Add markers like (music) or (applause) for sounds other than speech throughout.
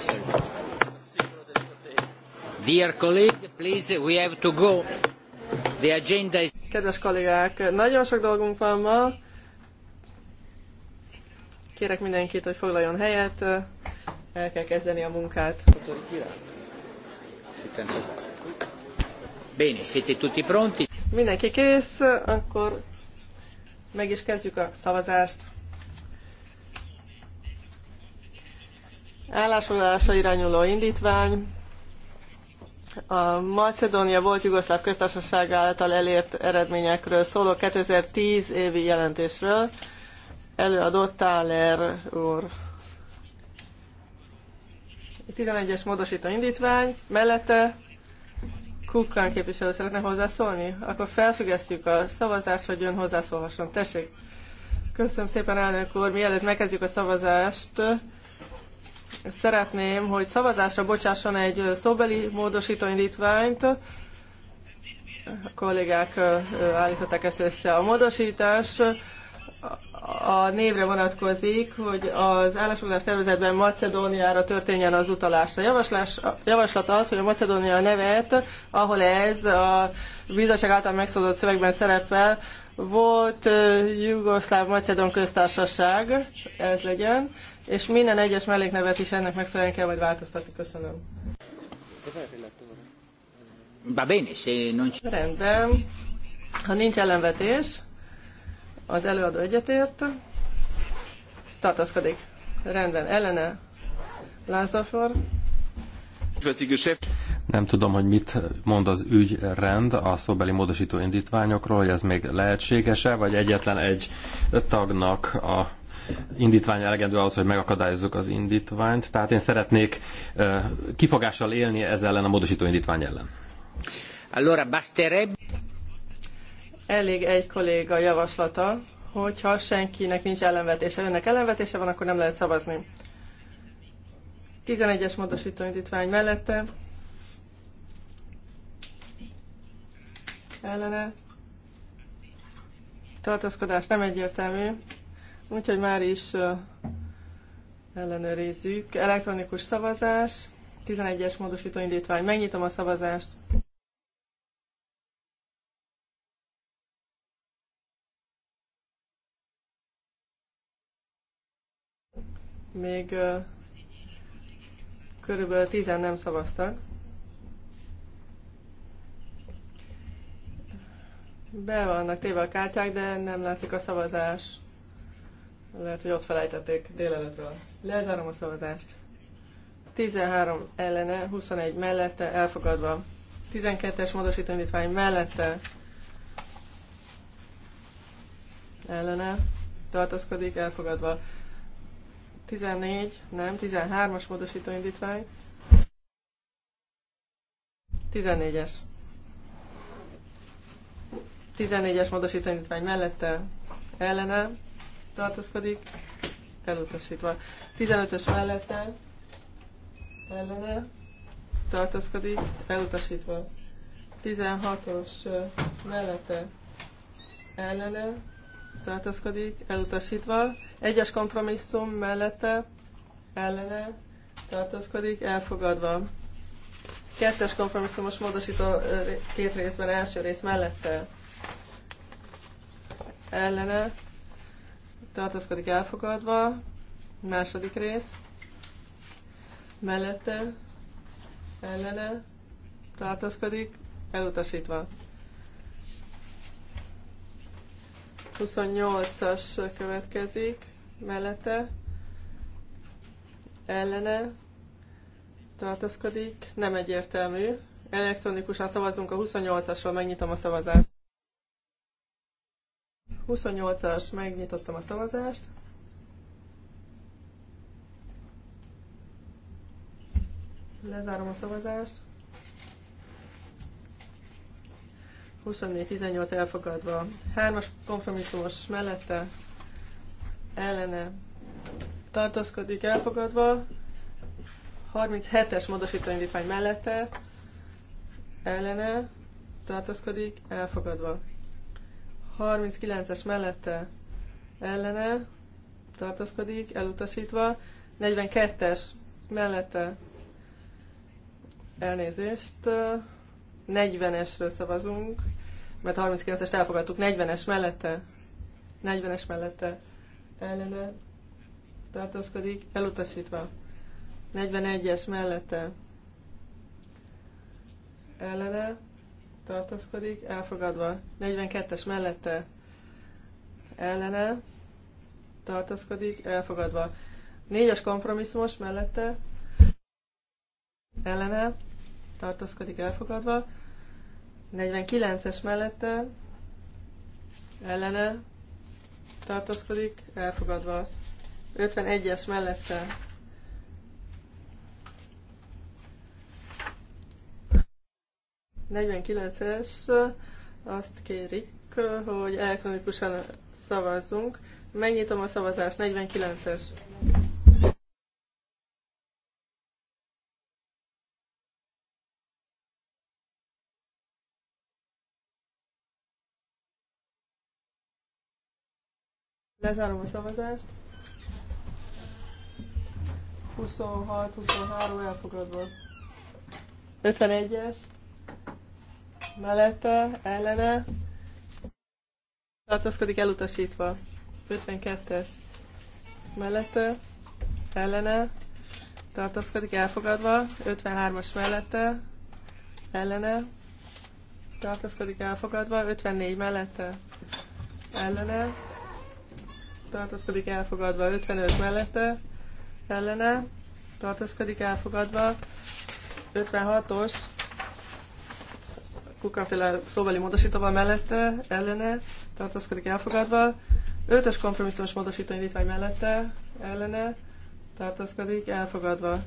sì, Dear colleague, please, we have to go. The agenda is... Kedves kollégák, nagyon sok dolgunk van ma. Kérek mindenkit, hogy foglaljon helyet. El kell kezdeni a munkát. Bene, siete tutti pronti? Mindenki kész, akkor meg is kezdjük a szavazást. állásfoglalásra irányuló indítvány. A Macedónia volt Jugoszláv köztársaság által elért eredményekről szóló 2010 évi jelentésről. Előadó Táler úr. 11-es módosító indítvány, mellette Kukkan képviselő szeretne hozzászólni? Akkor felfüggesztjük a szavazást, hogy ön hozzászólhasson. Tessék! Köszönöm szépen, elnök úr! Mielőtt megkezdjük a szavazást, szeretném, hogy szavazásra bocsásson egy szóbeli módosító indítványt. A kollégák állították ezt össze. A módosítás a névre vonatkozik, hogy az állásfoglalás tervezetben Macedóniára történjen az utalás. A javaslás, javaslat az, hogy a Macedónia nevet, ahol ez a bizottság által megszózott szövegben szerepel, volt Jugoszláv Macedón köztársaság, ez legyen, és minden egyes melléknevet is ennek megfelelően kell majd változtatni. Köszönöm. Va bene, se non... Rendben. Ha nincs ellenvetés, az előadó egyetért, tartaszkodik. Rendben, ellene Lászlófor. Nem tudom, hogy mit mond az ügyrend a szóbeli módosító indítványokról, hogy ez még lehetséges-e, vagy egyetlen egy tagnak a indítvány elegendő ahhoz, hogy megakadályozzuk az indítványt. Tehát én szeretnék kifogással élni ez ellen a módosító indítvány ellen. Allora, basterebbe... Elég egy kolléga javaslata, hogyha senkinek nincs ellenvetése, önnek ellenvetése van, akkor nem lehet szavazni. 11-es módosító indítvány mellette. Ellene. Tartózkodás nem egyértelmű. Úgyhogy már is ellenőrizzük. Elektronikus szavazás, 11-es módosítóindítvány, Megnyitom a szavazást. Még körülbelül 10 nem szavaztak. Be vannak téve a kártyák, de nem látszik a szavazás. Lehet, hogy ott felejtették délelőttről. Lezárom a szavazást. 13 ellene, 21 mellette, elfogadva. 12-es módosítóindítvány mellette, ellene, tartózkodik, elfogadva. 14, nem, 13-as módosítóindítvány. 14-es. 14-es módosítóindítvány mellette, ellene, tartózkodik, elutasítva. 15-ös mellette ellene tartózkodik, elutasítva. 16-os mellette ellene tartózkodik, elutasítva. Egyes kompromisszum mellette ellene tartózkodik, elfogadva. Kettes kompromisszumos módosító két részben, első rész mellette ellene tartózkodik elfogadva, második rész, mellette, ellene, tartózkodik, elutasítva. 28-as következik, mellette, ellene, tartózkodik, nem egyértelmű. Elektronikusan szavazunk a 28-asról, megnyitom a szavazást. 28-as, megnyitottam a szavazást. Lezárom a szavazást. 24-18 elfogadva. Hármas kompromisszumos mellette ellene tartózkodik elfogadva. 37-es módosítóindítvány mellette ellene tartózkodik elfogadva. 39-es mellette ellene tartózkodik, elutasítva. 42-es mellette elnézést. 40-esről szavazunk, mert 39-est elfogadtuk. 40-es mellette 40-es mellette ellene tartózkodik, elutasítva. 41-es mellette ellene tartózkodik, elfogadva. 42-es mellette ellene tartózkodik, elfogadva. 4-es kompromisszumos mellette ellene tartózkodik, elfogadva. 49-es mellette ellene tartózkodik, elfogadva. 51-es mellette 49-es azt kérik, hogy elektronikusan szavazzunk. Megnyitom a szavazást, 49-es. Lezárom a szavazást. 26-23 elfogadva. 51-es mellette, ellene, tartózkodik elutasítva. 52-es mellette, ellene, tartózkodik elfogadva. 53-as mellette, ellene, tartózkodik elfogadva. 54 mellette, ellene, tartózkodik elfogadva. 55 mellette, ellene, tartózkodik elfogadva. 56-os Kukaféle szóbeli módosítóval mellette, ellene, tartózkodik elfogadva. Ötös kompromisszumos módosító indítvány mellette, ellene, tartózkodik elfogadva.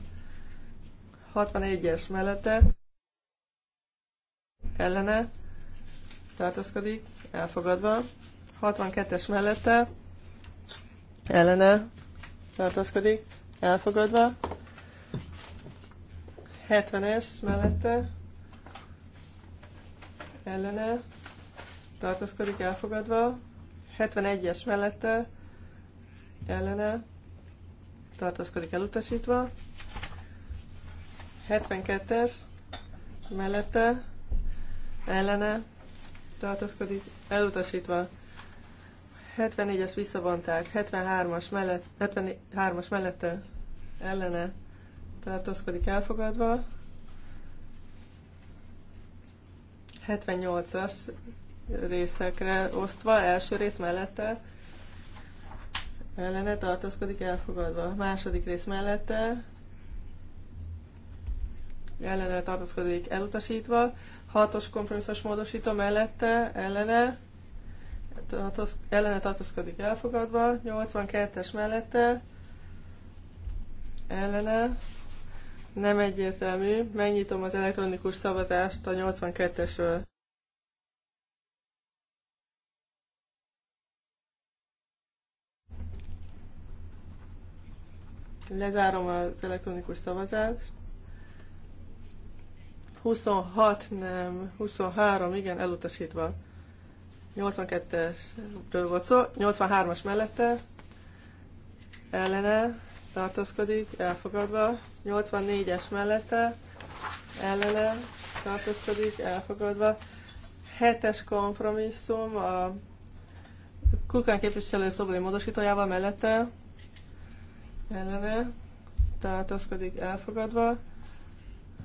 61-es mellette, ellene, tartózkodik elfogadva. 62-es mellette, ellene, tartózkodik elfogadva. 70-es mellette, ellene tartózkodik elfogadva, 71-es mellette ellene tartózkodik elutasítva, 72-es mellette ellene tartózkodik elutasítva, 74-es visszavonták, 73-as mellett, 73-as mellette ellene tartózkodik elfogadva, 78-as részekre osztva, első rész mellette ellene tartózkodik elfogadva. Második rész mellette ellene tartózkodik elutasítva. Hatos kompromisszos módosító mellette ellene tartoz, ellene tartózkodik elfogadva. 82-es mellette ellene nem egyértelmű. Megnyitom az elektronikus szavazást a 82-esről. Lezárom az elektronikus szavazást. 26, nem, 23, igen, elutasítva. 82-esről volt szó, 83-as mellette, ellene, tartózkodik, elfogadva. 84-es mellette, ellene, tartózkodik, elfogadva. 7-es kompromisszum a Kukán képviselő szobori módosítójával mellette, ellene, tartózkodik, elfogadva.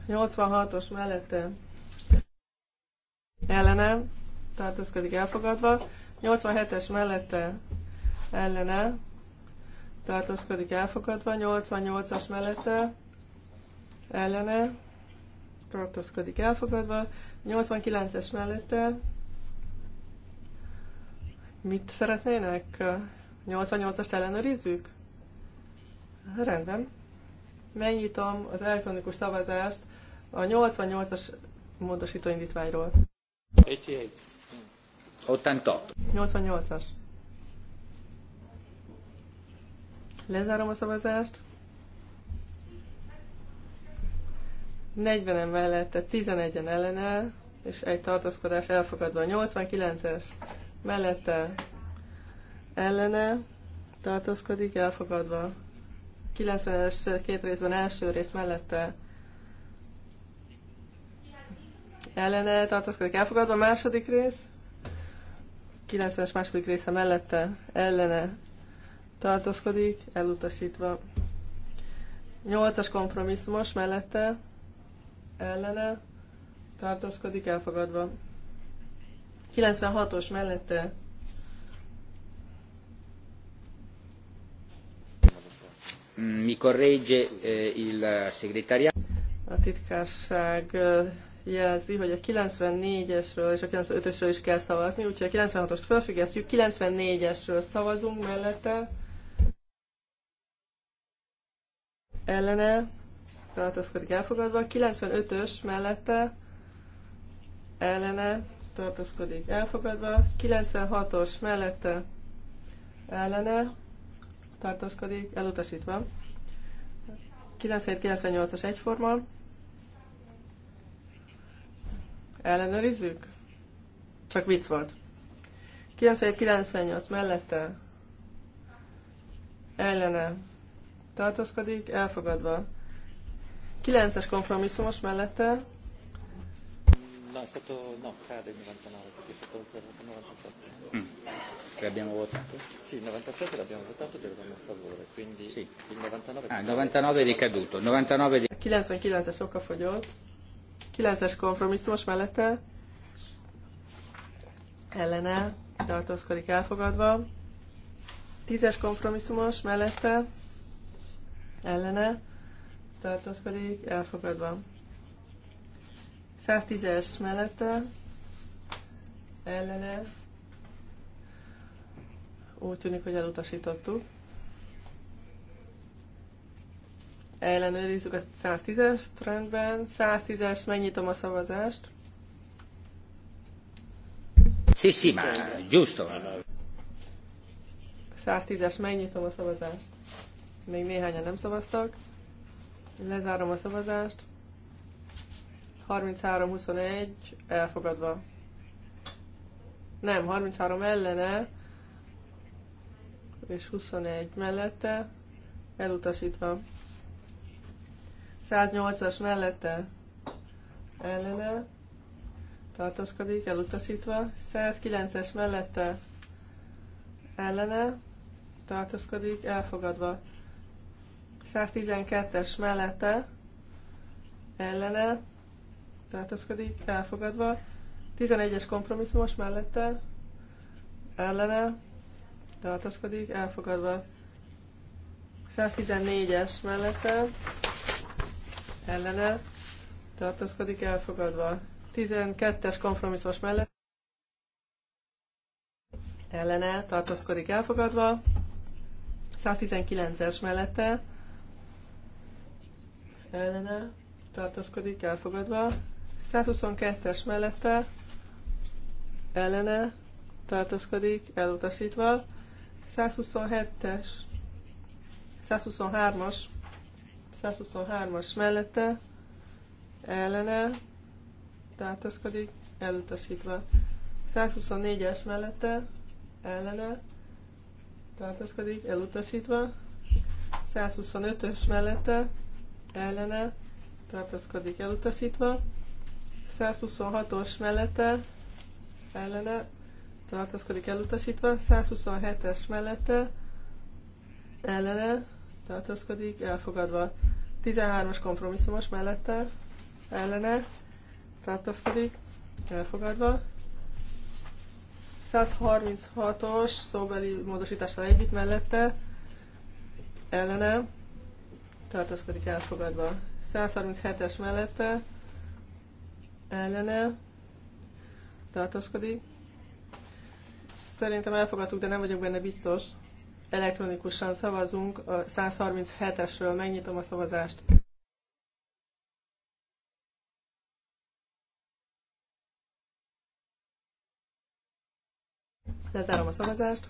86-os mellette, ellene, tartózkodik, elfogadva. 87-es mellette, ellene, tartózkodik elfogadva, 88-as mellette ellene tartózkodik elfogadva, 89-es mellette mit szeretnének? 88-ast ellenőrizzük? Rendben. Megnyitom az elektronikus szavazást a 88-as módosítóindítványról. 88. 88-as. Lezárom a szavazást. 40-en mellette, 11-en ellenel, és egy tartózkodás elfogadva. 89-es mellette ellene tartózkodik, elfogadva. 90-es két részben első rész mellette ellene tartózkodik, elfogadva. Második rész 90-es második része mellette ellene tartózkodik, elutasítva. Nyolcas kompromisszumos mellette, ellene, tartózkodik, elfogadva. 96-os mellette, Mikor corregge eh, il segretariat. A titkárság eh, jelzi, hogy a 94-esről és a 95 esről is kell szavazni, úgyhogy a 96-ost felfüggesztjük, 94-esről szavazunk mellette, ellene tartózkodik elfogadva, 95-ös mellette ellene tartózkodik elfogadva, 96-os mellette ellene tartózkodik elutasítva, 97-98-as egyforma, ellenőrizzük? Csak vicc volt. 97-98 mellette ellene tartózkodik, elfogadva. Kilences kompromisszumos mellette. No, è 99, è stato il 97. Mm. abbiamo votato? Sì, il 97 l'abbiamo votato e eravamo a favore, quindi sì. il 99... Ah, il 99 è ricaduto, il 99 di... 99-es okafogyott, 9 mellette, ellene, tartózkodik elfogadva, 10-es kompromisszumos mellette, ellene tartózkodik, elfogadva. 110-es mellette ellene úgy tűnik, hogy elutasítottuk. Ellenőrizzük a 110-es trendben. 110-es, megnyitom a szavazást. Sí, sí, ma giusto. 110-es, megnyitom a szavazást. Még néhányan nem szavaztak. Lezárom a szavazást. 33-21 elfogadva. Nem, 33 ellene és 21 mellette elutasítva. 108-as mellette ellene tartózkodik, elutasítva. 109-es mellette ellene tartózkodik, elfogadva. 112-es mellette ellene tartózkodik, elfogadva. 11-es kompromisszumos mellette ellene tartózkodik, elfogadva. 114-es mellette ellene tartózkodik, elfogadva. 12-es kompromisszumos mellette ellene tartózkodik, elfogadva. 119-es mellette ellene tartózkodik, elfogadva. 122-es mellette ellene tartózkodik, elutasítva. 127-es, 123-as, 123-as mellette ellene tartózkodik, elutasítva. 124-es mellette ellene tartózkodik, elutasítva. 125-ös mellette ellene tartózkodik elutasítva, 126-os mellette ellene tartózkodik elutasítva, 127-es mellette ellene tartózkodik elfogadva, 13-as kompromisszumos mellette ellene tartózkodik elfogadva, 136-os szóbeli módosítással együtt mellette ellene tartózkodik elfogadva. 137-es mellette ellene tartózkodik. Szerintem elfogadtuk, de nem vagyok benne biztos. Elektronikusan szavazunk a 137-esről. Megnyitom a szavazást. Lezárom a szavazást.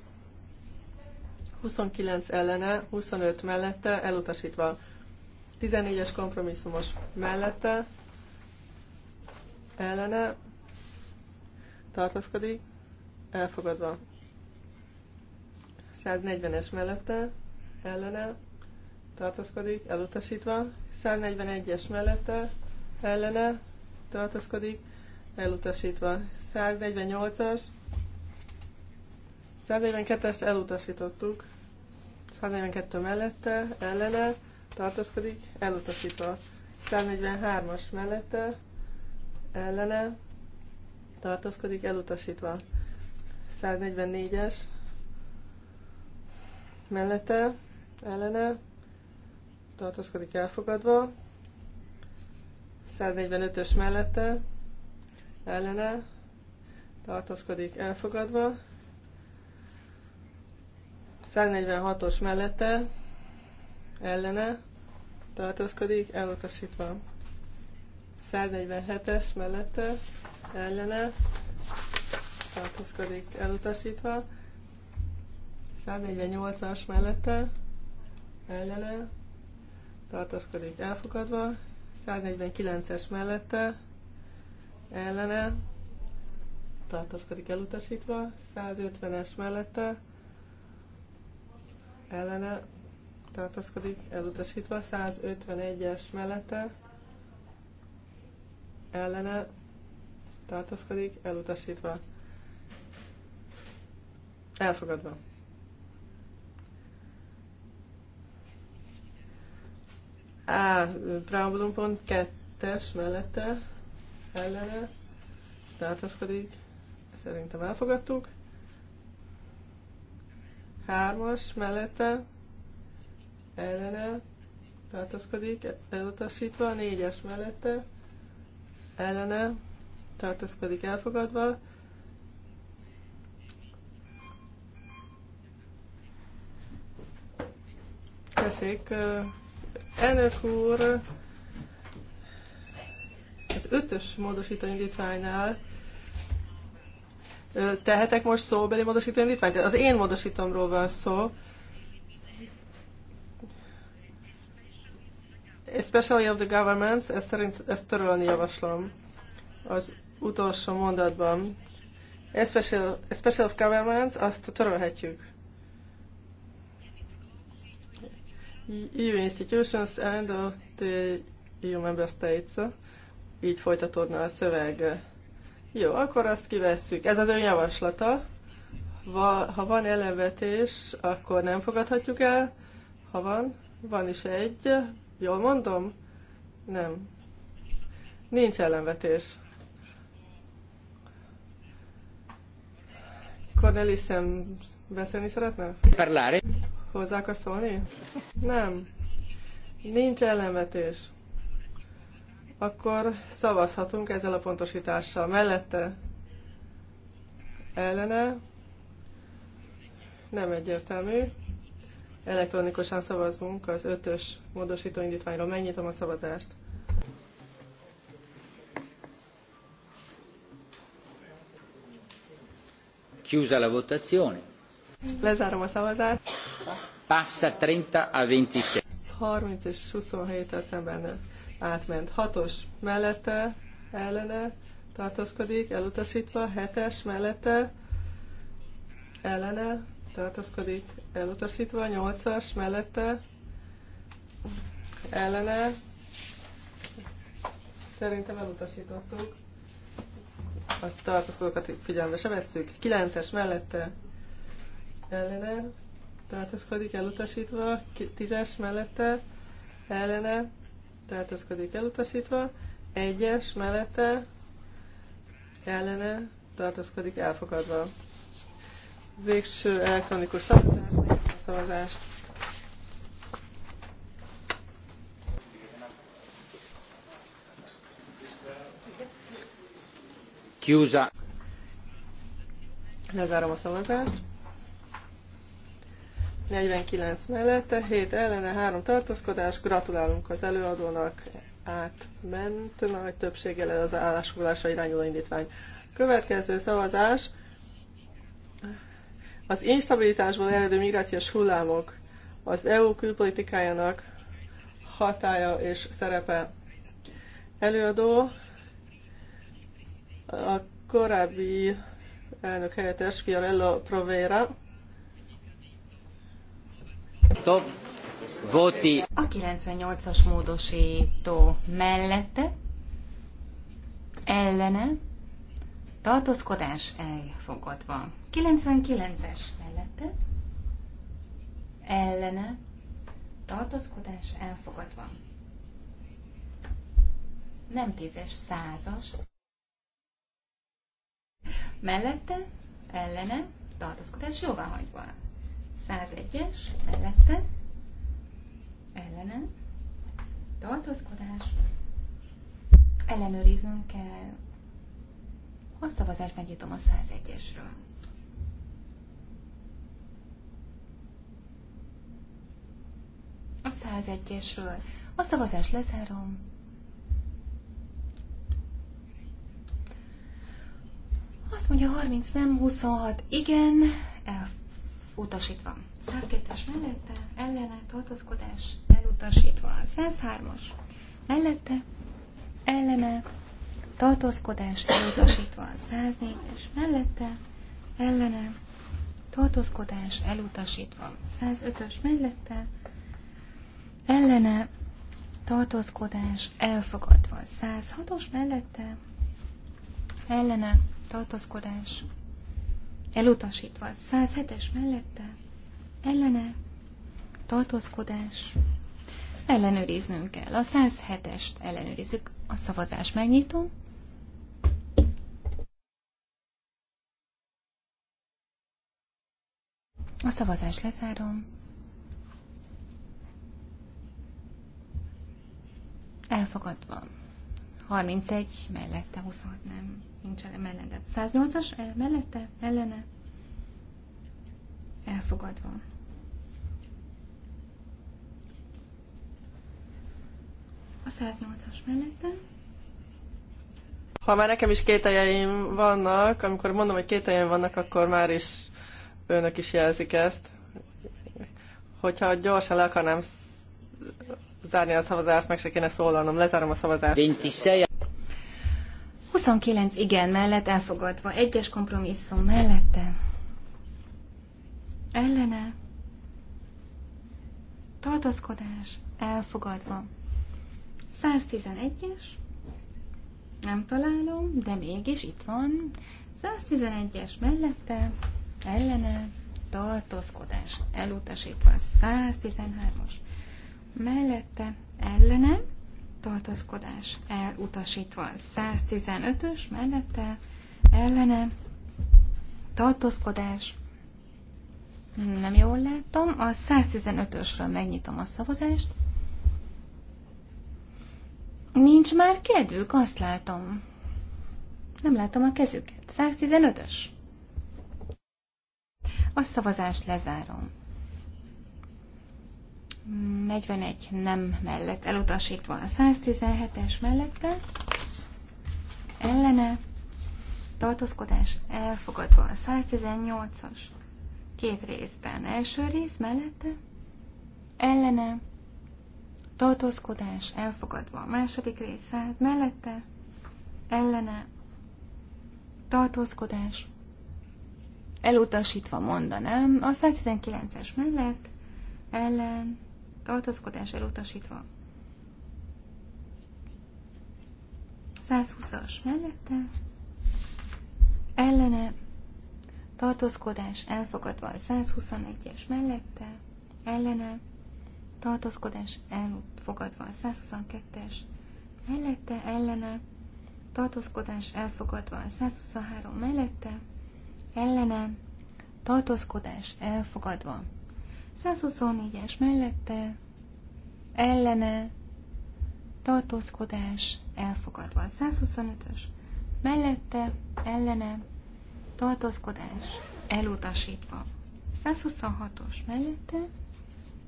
29 ellene, 25 mellette elutasítva. 14-es kompromisszumos mellette ellene tartózkodik, elfogadva. 140-es mellette ellene tartózkodik, elutasítva. 141-es mellette ellene tartózkodik, elutasítva. 148-as, 142-est elutasítottuk. 142 mellette ellene tartózkodik, elutasítva. 143-as mellette, ellene, tartózkodik, elutasítva. 144-es mellette, ellene, tartózkodik elfogadva. 145-ös mellette, ellene, tartózkodik elfogadva. 146-os mellette, ellene tartózkodik, elutasítva. 147-es mellette ellene tartózkodik, elutasítva. 148-as mellette ellene tartózkodik, elfogadva. 149-es mellette ellene tartózkodik, elutasítva. 150-es mellette ellene tartózkodik, elutasítva, 151-es mellette, ellene, tartózkodik, elutasítva, elfogadva. A. Preambulum pont 2-es mellette, ellene, tartózkodik, szerintem elfogadtuk. Hármas mellette, ellene tartózkodik, elutasítva, négyes mellette ellene tartózkodik, elfogadva, Tessék, elnök úr, az ötös módosító indítványnál tehetek most szóbeli módosító indítványt? Az én módosítomról van szó, especially of the governments, ezt, szerint, ezt törölni javaslom az utolsó mondatban. Especially, especially of governments, azt törölhetjük. EU institutions and of the EU member states. Így folytatódna a szöveg. Jó, akkor azt kivesszük. Ez az ön javaslata. Ha van ellenvetés, akkor nem fogadhatjuk el. Ha van, van is egy, Jól mondom? Nem. Nincs ellenvetés. Cornelis sem beszélni szeretne? Parlare. Hozzá akar szólni? Nem. Nincs ellenvetés. Akkor szavazhatunk ezzel a pontosítással. Mellette ellene nem egyértelmű elektronikusan szavazunk az ötös módosító indítványról. Megnyitom a szavazást. Chiusa la votazione. Lezárom a szavazást. Passa 30 a 27. 30 és 27 el szemben átment. 6-os mellette, ellene, tartózkodik, elutasítva, 7-es mellette, ellene, tartózkodik, elutasítva, nyolcas mellette ellene. Szerintem elutasítottuk. A tartózkodókat figyelembe se vesszük. Kilences mellette ellene tartózkodik elutasítva, tízes mellette ellene tartózkodik elutasítva, egyes mellette ellene tartózkodik elfogadva. Végső elektronikus szabadás szavazást. Kiúza. Lezárom a szavazást. 49 mellette, 7 ellene, 3 tartózkodás. Gratulálunk az előadónak, átment nagy többséggel az állásfoglalásra irányuló indítvány. Következő szavazás az instabilitásból eredő migrációs hullámok az EU külpolitikájának hatája és szerepe. Előadó a korábbi elnök helyettes Fiorello Provera. Top. Voti. A 98-as módosító mellette ellene tartózkodás elfogadva. 99-es mellette ellene tartózkodás elfogadva. Nem tízes, százas. Mellette, ellene, tartózkodás jóvá hagyva. 101-es, mellette, ellene, tartózkodás, ellenőriznünk kell. A szavazásban nyitom a 101-esről. 101-esről. A szavazást lezárom. Azt mondja 30 nem, 26 igen, elutasítva. 102-es mellette, ellene, tartozkodás elutasítva. 103-as mellette, ellene, tartózkodás, elutasítva. 104-es mellette, ellene, tartózkodás, elutasítva. 105-ös mellette, ellene tartózkodás elfogadva. 106-os mellette ellene tartózkodás elutasítva. 107-es mellette ellene tartózkodás ellenőriznünk kell. A 107-est ellenőrizzük. A szavazás megnyitom. A szavazás lezárom. elfogadva. 31 mellette, 26 nem, nincs ele mellette. 108-as el, eh, mellette, ellene, elfogadva. A 108-as mellette. Ha már nekem is kételjeim vannak, amikor mondom, hogy kételjeim vannak, akkor már is önök is jelzik ezt. Hogyha gyorsan le akarnám zárni a szavazást, meg se kéne szólalnom. Lezárom a szavazást. 29 igen mellett elfogadva, egyes kompromisszum mellette. Ellene. Tartozkodás elfogadva. 111-es. Nem találom, de mégis itt van. 111-es mellette, ellene, tartózkodás elutasítva. 113 os mellette ellene tartózkodás elutasítva. 115-ös mellette ellene tartózkodás nem jól láttam. A 115-ösről megnyitom a szavazást. Nincs már kedvük, azt látom. Nem látom a kezüket. 115-ös. A szavazást lezárom. 41 nem mellett elutasítva a 117-es mellette, ellene, tartózkodás elfogadva a 118-as, két részben, első rész mellette, ellene, tartózkodás elfogadva a második rész mellette, ellene, tartózkodás elutasítva mondanám, a 119-es mellett, ellen, tartózkodás elutasítva. 120-as mellette, ellene, tartózkodás elfogadva. 121-es mellette, ellene, tartózkodás elfogadva. 122-es mellette, ellene, tartózkodás elfogadva. 123 mellette, ellene, tartózkodás elfogadva. 124-es mellette, ellene, tartózkodás, elfogadva. 125-ös mellette, ellene, tartózkodás, elutasítva. 126-os mellette,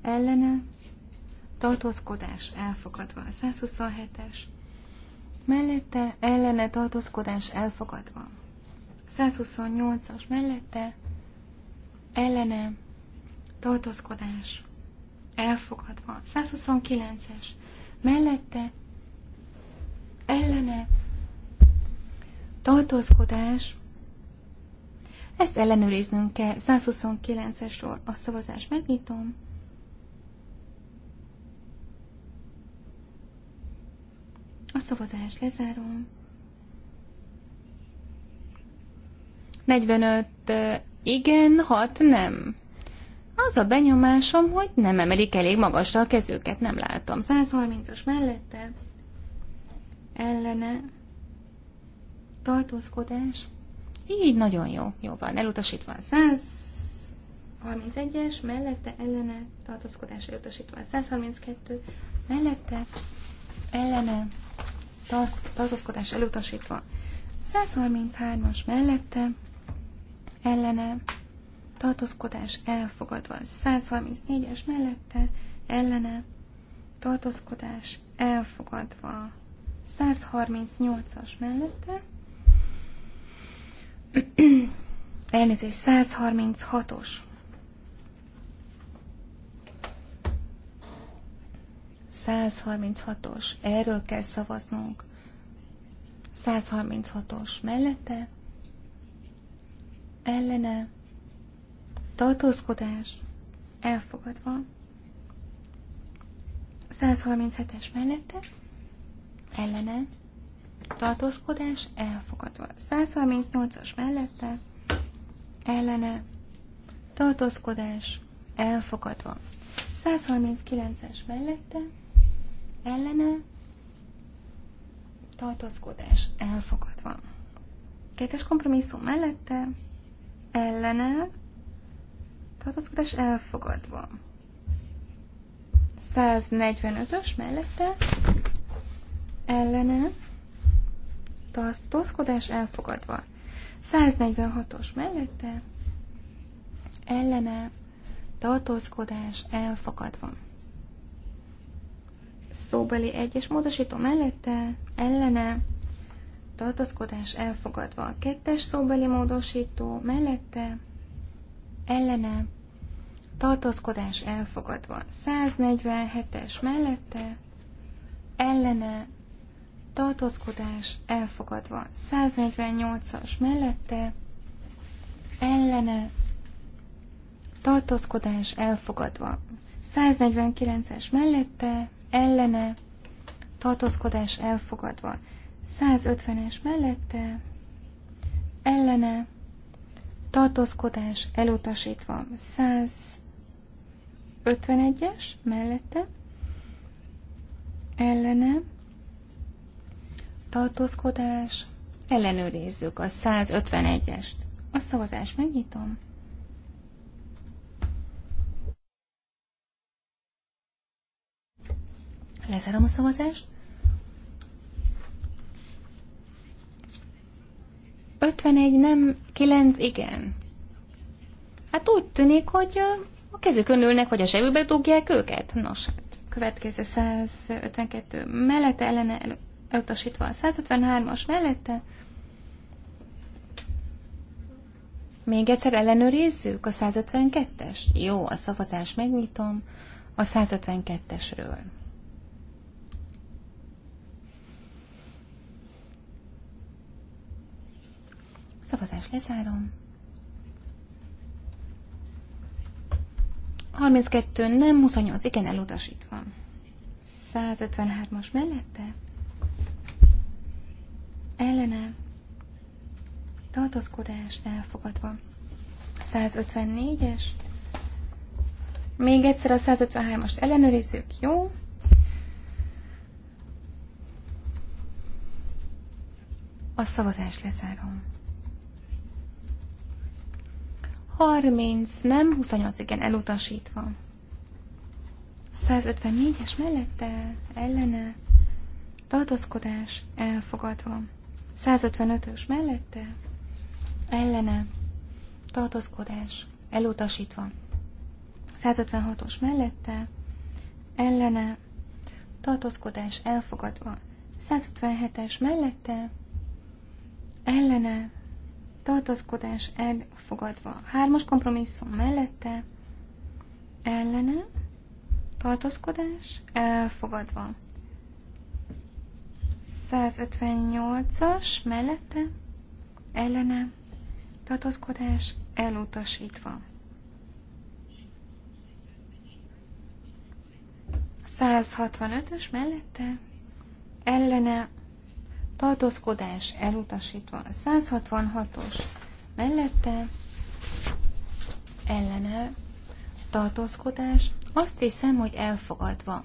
ellene, tartózkodás, elfogadva. 127-es mellette, ellene, tartózkodás, elfogadva. 128-as mellette, ellene, tartózkodás, elfogadva. 129-es, mellette, ellene, tartózkodás, ezt ellenőriznünk kell. 129-esről a szavazást megnyitom. A szavazást lezárom. 45 igen, 6 nem. Az a benyomásom, hogy nem emelik elég magasra a kezőket, nem látom. 130-as mellette ellene tartózkodás. Így nagyon jó. Jó van, elutasítva a 131-es, mellette ellene tartózkodás elutasítva a 132, mellette ellene tartózkodás elutasítva 133-as mellette ellene tartózkodás elfogadva. 134-es mellette, ellene, tartózkodás elfogadva. 138-as mellette, (clears throat) elnézést, 136-os. ...136-os. Erről kell szavaznunk. 136-os mellette, ellene, tartózkodás elfogadva. 137-es mellette ellene tartózkodás elfogadva. 138-as mellette ellene tartózkodás elfogadva. 139-es mellette ellene tartózkodás elfogadva. kétes kompromisszum mellette ellene tartózkodás elfogadva. 145-ös mellette ellene tartózkodás elfogadva. 146-os mellette ellene tartózkodás elfogadva. Szóbeli egyes módosító mellette ellene tartózkodás elfogadva. Kettes szóbeli módosító mellette ellene tartózkodás elfogadva. 147-es mellette, ellene, tartózkodás elfogadva. 148-as mellette, ellene, tartózkodás elfogadva. 149-es mellette, ellene, tartózkodás elfogadva. 150-es mellette, ellene, tartózkodás elutasítva. 100 51-es mellette ellene tartózkodás, ellenőrizzük a 151-est. A szavazás megnyitom. Lezárom a szavazást. 51 nem, 9 igen. Hát úgy tűnik, hogy a kezükön ülnek, hogy a zsebükbe dugják őket? Nos, következő 152 mellette ellene elutasítva a 153-as mellette. Még egyszer ellenőrizzük a 152-es? Jó, a szavazás. megnyitom a 152-esről. Szavazás lezárom. 32 nem, 28 igen, elutasítva. 153-as mellette? Ellene. Tartózkodás elfogadva. 154-es. Még egyszer a 153-ast ellenőrizzük, jó? A szavazás lezárom. 30 nem, 28 igen, elutasítva. 154-es mellette, ellene, tartózkodás, elfogadva. 155-ös mellette, ellene, tartózkodás, elutasítva. 156-os mellette, ellene, tartózkodás elfogadva. 157-es mellette, ellene, tartózkodás elfogadva. Hármas kompromisszum mellette, ellene, tartózkodás elfogadva. 158-as mellette, ellene, tartózkodás elutasítva. 165-ös mellette, ellene, tartózkodás elutasítva. 166-os mellette ellene tartózkodás, azt hiszem, hogy elfogadva.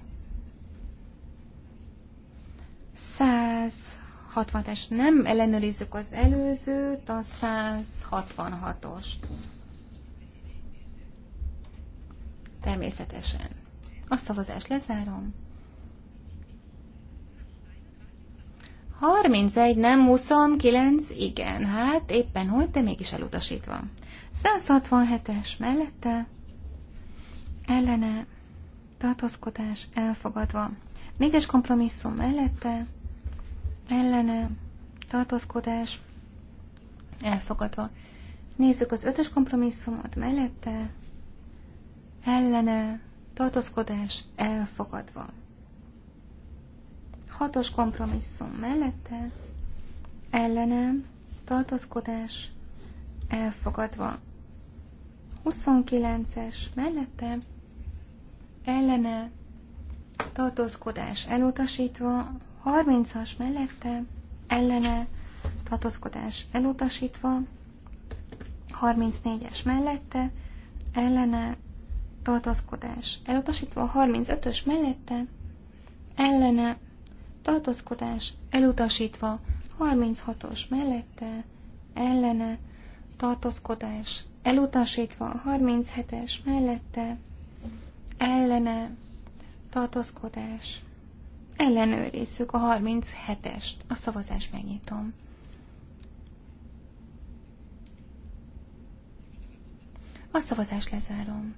160-es, nem ellenőrizzük az előzőt, a 166-ost. Természetesen. A szavazást lezárom. 31 nem, 29 igen. Hát éppen hogy, de mégis elutasítva. 167-es mellette ellene tartózkodás elfogadva. Négyes kompromisszum mellette ellene tartózkodás elfogadva. Nézzük az ötös kompromisszumot mellette ellene tartózkodás elfogadva. Hatos kompromisszum mellette, ellenem, tartózkodás, elfogadva. 29-es mellette, ellene, tartózkodás elutasítva, 30-as mellette, ellene, tartózkodás elutasítva, 34-es mellette, ellene, tartózkodás elutasítva, 35-ös mellette, ellene, tartózkodás elutasítva, 36-os mellette, ellene, tartózkodás elutasítva, 37-es mellette, ellene, tartózkodás. Ellenőrizzük a 37-est, a szavazás megnyitom. A szavazás lezárom.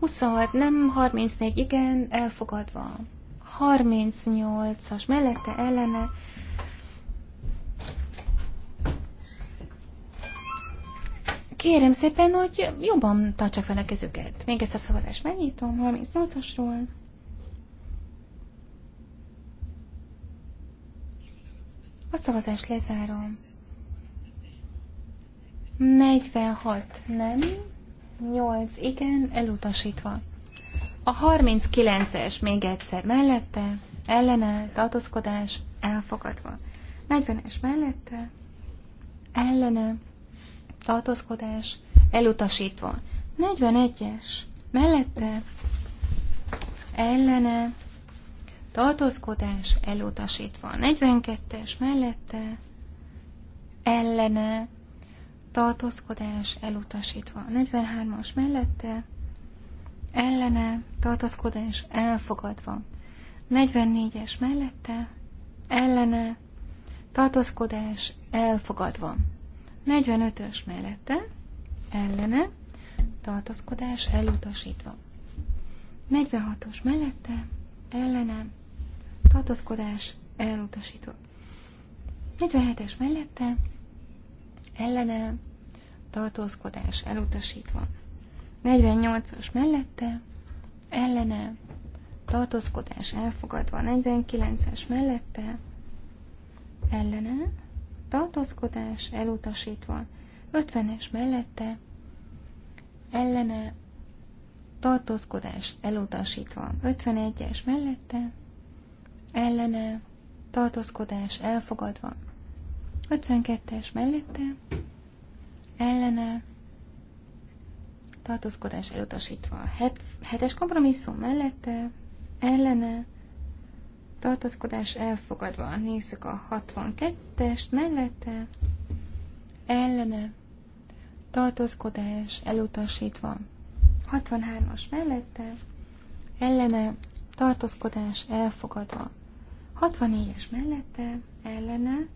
26, nem 34, igen, elfogadva. 38-as, mellette ellene. Kérem szépen, hogy jobban tartsak fel a kezüket. Még egyszer szavazást megnyitom, 38-asról. A szavazást lezárom. 46, nem. 8 igen, elutasítva. A 39-es még egyszer mellette, ellene, tartózkodás, elfogadva. 40-es mellette, ellene, tartózkodás, elutasítva. 41-es mellette, ellene, tartózkodás, elutasítva. 42-es mellette, ellene, tartózkodás elutasítva. 43-as mellette ellene tartózkodás elfogadva. 44-es mellette ellene tartózkodás elfogadva. 45-ös mellette ellene tartózkodás elutasítva. 46-os mellette ellene tartózkodás elutasítva. 47-es mellette ellene, tartózkodás elutasítva. 48-as mellette, ellene, tartózkodás elfogadva. 49-es mellette, ellene, tartózkodás elutasítva. 50-es mellette, ellene, tartózkodás elutasítva. 51-es mellette, ellene, tartózkodás elfogadva. 52-es mellette, ellene, tartózkodás elutasítva. 7-es kompromisszum mellette, ellene, tartózkodás elfogadva. Nézzük a 62-est mellette, ellene, tartózkodás elutasítva. 63-as mellette, ellene, tartózkodás elfogadva. 64-es mellette, ellene,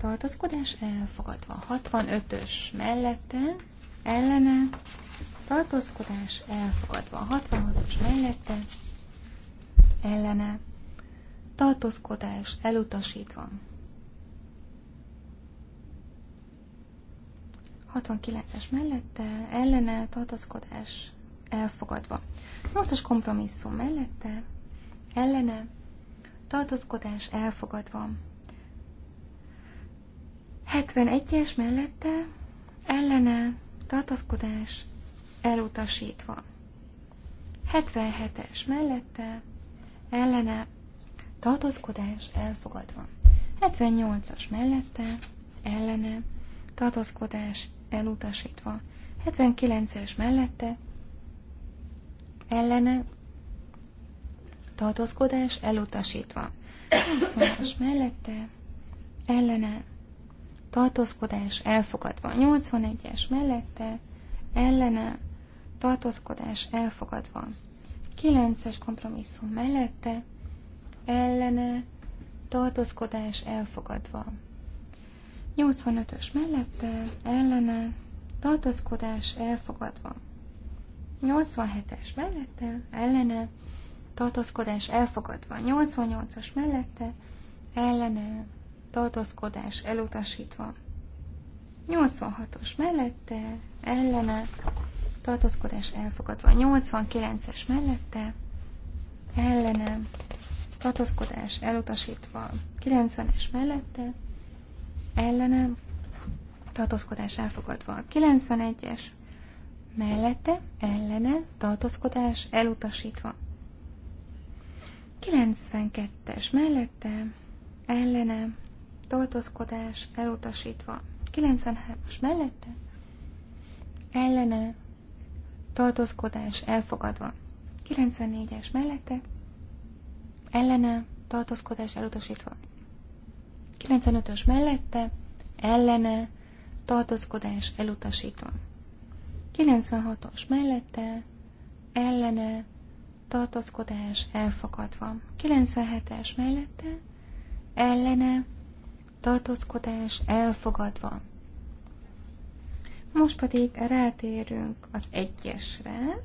tartózkodás elfogadva. 65-ös mellette, ellene, tartózkodás elfogadva. 66-os mellette, ellene, tartózkodás elutasítva. 69-es mellette, ellene, tartózkodás elfogadva. 8-as kompromisszum mellette, ellene, tartózkodás elfogadva. 71-es mellette ellene tartaszkodás elutasítva. 77-es mellette ellene tartozkodás elfogadva. 78-as mellette ellene tartozkodás elutasítva. 79-es mellette ellene tartozkodás elutasítva. 80-as mellette ellene tartózkodás elfogadva. 81-es mellette, ellene, tartózkodás elfogadva. 9-es kompromisszum mellette, ellene, tartózkodás elfogadva. 85-ös mellette, ellene, tartózkodás elfogadva. 87-es mellette, ellene, tartózkodás elfogadva. 88-as mellette, ellene, tartózkodás elutasítva. 86-os mellette, ellene, tartózkodás elfogadva. 89-es mellette, ellene, tartózkodás elutasítva. 90-es mellette, ellene, tartózkodás elfogadva. 91-es mellette, ellene, tartózkodás elutasítva. 92-es mellette, ellene, tartózkodás elutasítva. 93-as mellette ellene tartózkodás elfogadva. 94-es mellette ellene tartózkodás elutasítva. 95-ös mellette ellene tartózkodás elutasítva. 96-os mellette ellene tartózkodás elfogadva. 97-es mellette ellene tartózkodás elfogadva. Most pedig rátérünk az egyesre.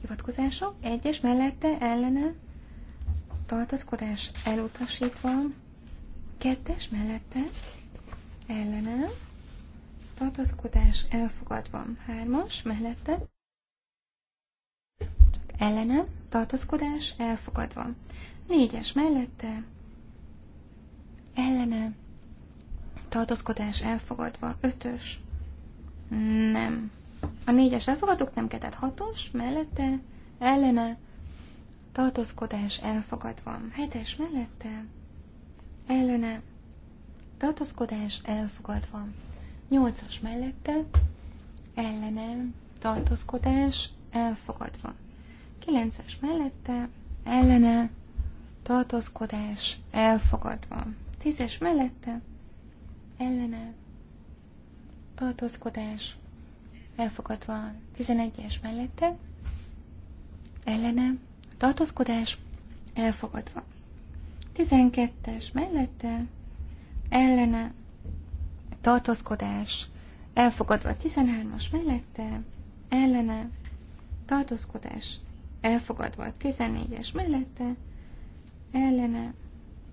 Hivatkozások, egyes mellette, ellene, tartózkodás elutasítva, kettes mellette, ellene, tartózkodás elfogadva, hármas mellette, ellene, tartózkodás elfogadva, négyes mellette, ellene tartózkodás elfogadva, ötös, nem. A négyes elfogadtuk, nem kell, tehát hatos, mellette, ellene, tartózkodás elfogadva, hetes mellette, ellene, tartózkodás elfogadva, nyolcas mellette, ellene, tartózkodás elfogadva, kilences mellette, ellene, tartózkodás elfogadva. Tízes mellette ellene tartózkodás elfogadva. Tizenegyes mellette ellene tartózkodás elfogadva. Tizenkettes mellette ellene tartózkodás elfogadva. Tizenhármas mellette ellene tartózkodás elfogadva. Tizennégyes mellette ellene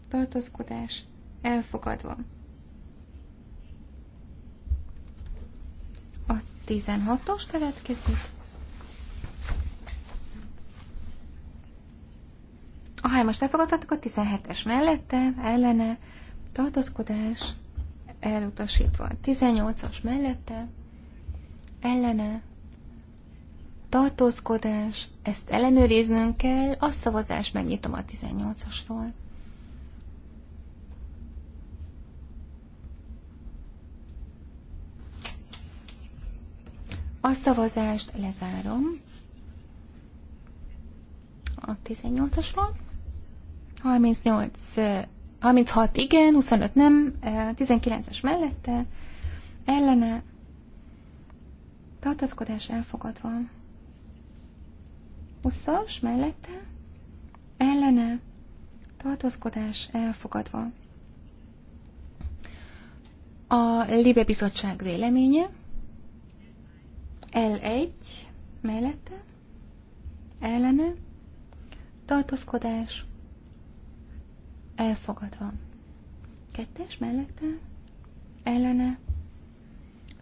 tartózkodás elfogadva. A 16-os következik. A hármas elfogadhatok a 17-es mellette, ellene, tartozkodás, elutasítva. 18-as mellette, ellene, tartózkodás, ezt ellenőriznünk kell, a szavazás megnyitom a 18-asról. A szavazást lezárom. A 18-asról. 38, 36 igen, 25 nem, 19-es eh, mellette, ellene, tartaszkodás elfogadva. 20-as mellette, ellene, tartózkodás elfogadva. A Libe Bizottság véleménye L1 mellette, ellene, tartózkodás, elfogadva. Kettes mellette, ellene,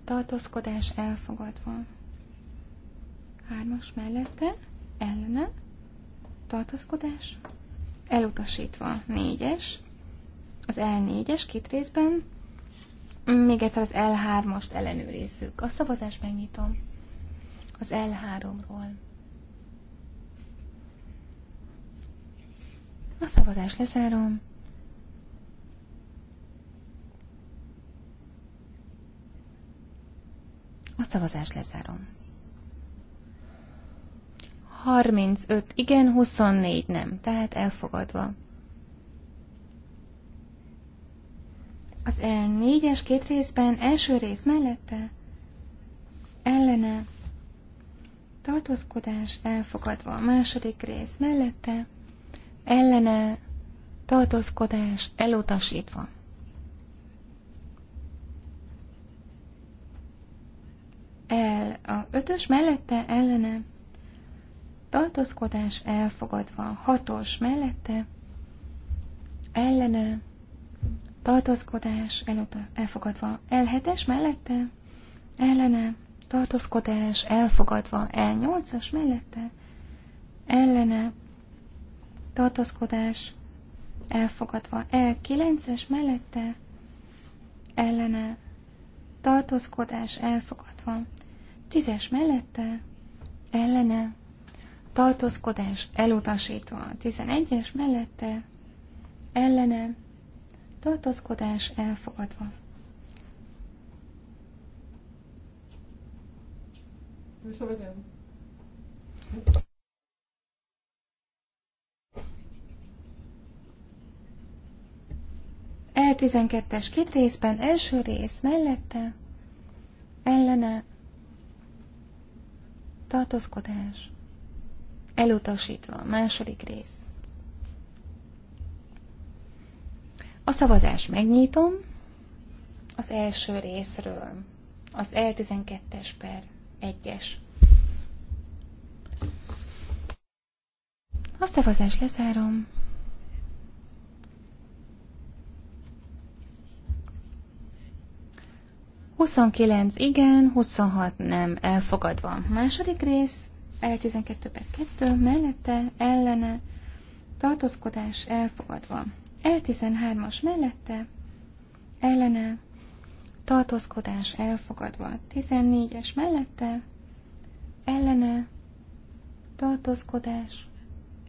tartózkodás elfogadva. Hármas mellette, ellene, tartózkodás elutasítva. Négyes, az L4-es két részben, még egyszer az L3-ast ellenőrizzük. A szavazást megnyitom az L3-ról. A szavazást lezárom. A szavazást lezárom. 35 igen, 24 nem, tehát elfogadva. Az L4-es két részben, első rész mellette, ellene, tartózkodás elfogadva a második rész mellette, ellene tartózkodás elutasítva. El a ötös mellette ellene tartózkodás elfogadva, hatos mellette ellene tartózkodás eluta, elfogadva, elhetes mellette ellene tartózkodás elfogadva, E8-as mellette, ellene, tartózkodás elfogadva, E9-es mellette, ellene, tartózkodás elfogadva, 10-es mellette, ellene, tartózkodás elutasítva, 11-es mellette, ellene, tartózkodás elfogadva. Više ovaj E12-es két részben, első rész mellette, ellene, tartózkodás, elutasítva, második rész. A szavazást megnyitom az első részről, az E12-es per egyes. A szavazást lezárom. Huszonkilenc igen, 26 nem, elfogadva. Második rész, L12 per 2, mellette, ellene, tartózkodás elfogadva. L13-as mellette, ellene, tartózkodás elfogadva. 14-es mellette, ellene, tartózkodás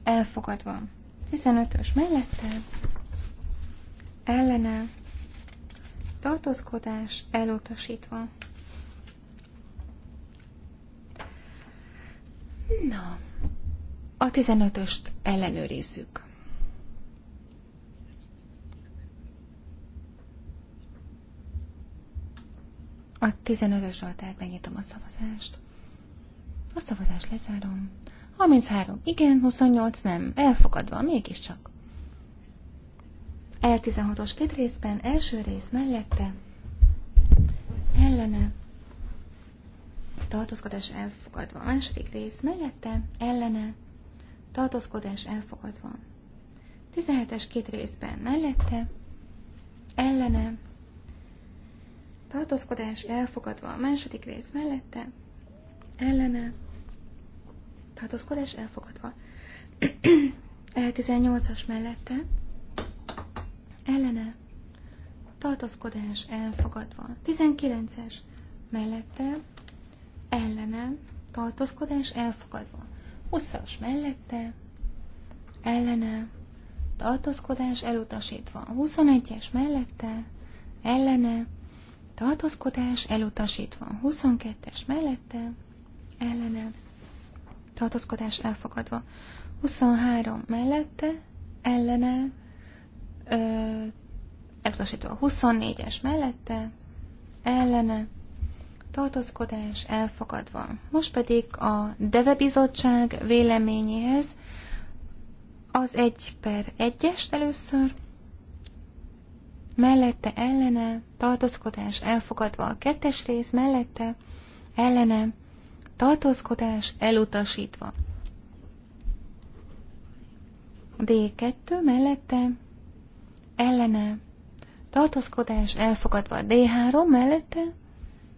elfogadva. 15-ös mellette, ellene, tartózkodás elutasítva. Na, a 15-öst ellenőrizzük. A 15 ös tehát megnyitom a szavazást. A szavazást lezárom. 33 igen, 28 nem. Elfogadva, mégiscsak. L16-os két részben, első rész mellette, ellene, tartózkodás elfogadva. Második rész mellette, ellene, tartózkodás elfogadva. 17-es két részben mellette, ellene, tartózkodás elfogadva a második rész mellette, ellene, tartózkodás elfogadva. E18-as (clears throat) mellette, ellene, tartózkodás elfogadva. 19-es mellette, ellene, tartózkodás elfogadva. 20-as mellette, ellene, tartózkodás elutasítva. 21-es mellette, ellene, tartózkodás elutasítva. 22-es mellette, ellene, tartózkodás elfogadva. 23 mellette, ellene, ö, elutasítva. 24-es mellette, ellene, tartózkodás elfogadva. Most pedig a DEVE bizottság véleményéhez az 1 per 1-est először mellette ellene tartózkodás elfogadva a kettes rész, mellette ellene tartózkodás elutasítva. D2 mellette ellene tartózkodás elfogadva. D3 mellette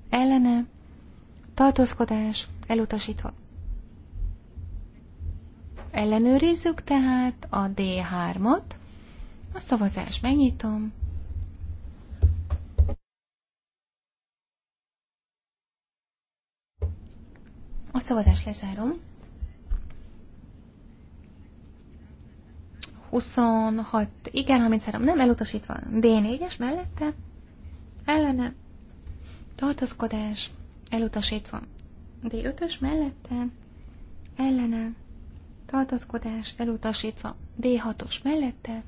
ellene tartózkodás elutasítva. Ellenőrizzük tehát a D3-at. A szavazást megnyitom. A szavazást lezárom. 26, igen, 33, nem elutasítva. D4-es mellette, ellene, tartozkodás, elutasítva. D5-ös mellette, ellene, tartozkodás, elutasítva. D6-os mellette,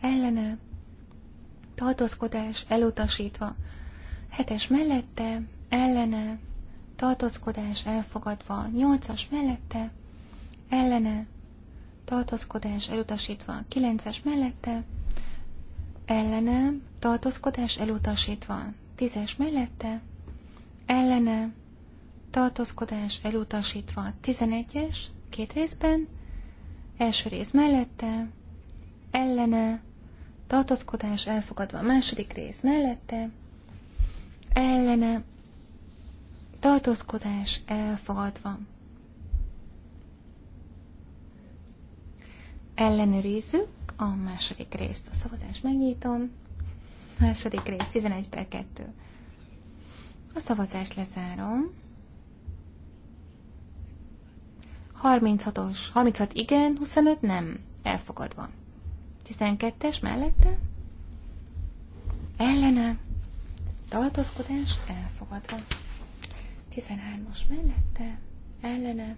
ellene, tartozkodás, elutasítva. 7-es mellette, ellene, tartózkodás elfogadva, nyolcas mellette, ellene, tartózkodás elutasítva, kilences mellette, ellene, tartózkodás elutasítva, tízes mellette, ellene, tartózkodás elutasítva, tizenegyes két részben, első rész mellette, ellene, tartózkodás elfogadva, második rész mellette, ellene, tartózkodás elfogadva. Ellenőrizzük a második részt. A szavazást megnyitom. Második rész 11 per 2. A szavazást lezárom. 36-os, 36 igen, 25 nem. Elfogadva. 12-es mellette? Ellene. Tartózkodás elfogadva. 13 os mellette, ellene,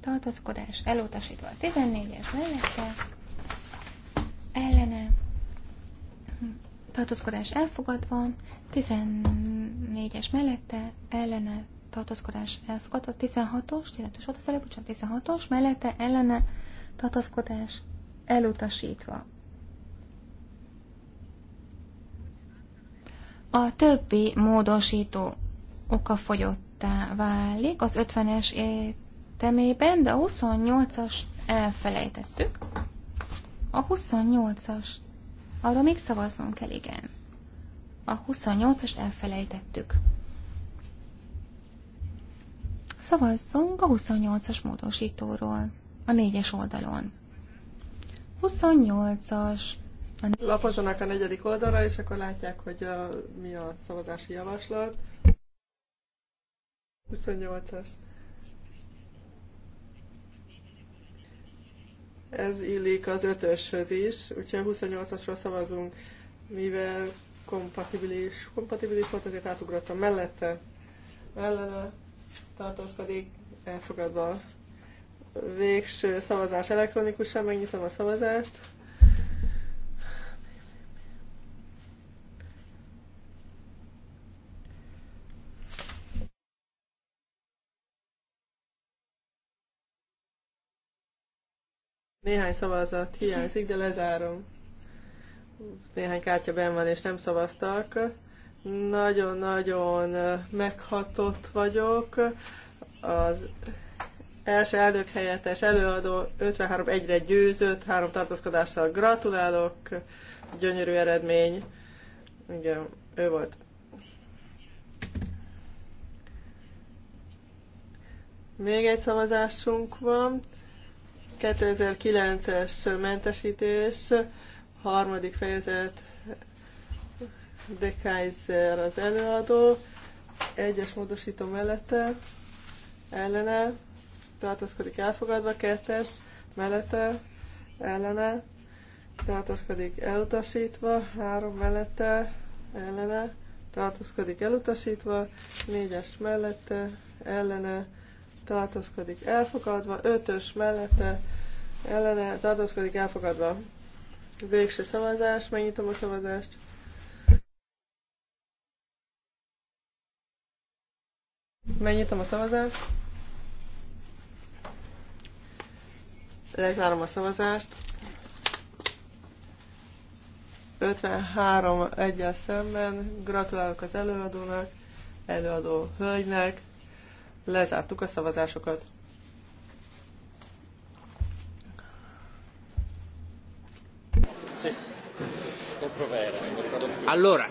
tartózkodás elutasítva. a 14-es mellette, ellene, tartózkodás elfogadva, 14-es mellette, ellene, tartózkodás elfogadva, 16-os, 16-os volt az előbb, 16-os mellette, ellene, tartózkodás elutasítva. A többi módosító okafogyottá válik az 50-es étemében, de a 28 as elfelejtettük. A 28-as, arra még szavaznunk kell, igen. A 28 as elfelejtettük. Szavazzunk a 28-as módosítóról, a 4-es oldalon. 28-as. Lapozzanak a negyedik oldalra, és akkor látják, hogy a, uh, mi a szavazási javaslat. 28-as. Ez illik az ötöshöz is, úgyhogy a 28 asra szavazunk, mivel kompatibilis, kompatibilis volt, ezért átugrottam mellette, ellene tartózkodik, elfogadva. Végső szavazás elektronikusan, megnyitom a szavazást. Néhány szavazat hiányzik, de lezárom. Néhány kártya benn van, és nem szavaztak. Nagyon-nagyon meghatott vagyok. Az első elnök helyettes előadó 53 egyre győzött, három tartózkodással gratulálok, gyönyörű eredmény. Igen, ő volt. Még egy szavazásunk van. 2009-es mentesítés, harmadik fejezet, De Kaiser az előadó, egyes módosító mellette, ellene, tartozkodik elfogadva, kettes, mellette, ellene, tartozkodik elutasítva, három mellette, ellene, tartozkodik elutasítva, négyes mellette, ellene, tartózkodik elfogadva, ötös mellette ellene tartózkodik elfogadva. Végső szavazás, megnyitom a szavazást. Megnyitom a szavazást. Lezárom a szavazást. 53 egyes szemben. Gratulálok az előadónak, előadó hölgynek. Lezártuk a szavazásokat. Allora,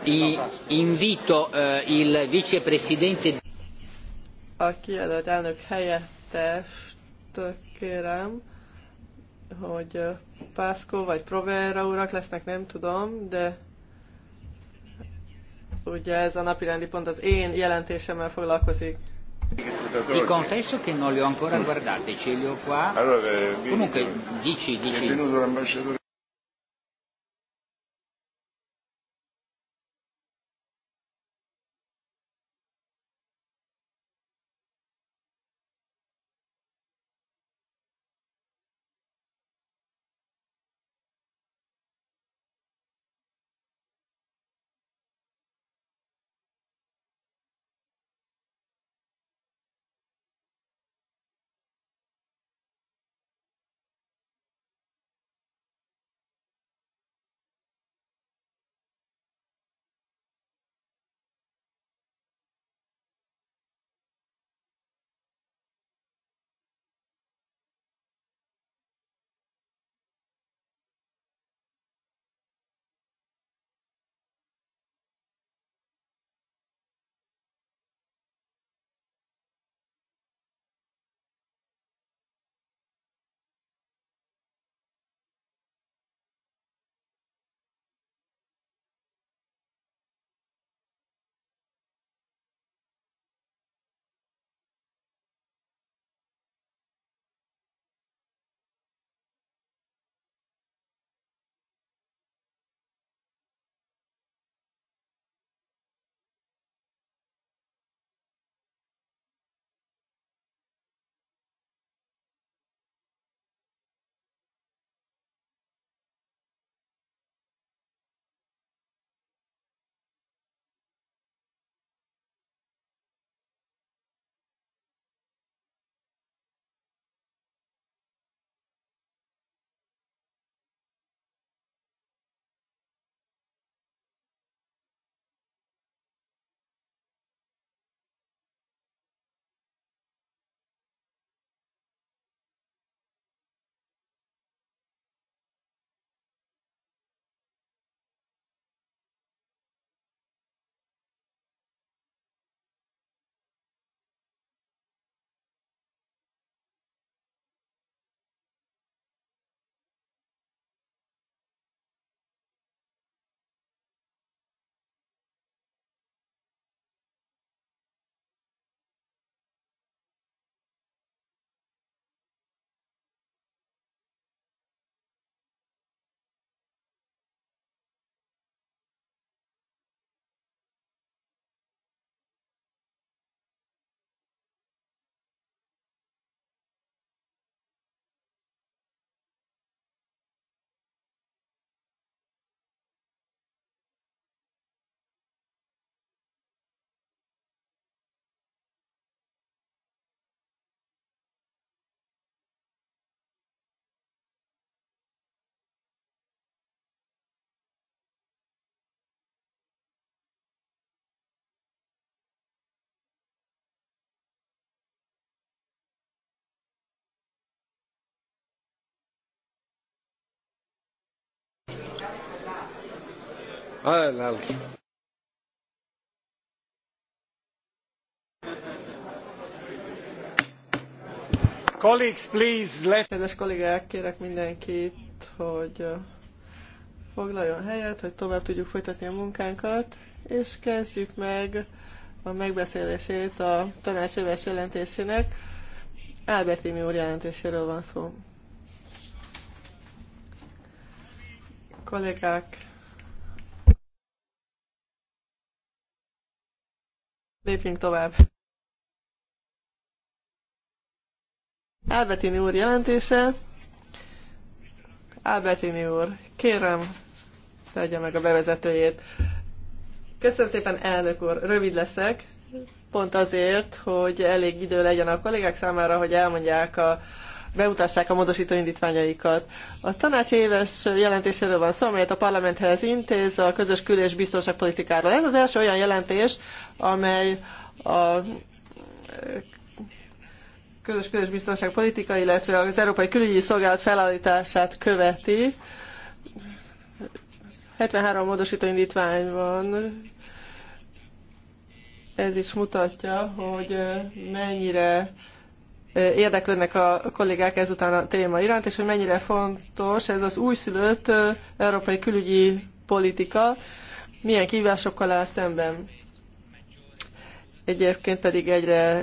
invito uh, il vicepresidente... A kijelölt elnök helyettest kérem, hogy eh, Pászkó vagy Provera urak lesznek, nem tudom, de ugye ez a napirendi pont az én jelentésemmel foglalkozik. Vi confesso che non li ho ancora guardati, ce li ho qua. Allora, eh, Comunque, dici, dici. l'ambasciatore. Colleagues, please, let... Kedves kollégák, kérek mindenkit, hogy uh, foglaljon helyet, hogy tovább tudjuk folytatni a munkánkat, és kezdjük meg a megbeszélését a tanács éves jelentésének. Albert Imi úr jelentéséről van szó. Kollégák, Lépjünk tovább. Albertini úr jelentése. Albertini úr, kérem, szedje meg a bevezetőjét. Köszönöm szépen, elnök úr, rövid leszek, pont azért, hogy elég idő legyen a kollégák számára, hogy elmondják a beutassák a módosító indítványaikat. A tanács éves jelentéséről van szó, amelyet a parlamenthez intéz a közös kül- és biztonságpolitikáról. Ez az első olyan jelentés, amely a közös közös politika illetve az Európai Külügyi Szolgálat felállítását követi. 73 módosító indítvány van. Ez is mutatja, hogy mennyire érdeklődnek a kollégák ezután a téma iránt, és hogy mennyire fontos ez az újszülött európai külügyi politika, milyen kívásokkal áll szemben. Egyébként pedig egyre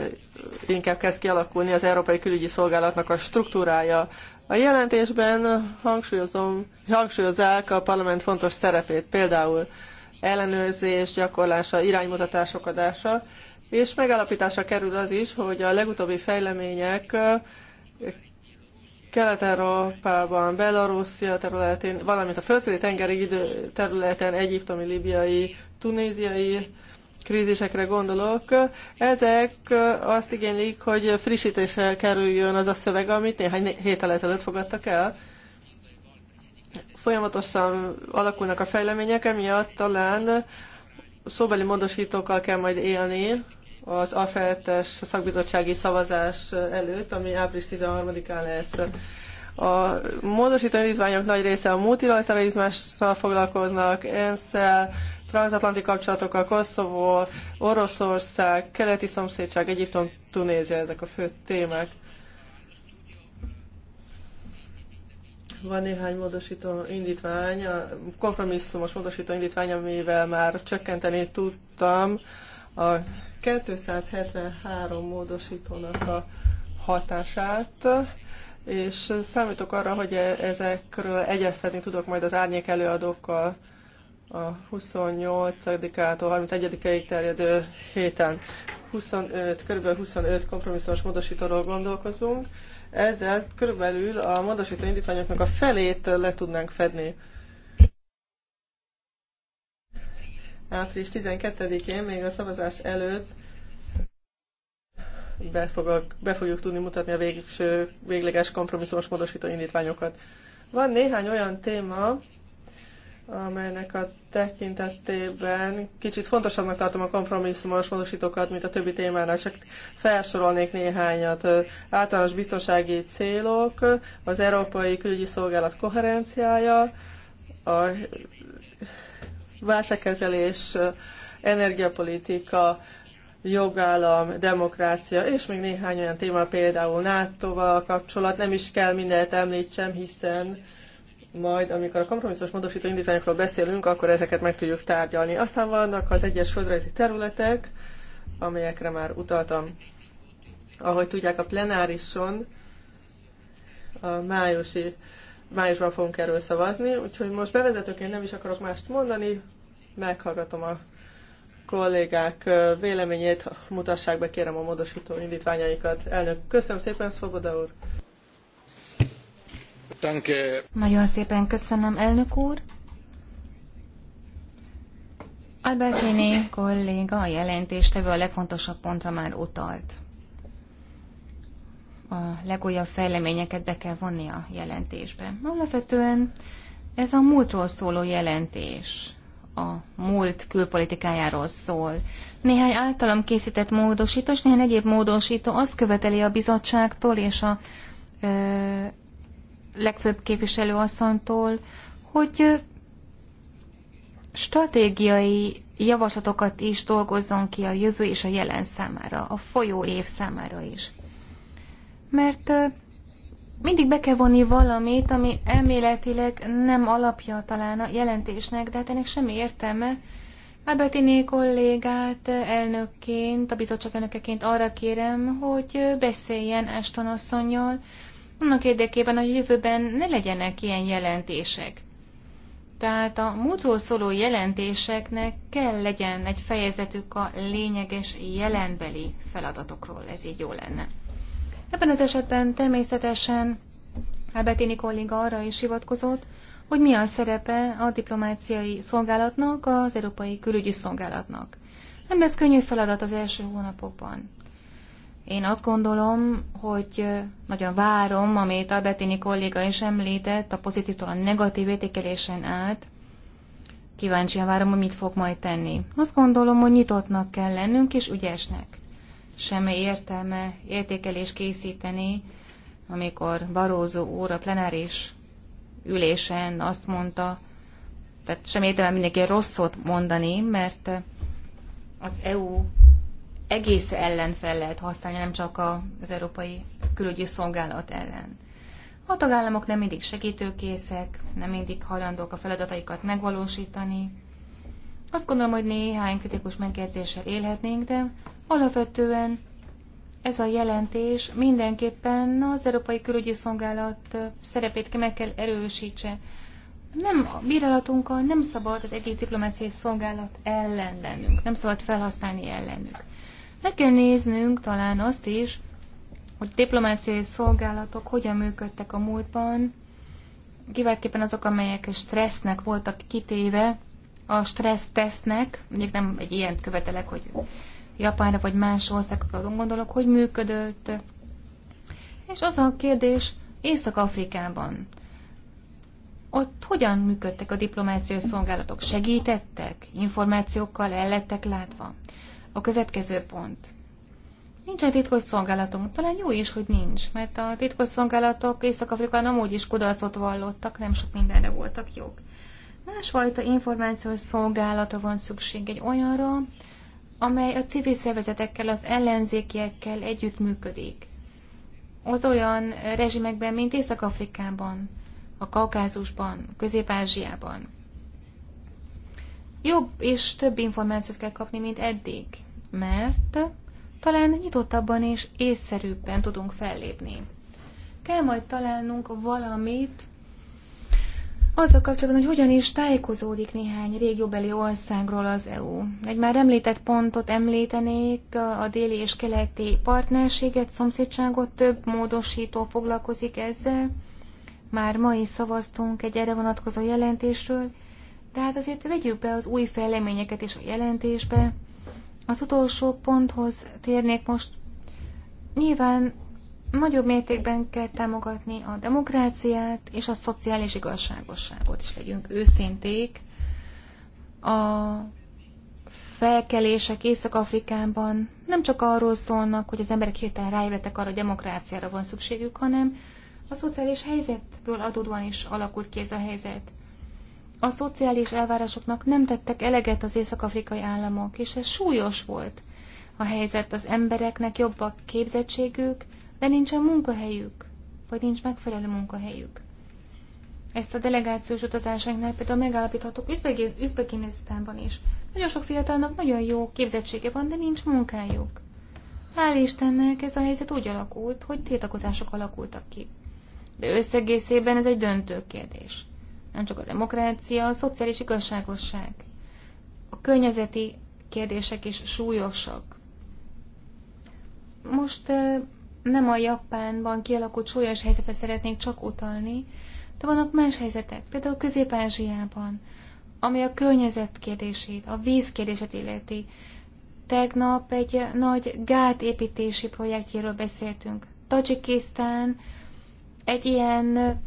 inkább kezd kialakulni az Európai Külügyi Szolgálatnak a struktúrája. A jelentésben hangsúlyozom, hangsúlyozzák a parlament fontos szerepét, például ellenőrzés, gyakorlása, iránymutatások adása, és megállapításra kerül az is, hogy a legutóbbi fejlemények Kelet-Európában, Belarusia területén, valamint a földközi tengeri idő területen, egyiptomi, libiai, tunéziai krízisekre gondolok, ezek azt igénylik, hogy frissítéssel kerüljön az a szöveg, amit néhány héttel ezelőtt fogadtak el. Folyamatosan alakulnak a fejlemények, emiatt talán szóbeli módosítókkal kell majd élni az AFET-es szakbizottsági szavazás előtt, ami április 13-án lesz. A módosító indítványok nagy része a multilateralizmással foglalkoznak, ENSZ-el, transatlanti kapcsolatokkal, Koszovó, Oroszország, keleti szomszédság, Egyiptom, Tunézia, ezek a fő témák. Van néhány módosító indítvány, kompromisszumos módosító indítvány, amivel már csökkenteni tudtam a 273 módosítónak a hatását és számítok arra, hogy e- ezekről egyeztetni tudok majd az árnyék előadókkal a 28-ától 31-ig terjedő héten. 25, kb. 25 kompromisszumos módosítóról gondolkozunk. Ezzel körülbelül a módosító indítványoknak a felét le tudnánk fedni. Április 12-én, még a szavazás előtt be, fogok, be fogjuk tudni mutatni a végső, végleges kompromisszumos módosító indítványokat. Van néhány olyan téma, amelynek a tekintetében kicsit fontosabbnak tartom a kompromisszumos módosítókat, mint a többi témának, csak felsorolnék néhányat. Általános biztonsági célok, az Európai Külügyi Szolgálat koherenciája, a válságkezelés, energiapolitika, jogállam, demokrácia, és még néhány olyan téma, például NATO-val kapcsolat, nem is kell mindent említsem, hiszen majd amikor a kompromisszós módosító indítványokról beszélünk, akkor ezeket meg tudjuk tárgyalni. Aztán vannak az egyes földrajzi területek, amelyekre már utaltam. Ahogy tudják, a plenárison a májusi, májusban fogunk erről szavazni, úgyhogy most bevezetőként nem is akarok mást mondani, meghallgatom a kollégák véleményét, mutassák be kérem a módosító indítványaikat. Elnök, köszönöm szépen, Szoboda úr! Danke. Nagyon szépen köszönöm, elnök úr. Albertini kolléga a jelentéstevő a legfontosabb pontra már utalt. A legújabb fejleményeket be kell vonni a jelentésbe. Alapvetően ez a múltról szóló jelentés, a múlt külpolitikájáról szól. Néhány általam készített módosító, néhány egyéb módosító azt követeli a bizottságtól és a legfőbb képviselő asszonytól, hogy stratégiai javaslatokat is dolgozzon ki a jövő és a jelen számára, a folyó év számára is. Mert mindig be kell vonni valamit, ami elméletileg nem alapja talán a jelentésnek, de hát ennek semmi értelme. Albertiné kollégát elnökként, a bizottság elnökeként arra kérem, hogy beszéljen Ashton asszonynal, annak érdekében, hogy jövőben ne legyenek ilyen jelentések. Tehát a múltról szóló jelentéseknek kell legyen egy fejezetük a lényeges jelenbeli feladatokról, ez így jó lenne. Ebben az esetben természetesen Albertini kolléga arra is hivatkozott, hogy mi a szerepe a diplomáciai szolgálatnak, az Európai Külügyi Szolgálatnak. Nem lesz könnyű feladat az első hónapokban. Én azt gondolom, hogy nagyon várom, amit a Albertini kolléga is említett, a pozitívtól a negatív értékelésen át. Kíváncsian várom, hogy mit fog majd tenni. Azt gondolom, hogy nyitottnak kell lennünk és ügyesnek. Semmi értelme értékelés készíteni, amikor Barózó óra plenáris ülésen azt mondta, tehát semmi értelme mindenki rosszot mondani, mert az EU egész ellen fel lehet használni, nem csak az Európai Külügyi Szolgálat ellen. A tagállamok nem mindig segítőkészek, nem mindig hajlandók a feladataikat megvalósítani. Azt gondolom, hogy néhány kritikus megjegyzéssel élhetnénk, de alapvetően ez a jelentés mindenképpen az Európai Külügyi Szolgálat szerepét meg kell erősítse. Nem a bírálatunkkal nem szabad az egész diplomáciai szolgálat ellen lennünk, nem szabad felhasználni ellenük. Meg kell néznünk talán azt is, hogy diplomáciai szolgálatok hogyan működtek a múltban, kiváltképpen azok, amelyek stressznek voltak kitéve, a stressz tesznek, mondjuk nem egy ilyen követelek, hogy Japánra vagy más országokra gondolok, hogy működött. És az a kérdés, Észak-Afrikában ott hogyan működtek a diplomáciai szolgálatok? Segítettek? Információkkal ellettek látva? A következő pont. Nincsen titkos szolgálatunk. Talán jó is, hogy nincs, mert a titkos szolgálatok Észak-Afrikán amúgy is kudarcot vallottak, nem sok mindenre voltak jók. Másfajta információs szolgálatra van szükség, egy olyanra, amely a civil szervezetekkel, az ellenzékiekkel együttműködik. Az olyan rezsimekben, mint Észak-Afrikában, a Kaukázusban, Közép-Ázsiában. Jobb és több információt kell kapni, mint eddig mert talán nyitottabban és észszerűbben tudunk fellépni. Kell majd találnunk valamit azzal kapcsolatban, hogy hogyan is tájékozódik néhány régióbeli országról az EU. Egy már említett pontot említenék, a déli és keleti partnerséget, szomszédságot több módosító foglalkozik ezzel. Már ma is szavaztunk egy erre vonatkozó jelentésről, tehát azért vegyük be az új fejleményeket is a jelentésbe, az utolsó ponthoz térnék most. Nyilván nagyobb mértékben kell támogatni a demokráciát és a szociális igazságosságot is legyünk őszinték. A felkelések Észak-Afrikában nem csak arról szólnak, hogy az emberek hirtelen rájövetek arra, hogy demokráciára van szükségük, hanem a szociális helyzetből adódóan is alakult ki ez a helyzet a szociális elvárásoknak nem tettek eleget az észak-afrikai államok, és ez súlyos volt. A helyzet az embereknek jobb a képzettségük, de nincsen munkahelyük, vagy nincs megfelelő munkahelyük. Ezt a delegációs utazásainknál például megállapíthatók Üzbegisztánban is. Nagyon sok fiatalnak nagyon jó képzettsége van, de nincs munkájuk. Hál' Istennek ez a helyzet úgy alakult, hogy tiltakozások alakultak ki. De összegészében ez egy döntő kérdés nem csak a demokrácia, a szociális igazságosság. A környezeti kérdések is súlyosak. Most nem a Japánban kialakult súlyos helyzetre szeretnék csak utalni, de vannak más helyzetek, például Közép-Ázsiában, ami a környezet kérdését, a víz kérdését illeti. Tegnap egy nagy gátépítési projektjéről beszéltünk. Tajikisztán egy ilyen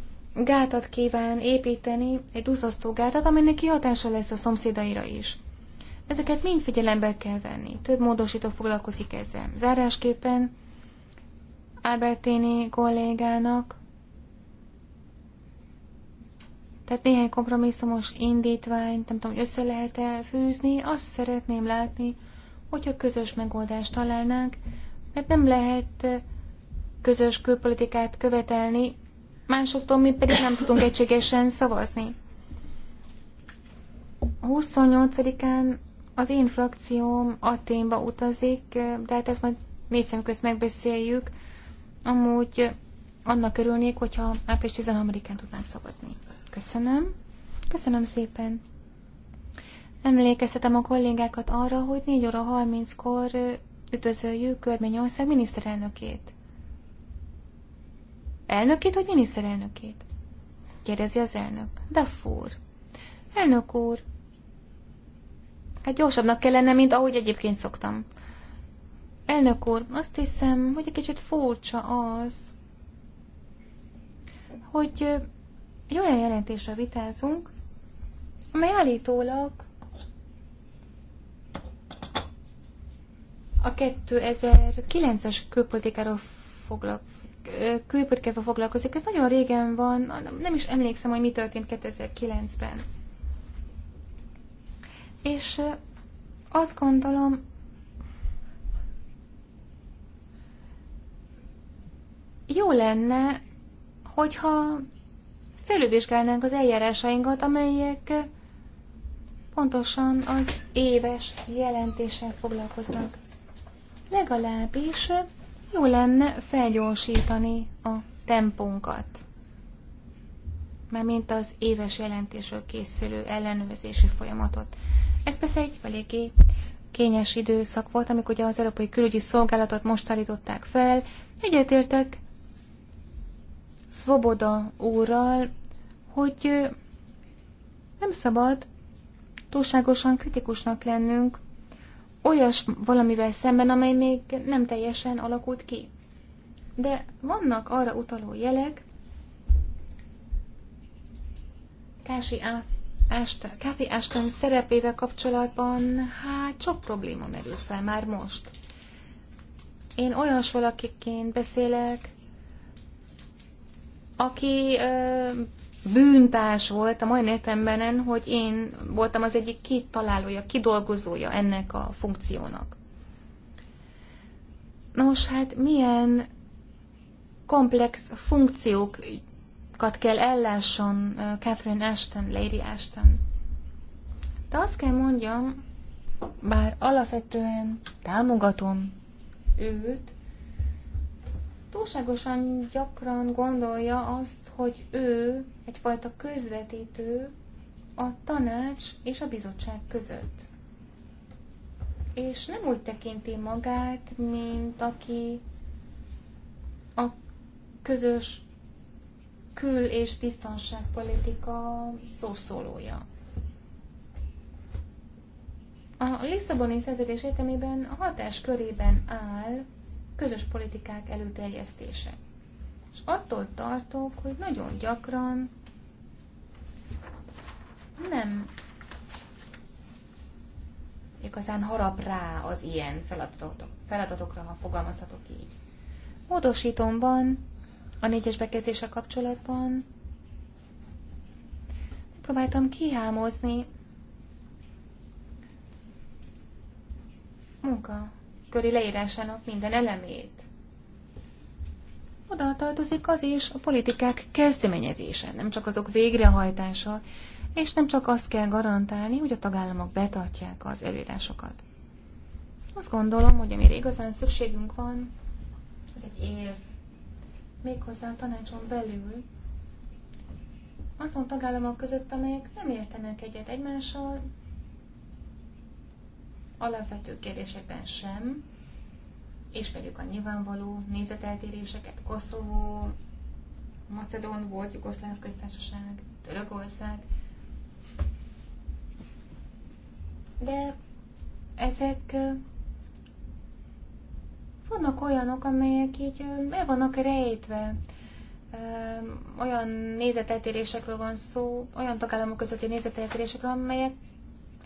gátat kíván építeni, egy duzzasztó gátat, aminek kihatása lesz a szomszédaira is. Ezeket mind figyelembe kell venni. Több módosító foglalkozik ezzel. Zárásképpen Albertini kollégának, tehát néhány kompromisszumos indítványt, nem tudom, hogy össze lehet-e fűzni, azt szeretném látni, hogyha közös megoldást találnánk, mert nem lehet közös külpolitikát követelni, másoktól mi pedig nem tudunk egységesen szavazni. 28-án az én frakcióm Aténba utazik, de hát ezt majd négy szem közt megbeszéljük. Amúgy annak örülnék, hogyha április 13-án tudnánk szavazni. Köszönöm. Köszönöm szépen. Emlékeztetem a kollégákat arra, hogy 4 óra 30-kor üdvözöljük Körményország miniszterelnökét. Elnökét vagy miniszterelnökét? Kérdezi az elnök. De fúr. Elnök úr. Hát gyorsabbnak kellene, mint ahogy egyébként szoktam. Elnök úr, azt hiszem, hogy egy kicsit furcsa az, hogy egy olyan jelentésre vitázunk, amely állítólag a 2009-es külpolitikáról külpolitikával foglalkozik. Ez nagyon régen van, nem is emlékszem, hogy mi történt 2009-ben. És azt gondolom, jó lenne, hogyha felülvizsgálnánk az eljárásainkat, amelyek pontosan az éves jelentéssel foglalkoznak. Legalábbis jó lenne felgyorsítani a tempónkat. mint az éves jelentésről készülő ellenőrzési folyamatot. Ez persze egy eléggé kényes időszak volt, amikor ugye az Európai Külügyi Szolgálatot most állították fel. Egyetértek Svoboda úrral, hogy nem szabad túlságosan kritikusnak lennünk olyas valamivel szemben, amely még nem teljesen alakult ki. De vannak arra utaló jelek, Kási Ásten, Káfi Ásten szerepével kapcsolatban, hát sok probléma merül fel már most. Én olyas valakiként beszélek, aki ö, bűntárs volt a mai értemben, hogy én voltam az egyik két találója, kidolgozója ennek a funkciónak. Nos, hát milyen komplex funkciókat kell ellásson uh, Catherine Ashton, Lady Ashton. De azt kell mondjam, bár alapvetően támogatom őt, túlságosan gyakran gondolja azt, hogy ő egyfajta közvetítő a tanács és a bizottság között. És nem úgy tekinti magát, mint aki a közös kül- és biztonságpolitika szószólója. A Lisszaboni szerződés értelmében a hatás körében áll közös politikák előterjesztése. És attól tartok, hogy nagyon gyakran nem igazán harap rá az ilyen feladatok, feladatokra, ha fogalmazhatok így. Módosítomban, a négyes bekezdése kapcsolatban próbáltam kihámozni munka nélküli leírásának minden elemét. Oda tartozik az is a politikák kezdeményezése, nem csak azok végrehajtása, és nem csak azt kell garantálni, hogy a tagállamok betartják az előírásokat. Azt gondolom, hogy amire igazán szükségünk van, az egy év. Méghozzá a tanácson belül azon tagállamok között, amelyek nem értenek egyet egymással, alapvető kérdésekben sem, pedig a nyilvánvaló nézeteltéréseket, Koszovó, Macedón volt, Jugoszláv köztársaság, Törökország, de ezek vannak olyanok, amelyek így el vannak rejtve. Olyan nézeteltérésekről van szó, olyan tagállamok közötti nézeteltérésekről, amelyek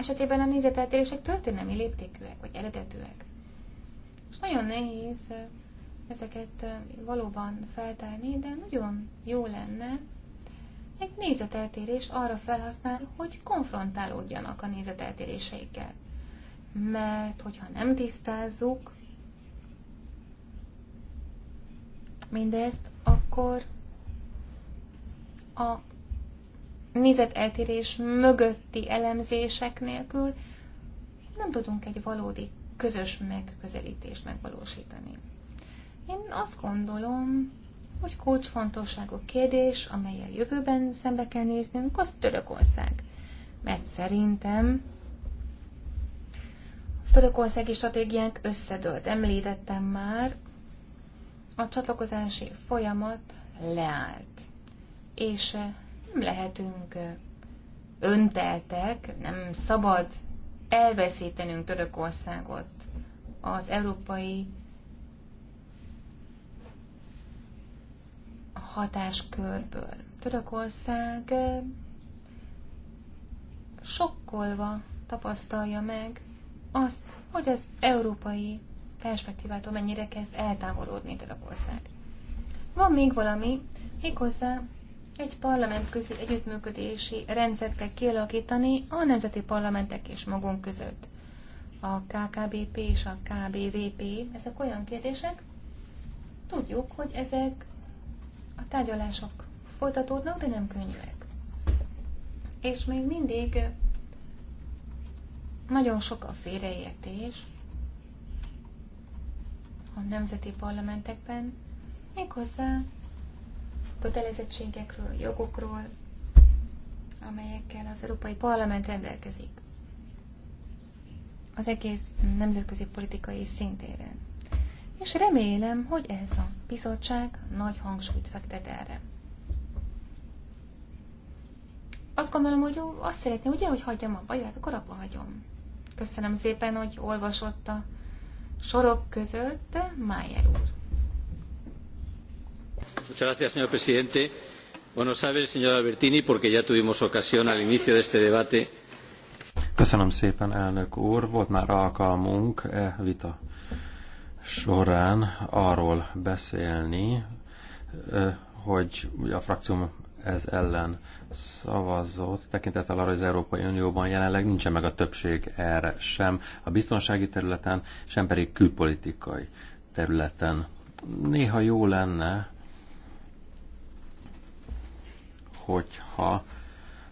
esetében a nézeteltérések történelmi léptékűek, vagy eredetűek. És nagyon nehéz ezeket valóban feltárni, de nagyon jó lenne egy nézeteltérés arra felhasználni, hogy konfrontálódjanak a nézeteltéréseikkel. Mert hogyha nem tisztázzuk mindezt, akkor a nézeteltérés mögötti elemzések nélkül nem tudunk egy valódi közös megközelítést megvalósítani. Én azt gondolom, hogy kulcsfontosságú kérdés, amelyel jövőben szembe kell néznünk, az Törökország. Mert szerintem a törökországi stratégiánk összedőlt. Említettem már, a csatlakozási folyamat leállt, és nem lehetünk önteltek, nem szabad elveszítenünk Törökországot az európai hatáskörből. Törökország sokkolva tapasztalja meg azt, hogy az európai perspektívától mennyire kezd eltávolodni Törökország. Van még valami, méghozzá egy parlamentközi együttműködési rendszert kell kialakítani a nemzeti parlamentek és magunk között. A KKBP és a KBVP, ezek olyan kérdések, tudjuk, hogy ezek a tárgyalások folytatódnak, de nem könnyűek. És még mindig nagyon sok a félreértés a nemzeti parlamentekben, méghozzá kötelezettségekről, jogokról, amelyekkel az Európai Parlament rendelkezik az egész nemzetközi politikai szintéren. És remélem, hogy ez a bizottság nagy hangsúlyt fektet erre. Azt gondolom, hogy azt szeretné, ugye, hogy hagyjam a baját, akkor abba hagyom. Köszönöm szépen, hogy olvasott a sorok között Májer úr señor presidente. Bueno, sabe, señor Albertini, porque ya tuvimos ocasión al inicio de este debate. Köszönöm szépen, elnök úr. Volt már alkalmunk e vita során arról beszélni, e, hogy a frakcióm ez ellen szavazott, tekintettel arra, hogy az Európai Unióban jelenleg nincsen meg a többség erre sem a biztonsági területen, sem pedig külpolitikai területen. Néha jó lenne, hogyha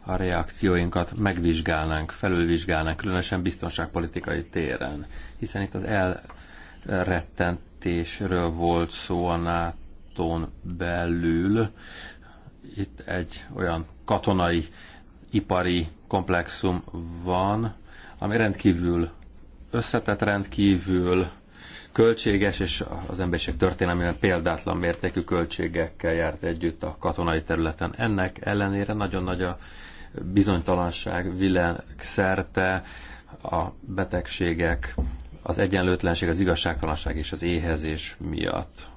a reakcióinkat megvizsgálnánk, felülvizsgálnánk, különösen biztonságpolitikai téren. Hiszen itt az elrettentésről volt szó a nato belül. Itt egy olyan katonai, ipari komplexum van, ami rendkívül összetett, rendkívül költséges, és az emberiség történelmében példátlan mértékű költségekkel járt együtt a katonai területen. Ennek ellenére nagyon nagy a bizonytalanság szerte, a betegségek, az egyenlőtlenség, az igazságtalanság és az éhezés miatt.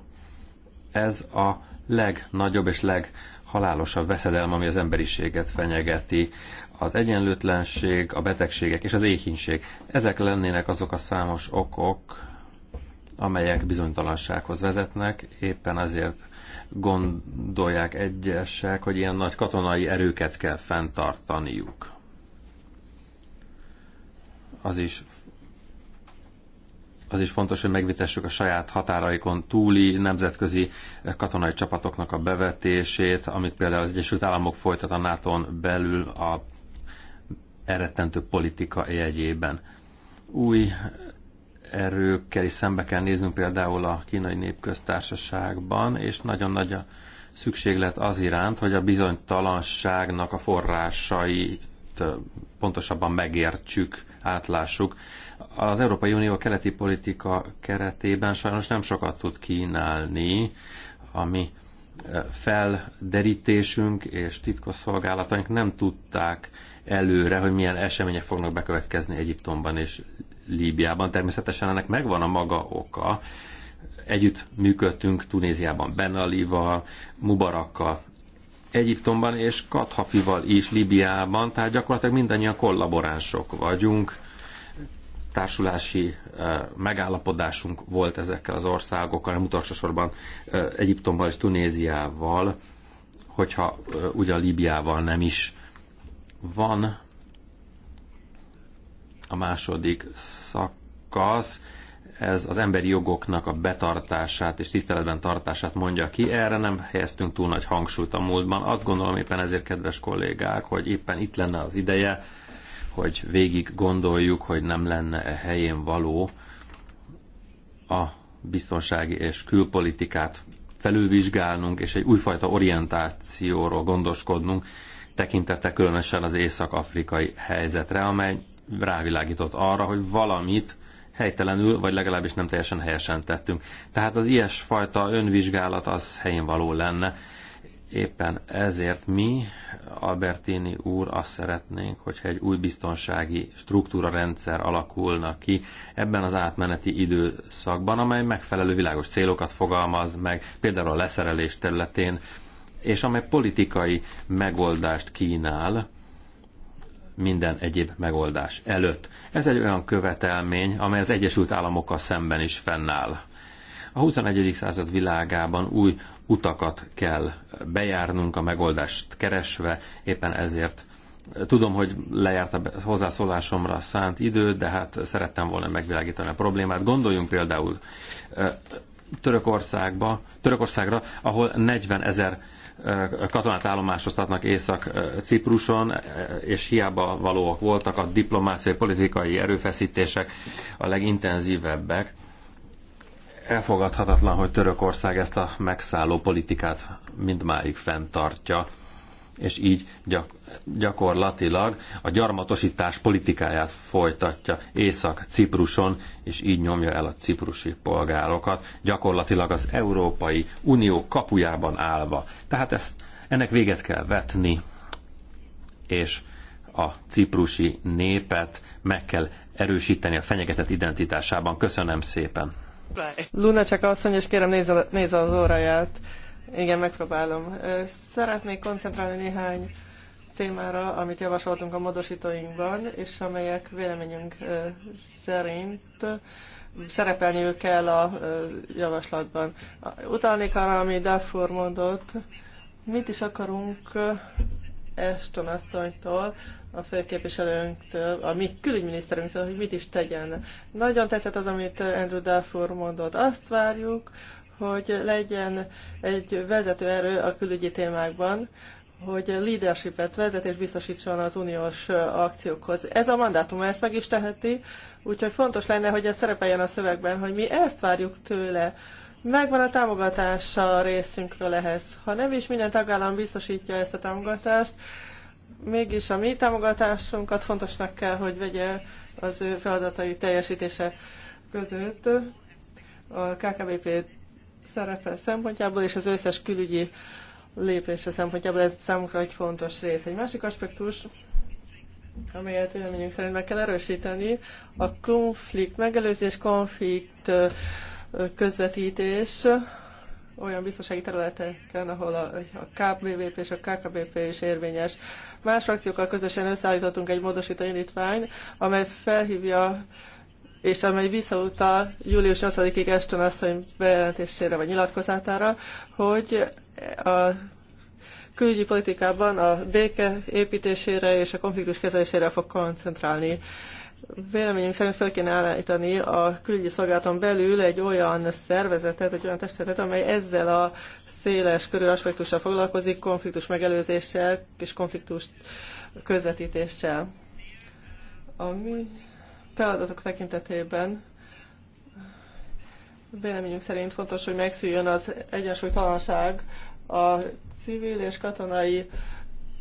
Ez a legnagyobb és leghalálosabb veszedelme, ami az emberiséget fenyegeti. Az egyenlőtlenség, a betegségek és az éhínség. Ezek lennének azok a számos okok, amelyek bizonytalansághoz vezetnek, éppen azért gondolják egyesek, hogy ilyen nagy katonai erőket kell fenntartaniuk. Az is az is fontos, hogy megvitessük a saját határaikon túli nemzetközi katonai csapatoknak a bevetését, amit például az Egyesült Államok folytat a NATO-n belül a elrettentő politika jegyében. Új erőkkel is szembe kell néznünk például a kínai népköztársaságban, és nagyon nagy a szükséglet az iránt, hogy a bizonytalanságnak a forrásait pontosabban megértsük, átlássuk. Az Európai Unió keleti politika keretében sajnos nem sokat tud kínálni, ami felderítésünk és titkosszolgálataink nem tudták előre, hogy milyen események fognak bekövetkezni Egyiptomban és Líbiában. Természetesen ennek megvan a maga oka. Együtt működtünk Tunéziában Ali-val, Mubarakkal, Egyiptomban és Kathafival is Líbiában, tehát gyakorlatilag mindannyian kollaboránsok vagyunk. Társulási eh, megállapodásunk volt ezekkel az országokkal, nem utolsó sorban eh, Egyiptomban és Tunéziával, hogyha eh, ugyan Líbiával nem is van a második szakasz, ez az emberi jogoknak a betartását és tiszteletben tartását mondja ki. Erre nem helyeztünk túl nagy hangsúlyt a múltban. Azt gondolom éppen ezért, kedves kollégák, hogy éppen itt lenne az ideje, hogy végig gondoljuk, hogy nem lenne -e helyén való a biztonsági és külpolitikát felülvizsgálnunk, és egy újfajta orientációról gondoskodnunk, tekintette különösen az észak-afrikai helyzetre, amely rávilágított arra, hogy valamit helytelenül, vagy legalábbis nem teljesen helyesen tettünk. Tehát az ilyesfajta önvizsgálat az helyén való lenne. Éppen ezért mi, Albertini úr, azt szeretnénk, hogyha egy új biztonsági struktúra rendszer alakulna ki ebben az átmeneti időszakban, amely megfelelő világos célokat fogalmaz meg, például a leszerelés területén, és amely politikai megoldást kínál, minden egyéb megoldás előtt. Ez egy olyan követelmény, amely az Egyesült Államokkal szemben is fennáll. A 21. század világában új utakat kell bejárnunk, a megoldást keresve, éppen ezért eh, Tudom, hogy lejárt a hozzászólásomra szánt idő, de hát szerettem volna megvilágítani a problémát. Gondoljunk például eh, Törökországba, Törökországra, ahol 40 ezer katonát állomásoztatnak Észak-Cipruson, és hiába valóak voltak a diplomáciai, politikai erőfeszítések a legintenzívebbek. Elfogadhatatlan, hogy Törökország ezt a megszálló politikát mindmáig fenntartja és így gyakorlatilag a gyarmatosítás politikáját folytatja Észak-Cipruson, és így nyomja el a ciprusi polgárokat, gyakorlatilag az Európai Unió kapujában állva. Tehát ezt, ennek véget kell vetni, és a ciprusi népet meg kell erősíteni a fenyegetett identitásában. Köszönöm szépen! Luna csak mondja és kérem nézze, nézze az óráját. Igen, megpróbálom. Szeretnék koncentrálni néhány témára, amit javasoltunk a módosítóinkban, és amelyek véleményünk szerint szerepelniük kell a javaslatban. Utalnék arra, ami Darfur mondott, mit is akarunk Eston asszonytól, a főképviselőnktől, a mi külügyminiszterünktől, hogy mit is tegyen. Nagyon tetszett az, amit Andrew Duffur mondott. Azt várjuk, hogy legyen egy vezetőerő a külügyi témákban, hogy leadershipet vezet és biztosítson az uniós akciókhoz. Ez a mandátum ezt meg is teheti, úgyhogy fontos lenne, hogy ez szerepeljen a szövegben, hogy mi ezt várjuk tőle. Megvan a támogatása a részünkről ehhez. Ha nem is minden tagállam biztosítja ezt a támogatást, mégis a mi támogatásunkat fontosnak kell, hogy vegye az ő feladatai teljesítése között. A KKBP szerepe szempontjából és az összes külügyi lépése szempontjából ez számunkra egy fontos rész. Egy másik aspektus, amelyet véleményünk szerint meg kell erősíteni, a konflikt, megelőzés, konflikt közvetítés olyan biztonsági területeken, ahol a, a KBVP és a KKBP is érvényes. Más frakciókkal közösen összeállítottunk egy módosító indítvány, amely felhívja és amely visszautal július 8-ig Eston asszony bejelentésére vagy nyilatkozatára, hogy a külügyi politikában a béke építésére és a konfliktus kezelésére fog koncentrálni. Véleményünk szerint fel kéne állítani a külügyi szolgálaton belül egy olyan szervezetet, egy olyan testületet, amely ezzel a széles körű aspektussal foglalkozik, konfliktus megelőzéssel és konfliktus közvetítéssel. Ami feladatok tekintetében véleményünk szerint fontos, hogy megszűjön az egyensúlytalanság a civil és katonai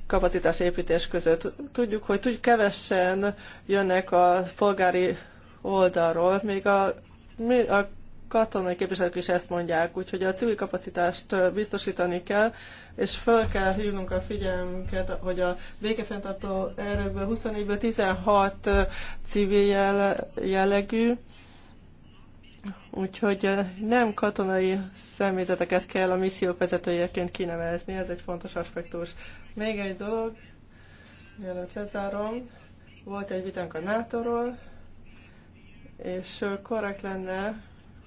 kapacitás építés között. Tudjuk, hogy tud kevesen jönnek a polgári oldalról, még a, a katonai képviselők is ezt mondják, úgyhogy a civil kapacitást biztosítani kell, és föl kell hívnunk a figyelmünket, hogy a békefenntartó erőkből 24-ből 16 civil jellegű, Úgyhogy nem katonai személyzeteket kell a missziók vezetőjeként kinevezni, ez egy fontos aspektus. Még egy dolog, mielőtt lezárom, volt egy vitánk a NATO-ról, és korrekt lenne,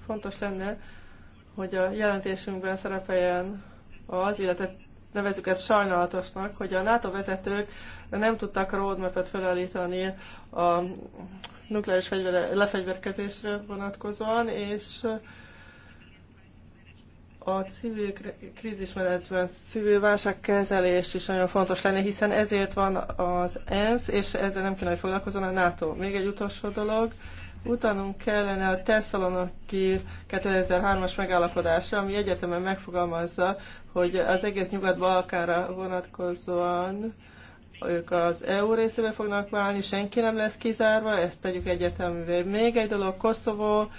fontos lenne, hogy a jelentésünkben szerepeljen az, illetve nevezük ezt sajnálatosnak, hogy a NATO vezetők nem tudtak roadmap-et felállítani a nukleáris fegyvere, lefegyverkezésre vonatkozóan, és a civil krízismenedzsment, civil válságkezelés is nagyon fontos lenne, hiszen ezért van az ENSZ, és ezzel nem kéne, hogy a NATO. Még egy utolsó dolog, Utanunk kellene a Tesszalonoki 2003-as megállapodásra, ami egyetemen megfogalmazza, hogy az egész Nyugat-Balkánra vonatkozóan ők az EU részébe fognak válni, senki nem lesz kizárva, ezt tegyük egyértelművé. Még egy dolog, Koszovó,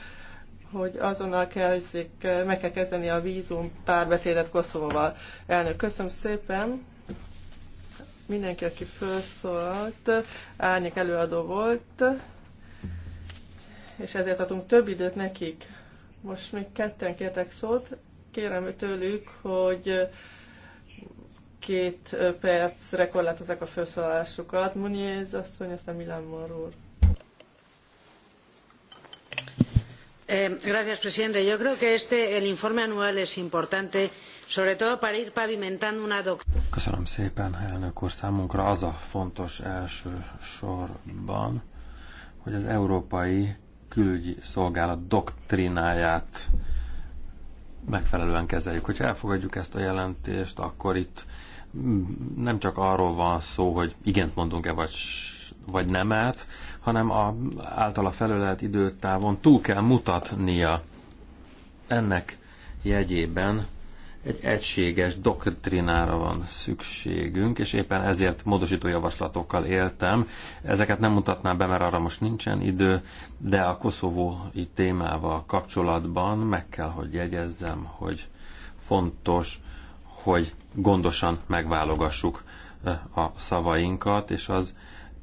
hogy azonnal kell, meg kell kezdeni a vízum párbeszédet Koszovóval. Elnök, köszönöm szépen! Mindenki, aki felszólalt, árnyék előadó volt és ezért adunk több időt nekik. Most még ketten kértek szót, kérem tőlük, hogy két percre korlátozzák a felszólalásukat. Muniéz asszony, aztán Milán Marúr. Eh, gracias, presidente, yo creo que este, el informe anual es importante, sobre todo para ir pavimentando una doctrina. Köszönöm szépen, elnök úr. Számunkra az a fontos első sorban, hogy az európai külügyi szolgálat doktrináját megfelelően kezeljük. Hogyha elfogadjuk ezt a jelentést, akkor itt nem csak arról van szó, hogy igent mondunk-e vagy, vagy nemet, hanem a, általa felölelt időtávon túl kell mutatnia ennek jegyében egy egységes doktrinára van szükségünk, és éppen ezért módosító javaslatokkal éltem. Ezeket nem mutatnám be, mert arra most nincsen idő, de a koszovói témával kapcsolatban meg kell, hogy jegyezzem, hogy fontos, hogy gondosan megválogassuk a szavainkat, és az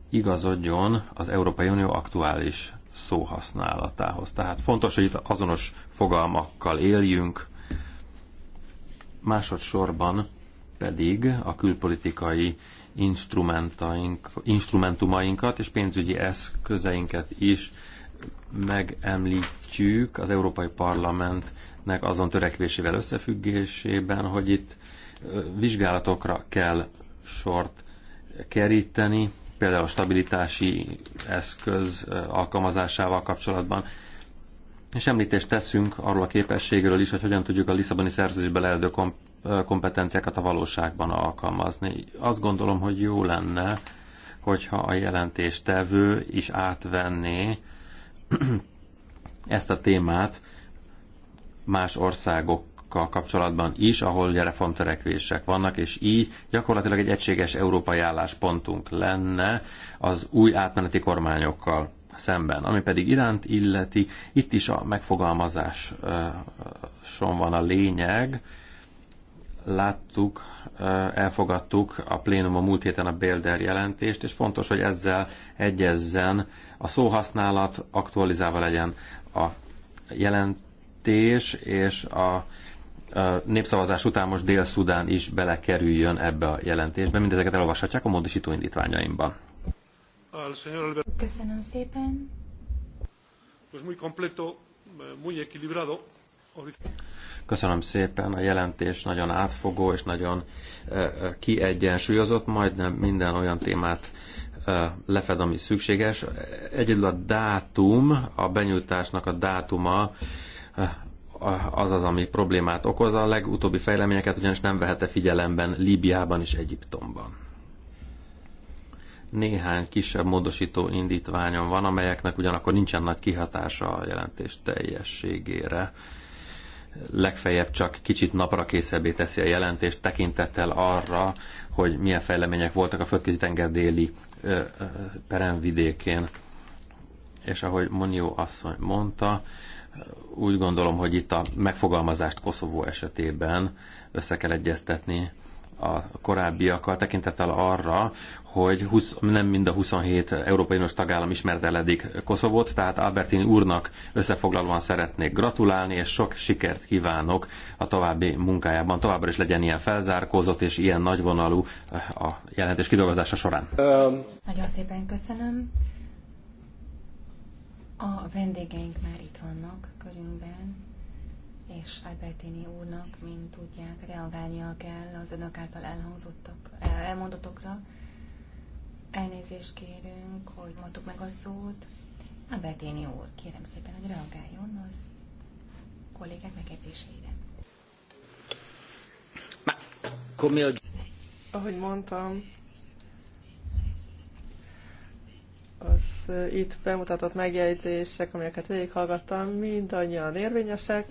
igazodjon az Európai Unió aktuális szóhasználatához. Tehát fontos, hogy itt azonos fogalmakkal éljünk, Másodszorban pedig a külpolitikai instrumentaink, instrumentumainkat és pénzügyi eszközeinket is megemlítjük az Európai Parlamentnek azon törekvésével összefüggésében, hogy itt vizsgálatokra kell sort keríteni, például a stabilitási eszköz alkalmazásával kapcsolatban, és említést teszünk arról a képességről is, hogy hogyan tudjuk a Lisszaboni szerződésbe lehető kompetenciákat a valóságban alkalmazni. Azt gondolom, hogy jó lenne, hogyha a jelentéstevő is átvenné (clears throat) ezt a témát más országokkal kapcsolatban is, ahol ugye reformtörekvések vannak, és így gyakorlatilag egy egységes európai álláspontunk lenne az új átmeneti kormányokkal szemben. Ami pedig iránt illeti, itt is a megfogalmazáson van a lényeg. Láttuk, elfogadtuk a plénum a múlt héten a Bélder jelentést, és fontos, hogy ezzel egyezzen a szóhasználat, aktualizálva legyen a jelentés, és a népszavazás után most Dél-Szudán is belekerüljön ebbe a jelentésbe. Mindezeket elolvashatják a módosító indítványaimban. Köszönöm szépen. Pues muy completo, eh, muy equilibrado. Köszönöm szépen, a jelentés nagyon átfogó és nagyon eh, eh, kiegyensúlyozott, majdnem minden olyan témát lefed, ami szükséges. Egyedül a dátum, a benyújtásnak a dátuma az az, ami problémát okoz. A legutóbbi fejleményeket ugyanis nem vehette figyelemben Líbiában és Egyiptomban. Néhány kisebb módosító indítványon van, amelyeknek ugyanakkor nincsen nagy kihatása a jelentés teljességére. Legfeljebb csak kicsit napra készebbé teszi a jelentést tekintettel arra, hogy milyen fejlemények voltak a földközi tenger déli ö, ö, peremvidékén. És ahogy Monió asszony mondta, úgy gondolom, hogy itt a megfogalmazást Koszovó esetében össze kell egyeztetni a korábbiakkal tekintettel arra, hogy 20, nem mind a 27 Európai Uniós tagállam ismert el eddig Koszovót, tehát Albertin úrnak összefoglalóan szeretnék gratulálni, és sok sikert kívánok a további munkájában. Továbbra is legyen ilyen felzárkózott és ilyen nagyvonalú eh, a jelentés kidolgozása során. Um. Nagyon szépen köszönöm. A vendégeink már itt vannak körünkben és Albertini úrnak, mint tudják, reagálnia kell az önök által elhangzottak, elmondatokra. Elnézést kérünk, hogy mondtuk meg a szót. Albertini úr, kérem szépen, hogy reagáljon az kollégák megjegyzéseire. Ahogy mondtam, az itt bemutatott megjegyzések, amelyeket végighallgattam, mindannyian érvényesek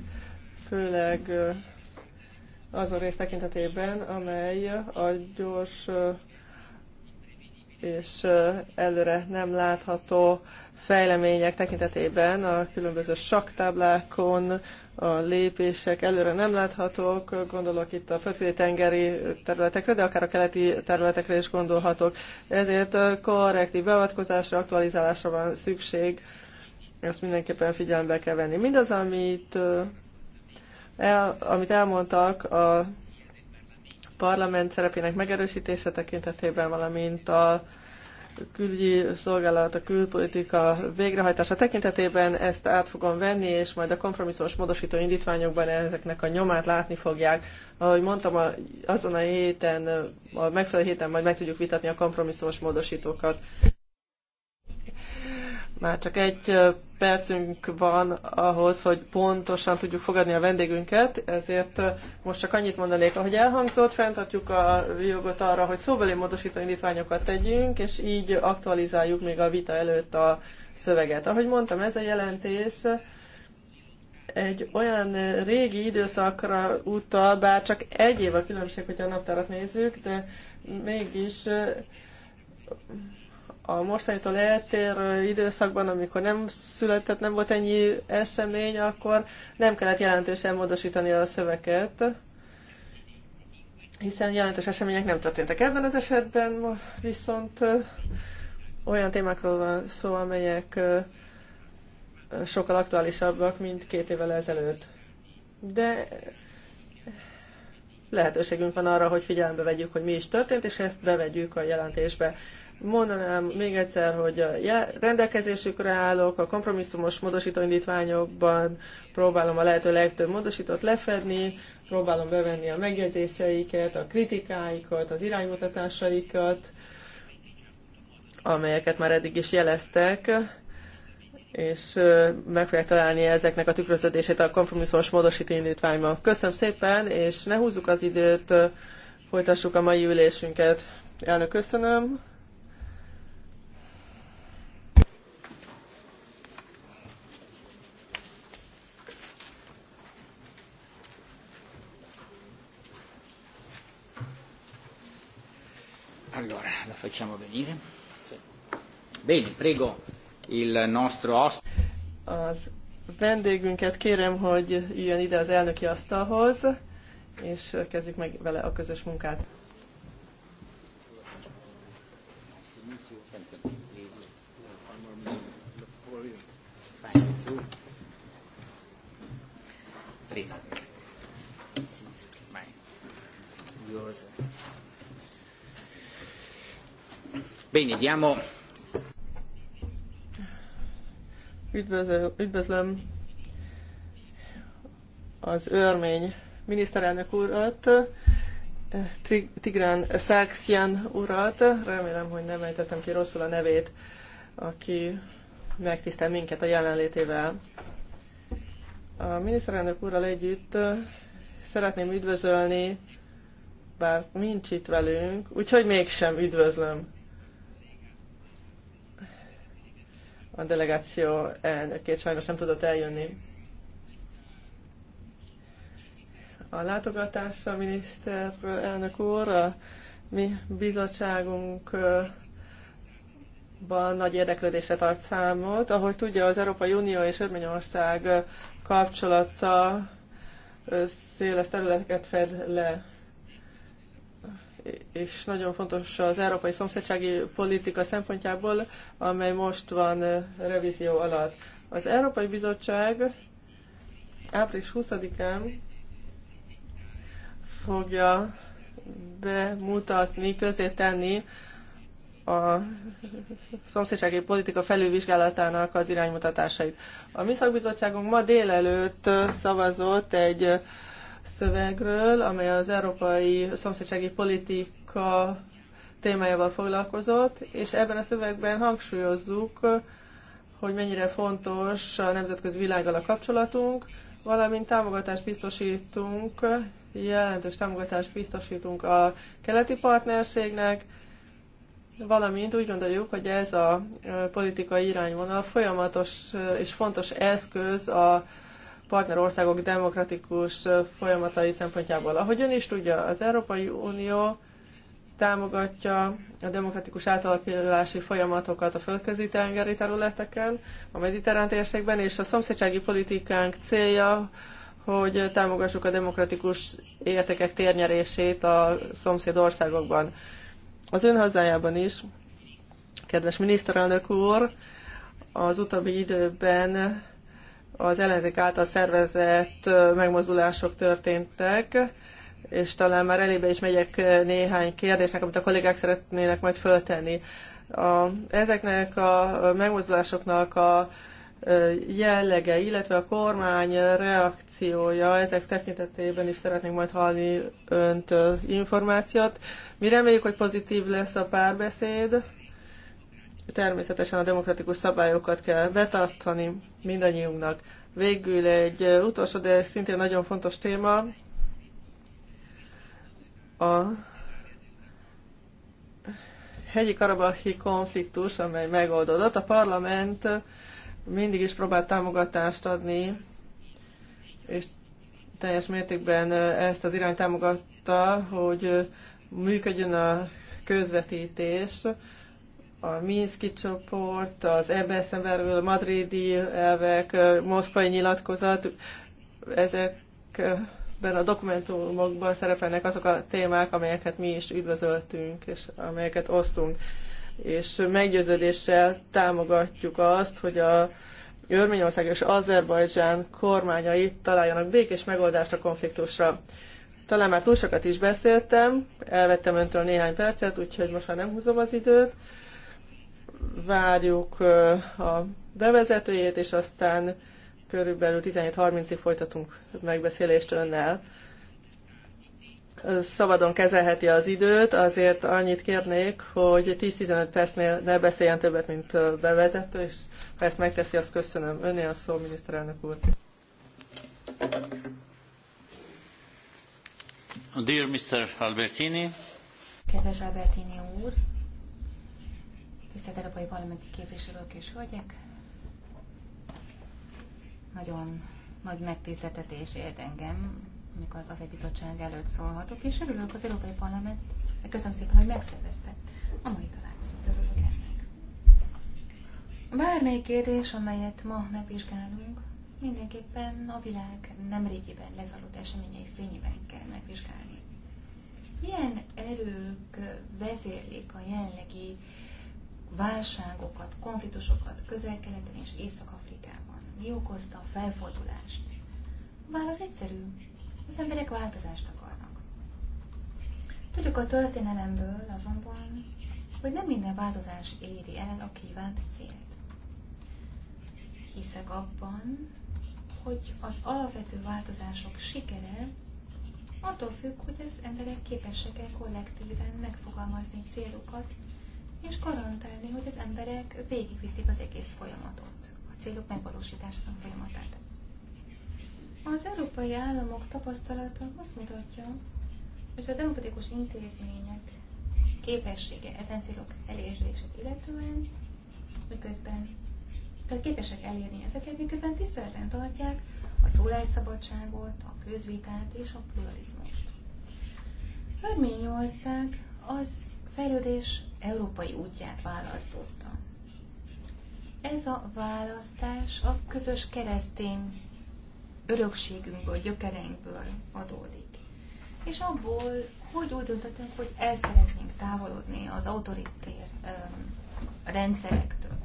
főleg azon rész tekintetében, amely a gyors és előre nem látható fejlemények tekintetében a különböző saktáblákon a lépések előre nem láthatók, gondolok itt a földközi tengeri területekre, de akár a keleti területekre is gondolhatok. Ezért korrektív beavatkozásra, aktualizálásra van szükség, ezt mindenképpen figyelembe kell venni. Mindaz, amit el, amit elmondtak a parlament szerepének megerősítése tekintetében, valamint a külügyi szolgálat, a külpolitika végrehajtása tekintetében ezt át fogom venni, és majd a kompromisszumos módosító indítványokban ezeknek a nyomát látni fogják. Ahogy mondtam, azon a héten, a megfelelő héten majd meg tudjuk vitatni a kompromisszumos módosítókat. Már csak egy percünk van ahhoz, hogy pontosan tudjuk fogadni a vendégünket, ezért most csak annyit mondanék, ahogy elhangzott, fenntartjuk a jogot arra, hogy szóbeli módosító indítványokat tegyünk, és így aktualizáljuk még a vita előtt a szöveget. Ahogy mondtam, ez a jelentés egy olyan régi időszakra utal, bár csak egy év a különbség, hogyha a naptárat nézzük, de mégis a mostanitól eltérő időszakban, amikor nem született, nem volt ennyi esemény, akkor nem kellett jelentősen módosítani a szöveget, hiszen jelentős események nem történtek ebben az esetben, viszont olyan témákról van szó, amelyek sokkal aktuálisabbak, mint két évvel ezelőtt. De lehetőségünk van arra, hogy figyelembe vegyük, hogy mi is történt, és ezt bevegyük a jelentésbe. Mondanám még egyszer, hogy a rendelkezésükre állok, a kompromisszumos módosítóindítványokban próbálom a lehető legtöbb módosítót lefedni, próbálom bevenni a megjegyzéseiket, a kritikáikat, az iránymutatásaikat, amelyeket már eddig is jeleztek, és meg fogják találni ezeknek a tükröződését a kompromisszumos módosító indítványban. Köszönöm szépen, és ne húzzuk az időt, folytassuk a mai ülésünket. Elnök, köszönöm. Allora, la facciamo venire. Bene, prego il nostro ospite. Az vendégünket kérem, hogy jöjjön ide az elnöki asztalhoz, és kezdjük meg vele a közös munkát. Please. Üdvözlöm, üdvözlöm az örmény miniszterelnök urat, Tigran Sargsyan urat, remélem, hogy nem ejtettem ki rosszul a nevét, aki megtisztel minket a jelenlétével. A miniszterelnök úrral együtt szeretném üdvözölni, bár nincs itt velünk, úgyhogy mégsem üdvözlöm. a delegáció elnökét sajnos nem tudott eljönni. A látogatásra, miniszter elnök úr, a mi bizottságunkban nagy érdeklődésre tart számot. Ahogy tudja, az Európai Unió és Örményország kapcsolata széles területeket fed le és nagyon fontos az európai szomszédsági politika szempontjából, amely most van revízió alatt. Az Európai Bizottság április 20-án fogja bemutatni, közé tenni a szomszédsági politika felülvizsgálatának az iránymutatásait. A mi szakbizottságunk ma délelőtt szavazott egy szövegről, amely az európai szomszédsági politika témájával foglalkozott, és ebben a szövegben hangsúlyozzuk, hogy mennyire fontos a nemzetközi világgal a kapcsolatunk, valamint támogatást biztosítunk, jelentős támogatást biztosítunk a keleti partnerségnek, valamint úgy gondoljuk, hogy ez a politikai irányvonal folyamatos és fontos eszköz a partnerországok demokratikus folyamatai szempontjából. Ahogy ön is tudja, az Európai Unió támogatja a demokratikus átalakulási folyamatokat a földközi tengeri területeken, a mediterrán térségben, és a szomszédsági politikánk célja, hogy támogassuk a demokratikus értékek térnyerését a szomszéd országokban. Az ön hazájában is, kedves miniszterelnök úr, az utóbbi időben az ellenzék által szervezett megmozdulások történtek, és talán már elébe is megyek néhány kérdésnek, amit a kollégák szeretnének majd föltenni. A, ezeknek a megmozdulásoknak a jellege, illetve a kormány reakciója, ezek tekintetében is szeretnénk majd hallni öntől információt. Mi reméljük, hogy pozitív lesz a párbeszéd, Természetesen a demokratikus szabályokat kell betartani mindannyiunknak. Végül egy utolsó, de szintén nagyon fontos téma, a hegyi karabahi konfliktus, amely megoldódott. A parlament mindig is próbált támogatást adni, és teljes mértékben ezt az irányt támogatta, hogy működjön a közvetítés, a Minszki csoport, az ebben a madridi elvek, moszkvai nyilatkozat, ezekben a dokumentumokban szerepelnek azok a témák, amelyeket mi is üdvözöltünk, és amelyeket osztunk. És meggyőződéssel támogatjuk azt, hogy a Örményország és Azerbajdzsán kormányai találjanak békés megoldást a konfliktusra. Talán már túl sokat is beszéltem, elvettem öntől néhány percet, úgyhogy most már nem húzom az időt várjuk a bevezetőjét, és aztán körülbelül 17.30-ig folytatunk megbeszélést önnel. Szabadon kezelheti az időt, azért annyit kérnék, hogy 10-15 percnél ne beszéljen többet, mint bevezető, és ha ezt megteszi, azt köszönöm. Önnél a szó, miniszterelnök úr. Dear Mr. Albertini. Kedves Albertini úr, Visszaterapai Parlamenti képviselők és hölgyek! Nagyon nagy megtiszteltetés ért engem, amikor az AFE Bizottság előtt szólhatok, és örülök az Európai Parlament, köszönöm szépen, hogy megszervezte a mai találkozót, örülök ennek. Bármely kérdés, amelyet ma megvizsgálunk, mindenképpen a világ nemrégiben lezalott eseményei fényében kell megvizsgálni. Milyen erők vezérlik a jelenlegi válságokat, konfliktusokat közel-keleten és Észak-Afrikában. Mi okozta a felfordulást? Válasz egyszerű. Az emberek változást akarnak. Tudjuk a történelemből azonban, hogy nem minden változás éri el a kívánt célt. Hiszek abban, hogy az alapvető változások sikere attól függ, hogy az emberek képesek-e kollektíven megfogalmazni célokat, és garantálni, hogy az emberek végigviszik az egész folyamatot, a célok megvalósításának folyamatát. Az európai államok tapasztalata azt mutatja, hogy a demokratikus intézmények képessége ezen célok elérését illetően, miközben tehát képesek elérni ezeket, miközben tiszteletben tartják a szólásszabadságot, a közvitát és a pluralizmust. Örményország az fejlődés európai útját választotta. Ez a választás a közös keresztény örökségünkből, gyökereinkből adódik. És abból, hogy úgy döntöttünk, hogy el szeretnénk távolodni az autoritér um, rendszerektől.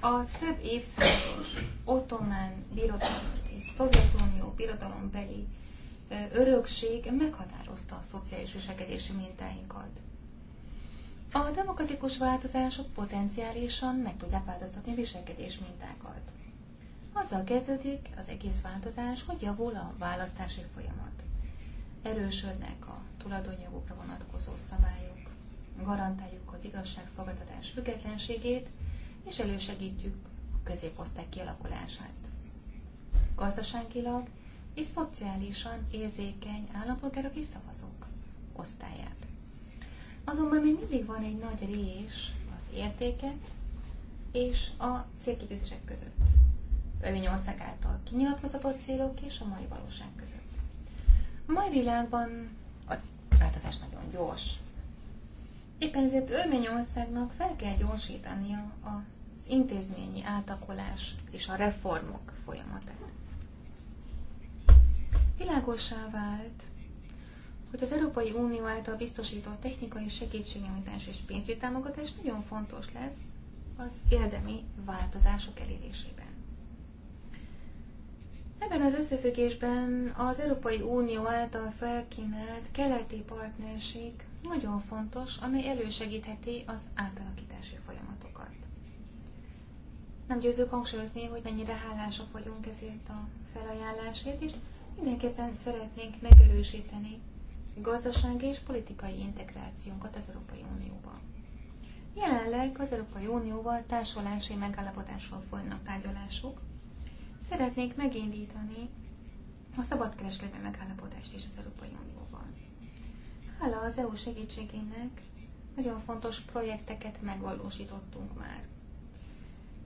A több évszázados ottomán birodalom és Szovjetunió birodalom beli örökség meghatározta a szociális viselkedési mintáinkat. A demokratikus változások potenciálisan meg tudják változtatni viselkedés mintákat. Azzal kezdődik az egész változás, hogy javul a választási folyamat. Erősödnek a tulajdonjogokra vonatkozó szabályok, garantáljuk az igazságszolgáltatás függetlenségét, és elősegítjük a középosztály kialakulását. Gazdaságilag és szociálisan érzékeny állampolgárok és szavazók osztályát. Azonban még mindig van egy nagy rés az értékek és a célkitűzések között. Örményország által kinyilatkozatott célok és a mai valóság között. A mai világban a változás nagyon gyors. Éppen ezért Örményországnak fel kell gyorsítania az intézményi átakolás és a reformok folyamatát. Világosá vált, hogy az Európai Unió által biztosított technikai segítségnyújtás és pénzügyi támogatás nagyon fontos lesz az érdemi változások elérésében. Ebben az összefüggésben az Európai Unió által felkínált keleti partnerség nagyon fontos, amely elősegítheti az átalakítási folyamatokat. Nem győzünk hangsúlyozni, hogy mennyire hálásak vagyunk ezért a felajánlásért, és mindenképpen szeretnénk megerősíteni gazdasági és politikai integrációnkat az Európai Unióban. Jelenleg az Európai Unióval társulási megállapodásról folynak tárgyalások. Szeretnék megindítani a szabadkereskedelmi megállapodást is az Európai Unióval. Hála az EU segítségének nagyon fontos projekteket megvalósítottunk már.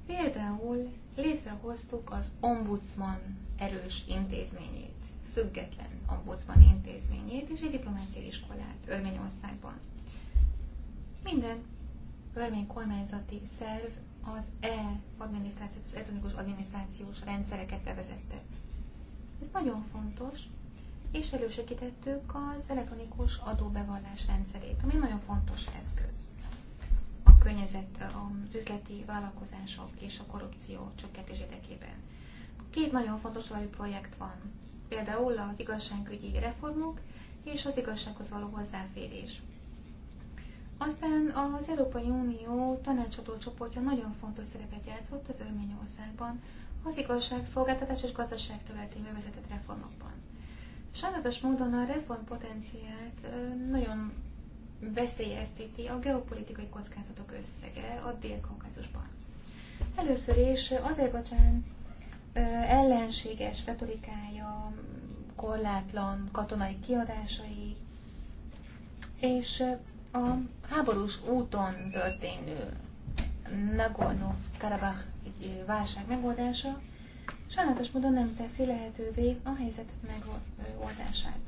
Például létrehoztuk az Ombudsman erős intézményét független ombudsman intézményét és egy diplomáciai iskolát Örményországban. Minden örmény kormányzati szerv az e-adminisztrációt, az elektronikus adminisztrációs rendszereket bevezette. Ez nagyon fontos, és elősegítettük az elektronikus adóbevallás rendszerét, ami nagyon fontos eszköz a környezet, az üzleti vállalkozások és a korrupció csökkentés érdekében. Két nagyon fontos valami projekt van például az igazságügyi reformok és az igazsághoz való hozzáférés. Aztán az Európai Unió tanácsadó csoportja nagyon fontos szerepet játszott az Örményországban az igazságszolgáltatás és gazdaság területén bevezetett reformokban. Sajnálatos módon a reform potenciált nagyon veszélyezteti a geopolitikai kockázatok összege a Dél-Kaukázusban. Először is Azerbajdzsán ellenséges retorikája, korlátlan katonai kiadásai, és a háborús úton történő Nagorno-Karabakh válság megoldása sajnálatos módon nem teszi lehetővé a helyzet megoldását.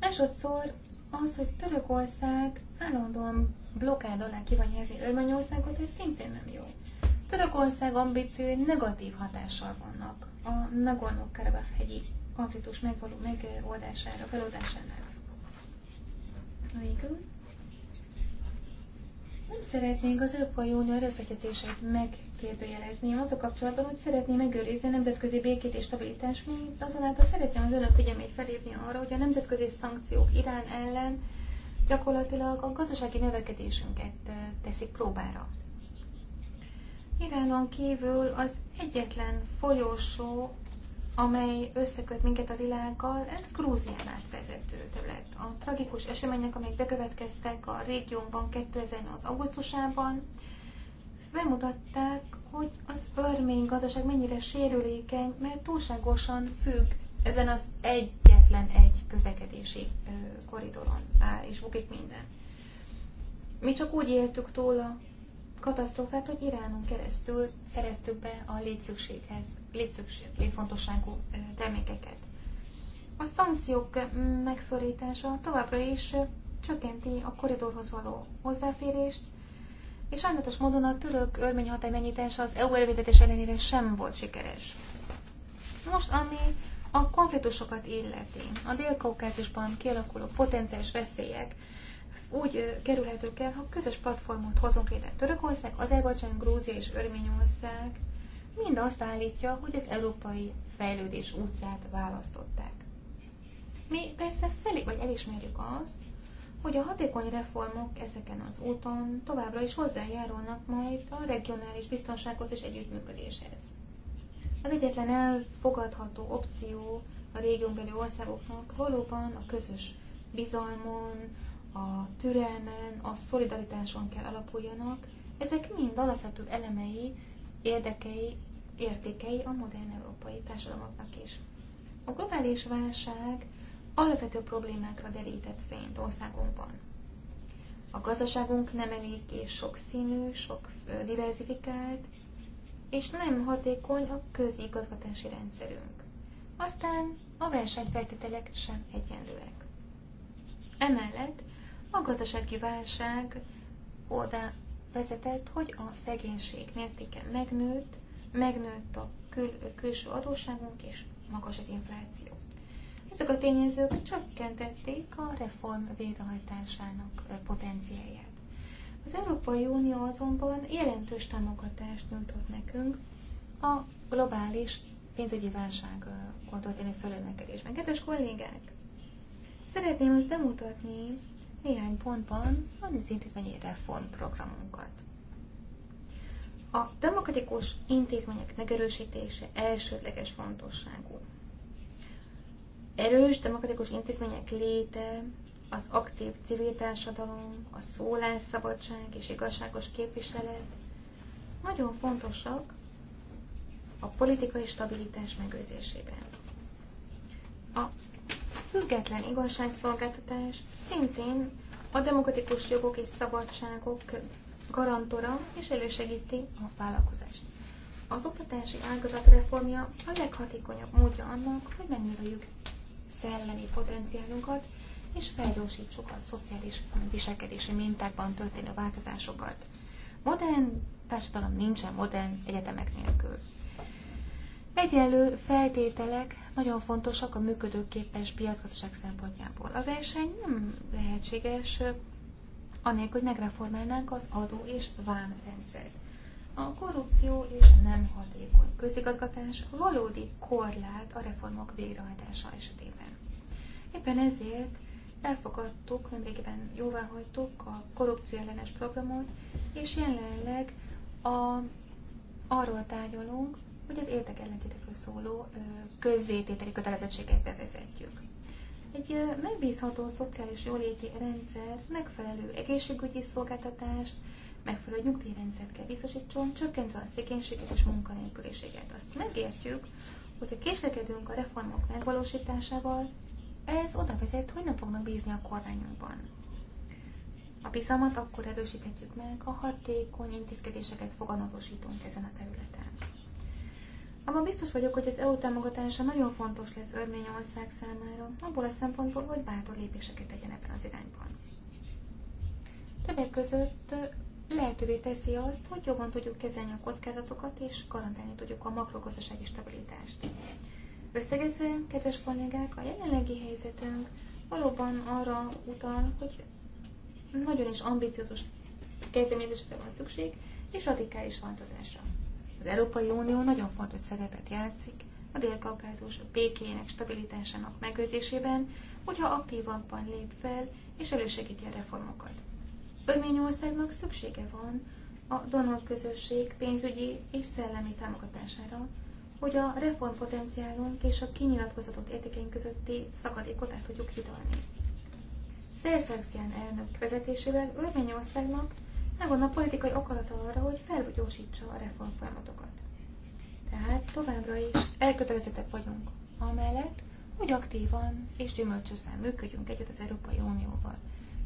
Másodszor az, hogy Törökország állandóan blokkád alá kívánja helyezni Örményországot, ez szintén nem jó. Törökország ambíciói negatív hatással vannak a Nagorno-Karabakh hegyi konfliktus megvaló megoldására, feloldásánál. Végül. Nem szeretnénk az Európai Unió erőfeszítéseit megkérdőjelezni, a kapcsolatban, hogy szeretné megőrizni a nemzetközi békét és stabilitást, még azonáltal szeretném az önök figyelmét felhívni arra, hogy a nemzetközi szankciók Irán ellen gyakorlatilag a gazdasági növekedésünket eh, teszik próbára. Iránon kívül az egyetlen folyósó, amely összeköt minket a világgal, ez Grúzián átvezető terület. A tragikus események, amelyek bekövetkeztek a régiónban 2008. augusztusában, bemutatták, hogy az örmény gazdaság mennyire sérülékeny, mert túlságosan függ ezen az egyetlen egy közlekedési koridoron áll, és bukik minden. Mi csak úgy éltük túl a katasztrófát, hogy Iránon keresztül szereztük be a létszükséghez, létszükség, létfontosságú termékeket. A szankciók megszorítása továbbra is csökkenti a koridorhoz való hozzáférést, és sajnálatos módon a török örmény határmenyítés az EU erővezetés ellenére sem volt sikeres. Most, ami a konfliktusokat illeti, a dél-kaukázusban kialakuló potenciális veszélyek, úgy kerülhetők el, ha közös platformot hozunk létre Törökország, Azerbajdzsán, Grúzia és Örményország, mind azt állítja, hogy az európai fejlődés útját választották. Mi persze felé vagy elismerjük azt, hogy a hatékony reformok ezeken az úton továbbra is hozzájárulnak majd a regionális biztonsághoz és együttműködéshez. Az egyetlen elfogadható opció a régiónbeli országoknak valóban a közös bizalmon, a türelmen, a szolidaritáson kell alapuljanak. Ezek mind alapvető elemei, érdekei, értékei a modern európai társadalmaknak is. A globális válság alapvető problémákra derített fényt országunkban. A gazdaságunk nem eléggé sokszínű, sok diversifikált, és nem hatékony a közigazgatási rendszerünk. Aztán a versenyfeltételek sem egyenlőek. Emellett a gazdasági válság oda vezetett, hogy a szegénység mértéke megnőtt, megnőtt a kül- külső adóságunk, és magas az infláció. Ezek a tényezők csökkentették a reform végrehajtásának potenciáját. Az Európai Unió azonban jelentős támogatást nyújtott nekünk a globális pénzügyi válság történő fölemelkedésben. Kedves kollégák, szeretném most bemutatni néhány pontban az intézményi reformprogramunkat. A demokratikus intézmények megerősítése elsődleges fontosságú. Erős demokratikus intézmények léte, az aktív civil társadalom, a szólásszabadság és igazságos képviselet nagyon fontosak a politikai stabilitás megőrzésében. A független igazságszolgáltatás szintén a demokratikus jogok és szabadságok garantora és elősegíti a vállalkozást. Az oktatási ágazat reformja a leghatékonyabb módja annak, hogy megnöveljük szellemi potenciálunkat, és felgyorsítsuk a szociális viselkedési mintákban történő változásokat. Modern társadalom nincsen modern egyetemek nélkül. Egyenlő feltételek nagyon fontosak a működőképes piacgazdaság szempontjából. A verseny nem lehetséges anélkül, hogy megreformálnánk az adó és vámrendszert. A korrupció és nem hatékony közigazgatás valódi korlát a reformok végrehajtása esetében. Éppen ezért elfogadtuk, nemrégiben jóváhagytuk a korrupció ellenes programot, és jelenleg a, arról tárgyalunk, hogy az érdek ellentétekről szóló közzétételi kötelezettséget bevezetjük. Egy megbízható szociális jóléti rendszer megfelelő egészségügyi szolgáltatást, megfelelő nyugdíjrendszert kell biztosítson, csökkentve a szegénységet és munkanélküliséget. Azt megértjük, hogy a késlekedünk a reformok megvalósításával, ez oda vezet, hogy nem fognak bízni a kormányunkban. A bizalmat akkor erősíthetjük meg, ha hatékony intézkedéseket foganatosítunk ezen a területen. Abban biztos vagyok, hogy az EU támogatása nagyon fontos lesz Örményország számára, abból a szempontból, hogy bátor lépéseket tegyen ebben az irányban. Többek között lehetővé teszi azt, hogy jobban tudjuk kezelni a kockázatokat, és garantálni tudjuk a makrogazdasági stabilitást. Összegezve, kedves kollégák, a jelenlegi helyzetünk valóban arra utal, hogy nagyon is ambiciózus kezdeményezésre van szükség, és radikális változásra. Az Európai Unió nagyon fontos szerepet játszik a dél-kaukázus békének, stabilitásának megőrzésében, hogyha aktívabban lép fel és elősegíti a reformokat. Örményországnak szüksége van a Donald közösség pénzügyi és szellemi támogatására, hogy a reformpotenciálunk és a kinyilatkozatott értékeink közötti szakadékot át tudjuk hidalni. Szerszegszián elnök vezetésével Örményországnak megvan a politikai akarata arra, hogy felgyorsítsa a reform folyamatokat. Tehát továbbra is elkötelezettek vagyunk amellett, hogy aktívan és gyümölcsösen működjünk együtt az Európai Unióval.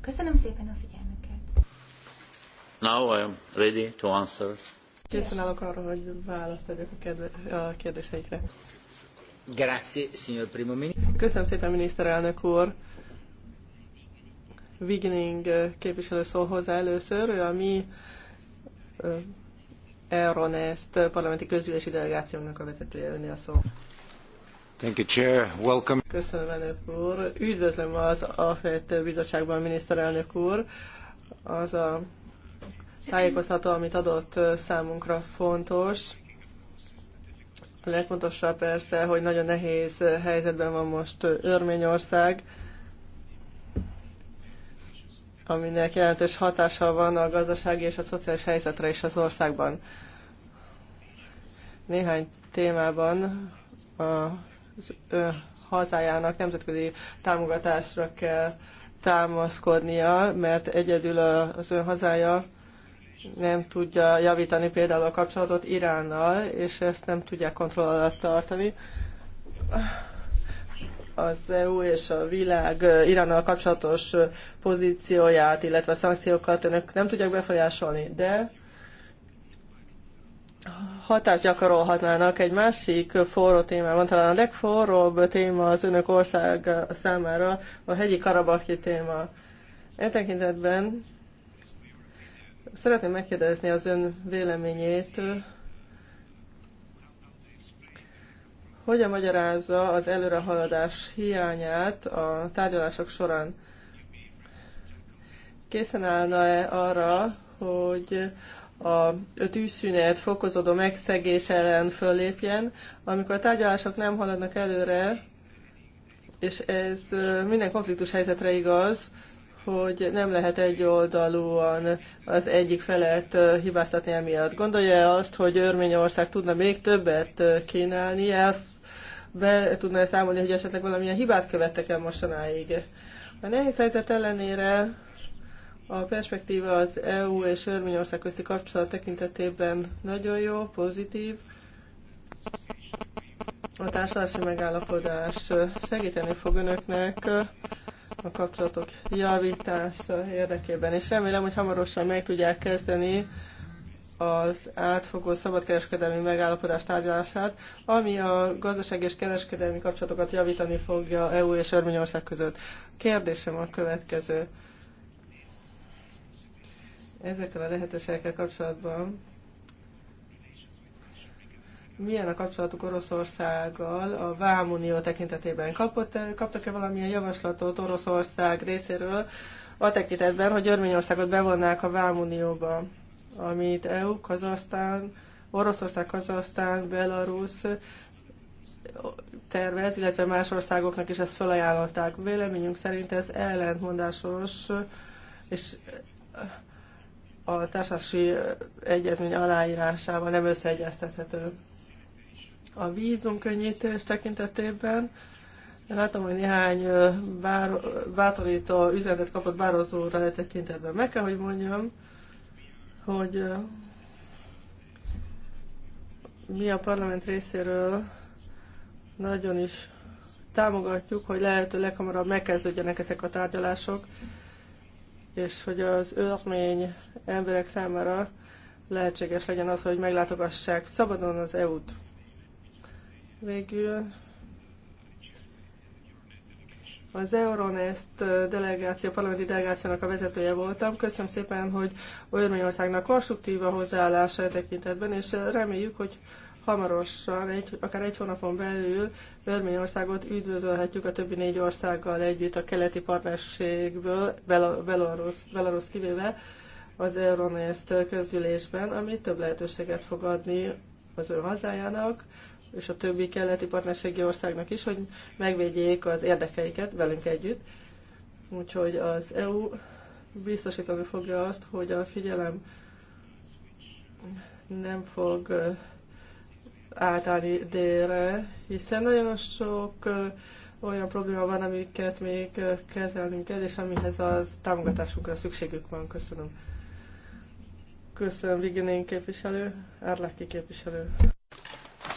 Köszönöm szépen a figyelmüket! Now I am ready to answer. Készen állok arra, hogy választ adjak a, a kérdéseikre. Grazie, signor Primo Ministro. Köszönöm szépen, miniszterelnök úr! Wigning képviselő szól hozzá először, ő a mi Euronest parlamenti közgyűlési delegációnak a vezetője, önni a szó. Thank you, Chair. Welcome. Köszönöm, elnök úr. Üdvözlöm az AFET bizottságban, miniszterelnök úr. Az a tájékoztató, amit adott számunkra fontos. A legfontosabb persze, hogy nagyon nehéz helyzetben van most Örményország aminek jelentős hatása van a gazdasági és a szociális helyzetre is az országban. Néhány témában az ő hazájának nemzetközi támogatásra kell támaszkodnia, mert egyedül az ön hazája nem tudja javítani például a kapcsolatot Iránnal, és ezt nem tudják kontroll alatt tartani az EU és a világ Iránnal kapcsolatos pozícióját, illetve szankciókat önök nem tudják befolyásolni, de hatást gyakorolhatnának egy másik forró témában, talán a legforróbb téma az önök ország számára a hegyi karabaki téma. E tekintetben szeretném megkérdezni az ön véleményét, hogyan magyarázza az előrehaladás hiányát a tárgyalások során? Készen állna-e arra, hogy a tűzszünet fokozódó megszegés ellen föllépjen, amikor a tárgyalások nem haladnak előre, és ez minden konfliktus helyzetre igaz, hogy nem lehet egyoldalúan az egyik felet hibáztatni emiatt. Gondolja azt, hogy Örményország tudna még többet kínálni, be tudná számolni, hogy esetleg valamilyen hibát követtek el mostanáig. A nehéz helyzet ellenére a perspektíva az EU és Örményország közti kapcsolat tekintetében nagyon jó, pozitív. A társadalmi megállapodás segíteni fog önöknek a kapcsolatok javítása érdekében, és remélem, hogy hamarosan meg tudják kezdeni az átfogó szabadkereskedelmi megállapodás tárgyalását, ami a gazdasági és kereskedelmi kapcsolatokat javítani fogja EU és Örményország között. Kérdésem a következő. Ezekkel a lehetőségekkel kapcsolatban milyen a kapcsolatuk Oroszországgal a Vámunió tekintetében? Kapott, kaptak-e valamilyen javaslatot Oroszország részéről a tekintetben, hogy Örményországot bevonnák a Vámunióba? amit EU, Kazasztán, Oroszország, Kazasztán, Belarus tervez, illetve más országoknak is ezt felajánlották. Véleményünk szerint ez ellentmondásos, és a társasi egyezmény aláírásával nem összeegyeztethető. A könnyítés tekintetében látom, hogy néhány bár, bátorító üzenetet kapott Bározóra e tekintetben. Meg kell, hogy mondjam, hogy mi a parlament részéről nagyon is támogatjuk, hogy lehető leghamarabb megkezdődjenek ezek a tárgyalások, és hogy az örmény emberek számára lehetséges legyen az, hogy meglátogassák szabadon az EU-t. Végül az Euronest delegáció, parlamenti delegációnak a vezetője voltam. Köszönöm szépen, hogy Örményországnak konstruktív a hozzáállása e tekintetben, és reméljük, hogy hamarosan, egy, akár egy hónapon belül Örményországot üdvözölhetjük a többi négy országgal együtt a keleti partnerségből, Belarus, kivéve az Euronest közgyűlésben, ami több lehetőséget fog adni az ő hazájának, és a többi keleti partnerségi országnak is, hogy megvédjék az érdekeiket velünk együtt. Úgyhogy az EU biztosítani fogja azt, hogy a figyelem nem fog átállni délre, hiszen nagyon sok olyan probléma van, amiket még kezelnünk kell, és amihez az támogatásunkra szükségük van. Köszönöm. Köszönöm, Vigenén képviselő, Árláki képviselő.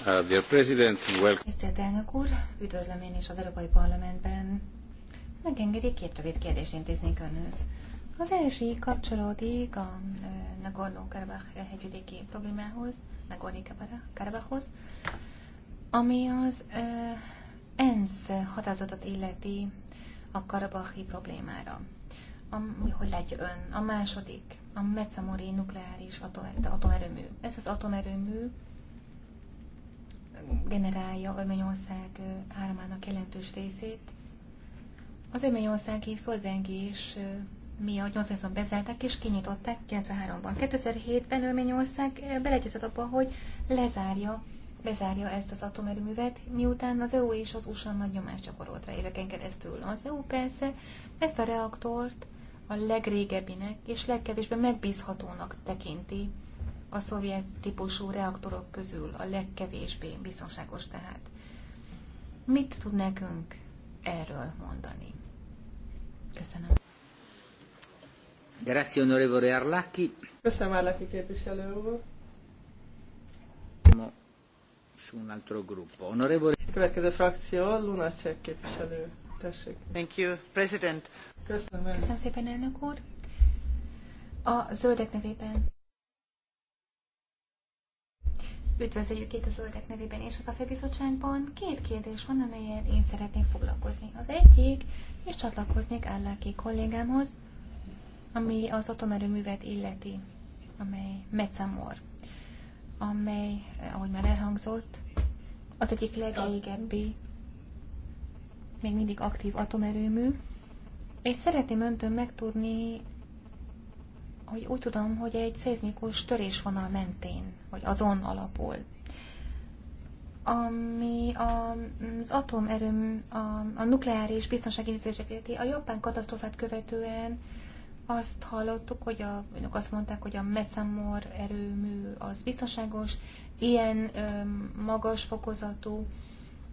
Uh, President, Tisztelt elnök úr, üdvözlöm én is az Európai Parlamentben. Megengedi, két rövid kérdést intéznék önhöz. Az első kapcsolódik a uh, Nagorno-Karabakh hegyvidéki problémához, Nagorno-Karabakhoz, ami az uh, ENSZ határozatot illeti a karabachi problémára. A, hogy látja ön? A második, a Metszamori nukleáris atomerőmű. Ez az atomerőmű generálja Örményország államának jelentős részét. Az örményországi földrengés miatt 80 bezárták és kinyitották 93-ban. 2007-ben Örményország beleegyezett abba, hogy lezárja, bezárja ezt az atomerőművet, miután az EU és az USA nagy nyomást gyakorolt rá éveken keresztül. Az EU persze ezt a reaktort a legrégebbinek és legkevésbé megbízhatónak tekinti a szovjet típusú reaktorok közül a legkevésbé biztonságos tehát. Mit tud nekünk erről mondani? Köszönöm. Grazie onorevole Arlacchi. Köszönöm Arlacchi képviselő úr. Su un altro gruppo. Onorevole... Következő frakció, Lunacek képviselő. Tessék. Thank you, President. Köszönöm. Köszönöm szépen, elnök úr. A zöldek nevében Üdvözöljük itt a zöldek nevében és az AFE bizottságban. Két kérdés van, amelyet én szeretnék foglalkozni. Az egyik, és csatlakoznék Álláki kollégámhoz, ami az atomerőművet illeti, amely Metszamor, amely, ahogy már elhangzott, az egyik legrégebbi, még mindig aktív atomerőmű, és szeretném öntől megtudni, hogy úgy tudom, hogy egy szezmikus törésvonal mentén, vagy azon alapul. Ami a, az atomerőm, a, a nukleáris biztonsági intézések illeti, a japán katasztrofát követően azt hallottuk, hogy a, önök azt mondták, hogy a Metszamor erőmű az biztonságos, ilyen ö, magas fokozatú,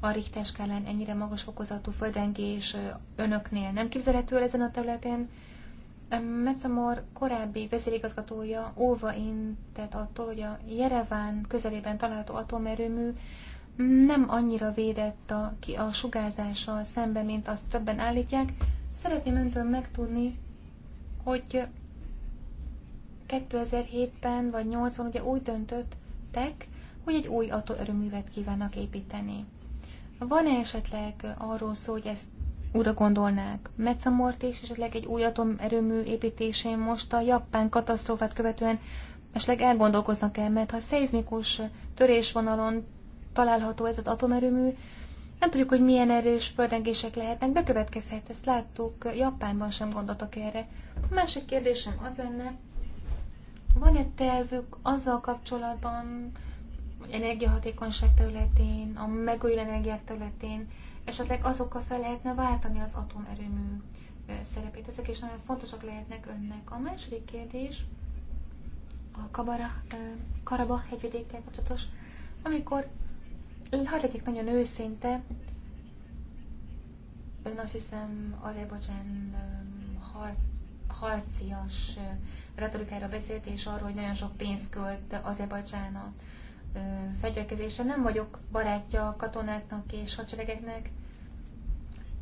a Richter ennyire magas fokozatú földrengés önöknél nem képzelhető ezen a területen, Metzamor korábbi vezérigazgatója óva intett attól, hogy a Jereván közelében található atomerőmű nem annyira védett a, ki a sugárzással szemben, mint azt többen állítják. Szeretném öntől megtudni, hogy 2007-ben vagy 80 ugye úgy döntöttek, hogy egy új atomerőművet kívánnak építeni. Van-e esetleg arról szó, hogy ezt újra gondolnák. Metszamort és esetleg egy új atomerőmű építésén most a japán katasztrófát követően esetleg elgondolkoznak el, mert ha szeizmikus törésvonalon található ez az atomerőmű, nem tudjuk, hogy milyen erős földrengések lehetnek, bekövetkezhet, ezt láttuk, Japánban sem gondoltak erre. A másik kérdésem az lenne, van-e tervük azzal kapcsolatban, energiahatékonyság területén, a megújuló energiák területén, esetleg azokkal fel lehetne váltani az atomerőmű szerepét. Ezek is nagyon fontosak lehetnek önnek. A második kérdés a Karabach hegyvidékkel kapcsolatos, amikor, hadd legyek nagyon őszinte, ön azt hiszem Ebocsán har, harcias retorikára beszélt, és arról, hogy nagyon sok pénzt költ Ebocsán a fegyverkezése. nem vagyok barátja a katonáknak és hadseregeknek.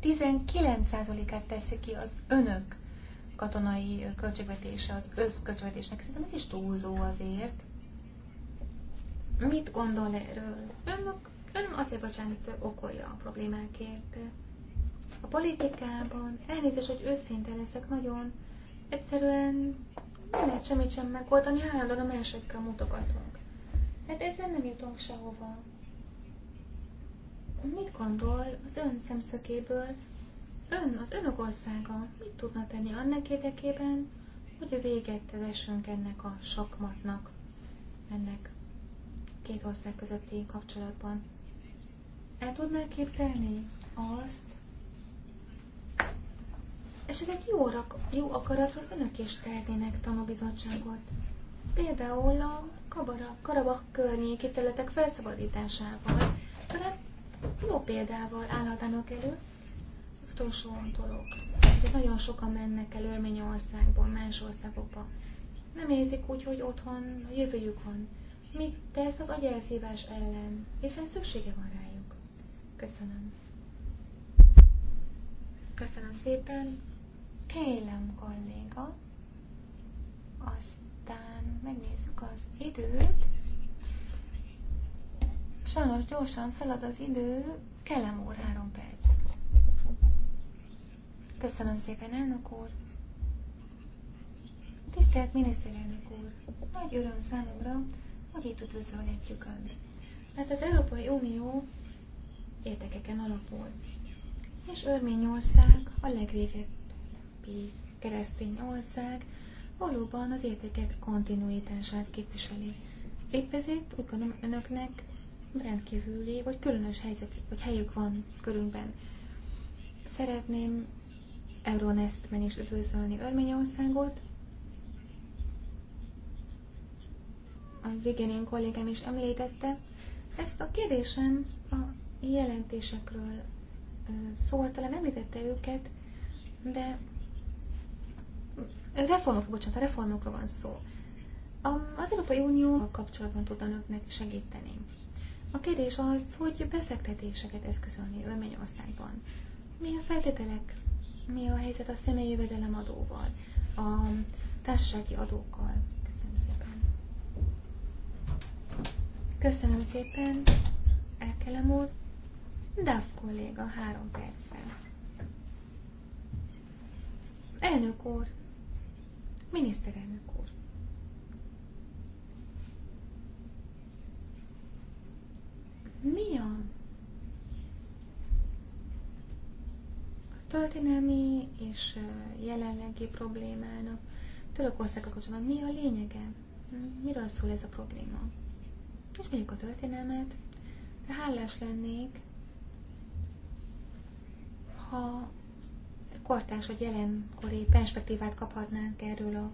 19%-át teszi ki az önök katonai költségvetése az összköltségvetésnek. Szerintem ez is túlzó azért. Mit gondol erről? Önök, ön azért bocsánat, okolja a problémákért. A politikában, elnézést, hogy őszinte leszek nagyon, egyszerűen nem lehet semmit sem megoldani, állandóan a másokra mutogatunk. Hát ezzel nem jutunk sehova. Mit gondol az ön szemszögéből? Ön, az önök országa mit tudna tenni annak érdekében, hogy a véget vessünk ennek a sakmatnak, ennek két ország közötti kapcsolatban? El tudná képzelni azt, esetleg jó, rak, jó akaratról önök is tehetnének tanúbizottságot. Például a Kabara, Karabak környéki területek felszabadításával, talán jó példával állhatnának elő az utolsó dolog. De nagyon sokan mennek el Örményországból, más országokba. Nem érzik úgy, hogy otthon a jövőjük van. Mit tesz az agyelszívás ellen, hiszen szüksége van rájuk. Köszönöm. Köszönöm szépen. Kélem kolléga azt után megnézzük az időt, sajnos gyorsan szalad az idő, kellem úr három perc. Köszönöm szépen, elnök úr. Tisztelt miniszterelnök úr, nagy öröm számomra, hogy itt üdvözölhetjük Önt. Mert az Európai Unió értekeken alapul, és Örményország a legrégebbi keresztény ország, valóban az értékek kontinuitását képviseli. Épp ezért úgy gondolom önöknek rendkívüli, vagy különös helyzet, vagy helyük van körünkben. Szeretném Euronestben is üdvözölni Örményországot. A Vigenén kollégám is említette. Ezt a kérdésem a jelentésekről szólt, talán említette őket, de reformok, bocsánat, a reformokról van szó. Az Európai Unió kapcsolatban tud nőknek segíteni. A kérdés az, hogy befektetéseket eszközölni Örményországban. Mi a feltételek? Mi a helyzet a személyi jövedelem adóval? A társasági adókkal? Köszönöm szépen. Köszönöm szépen, Elkelem úr. DAF kolléga, három percben. Elnök úr, Miniszterelnök úr. Mi a történelmi és jelenlegi problémának Törökországgal kapcsolatban mi a lényege? Miről szól ez a probléma? És mondjuk a történelmet, de hálás lennék, ha kortás vagy jelenkori perspektívát kaphatnánk erről a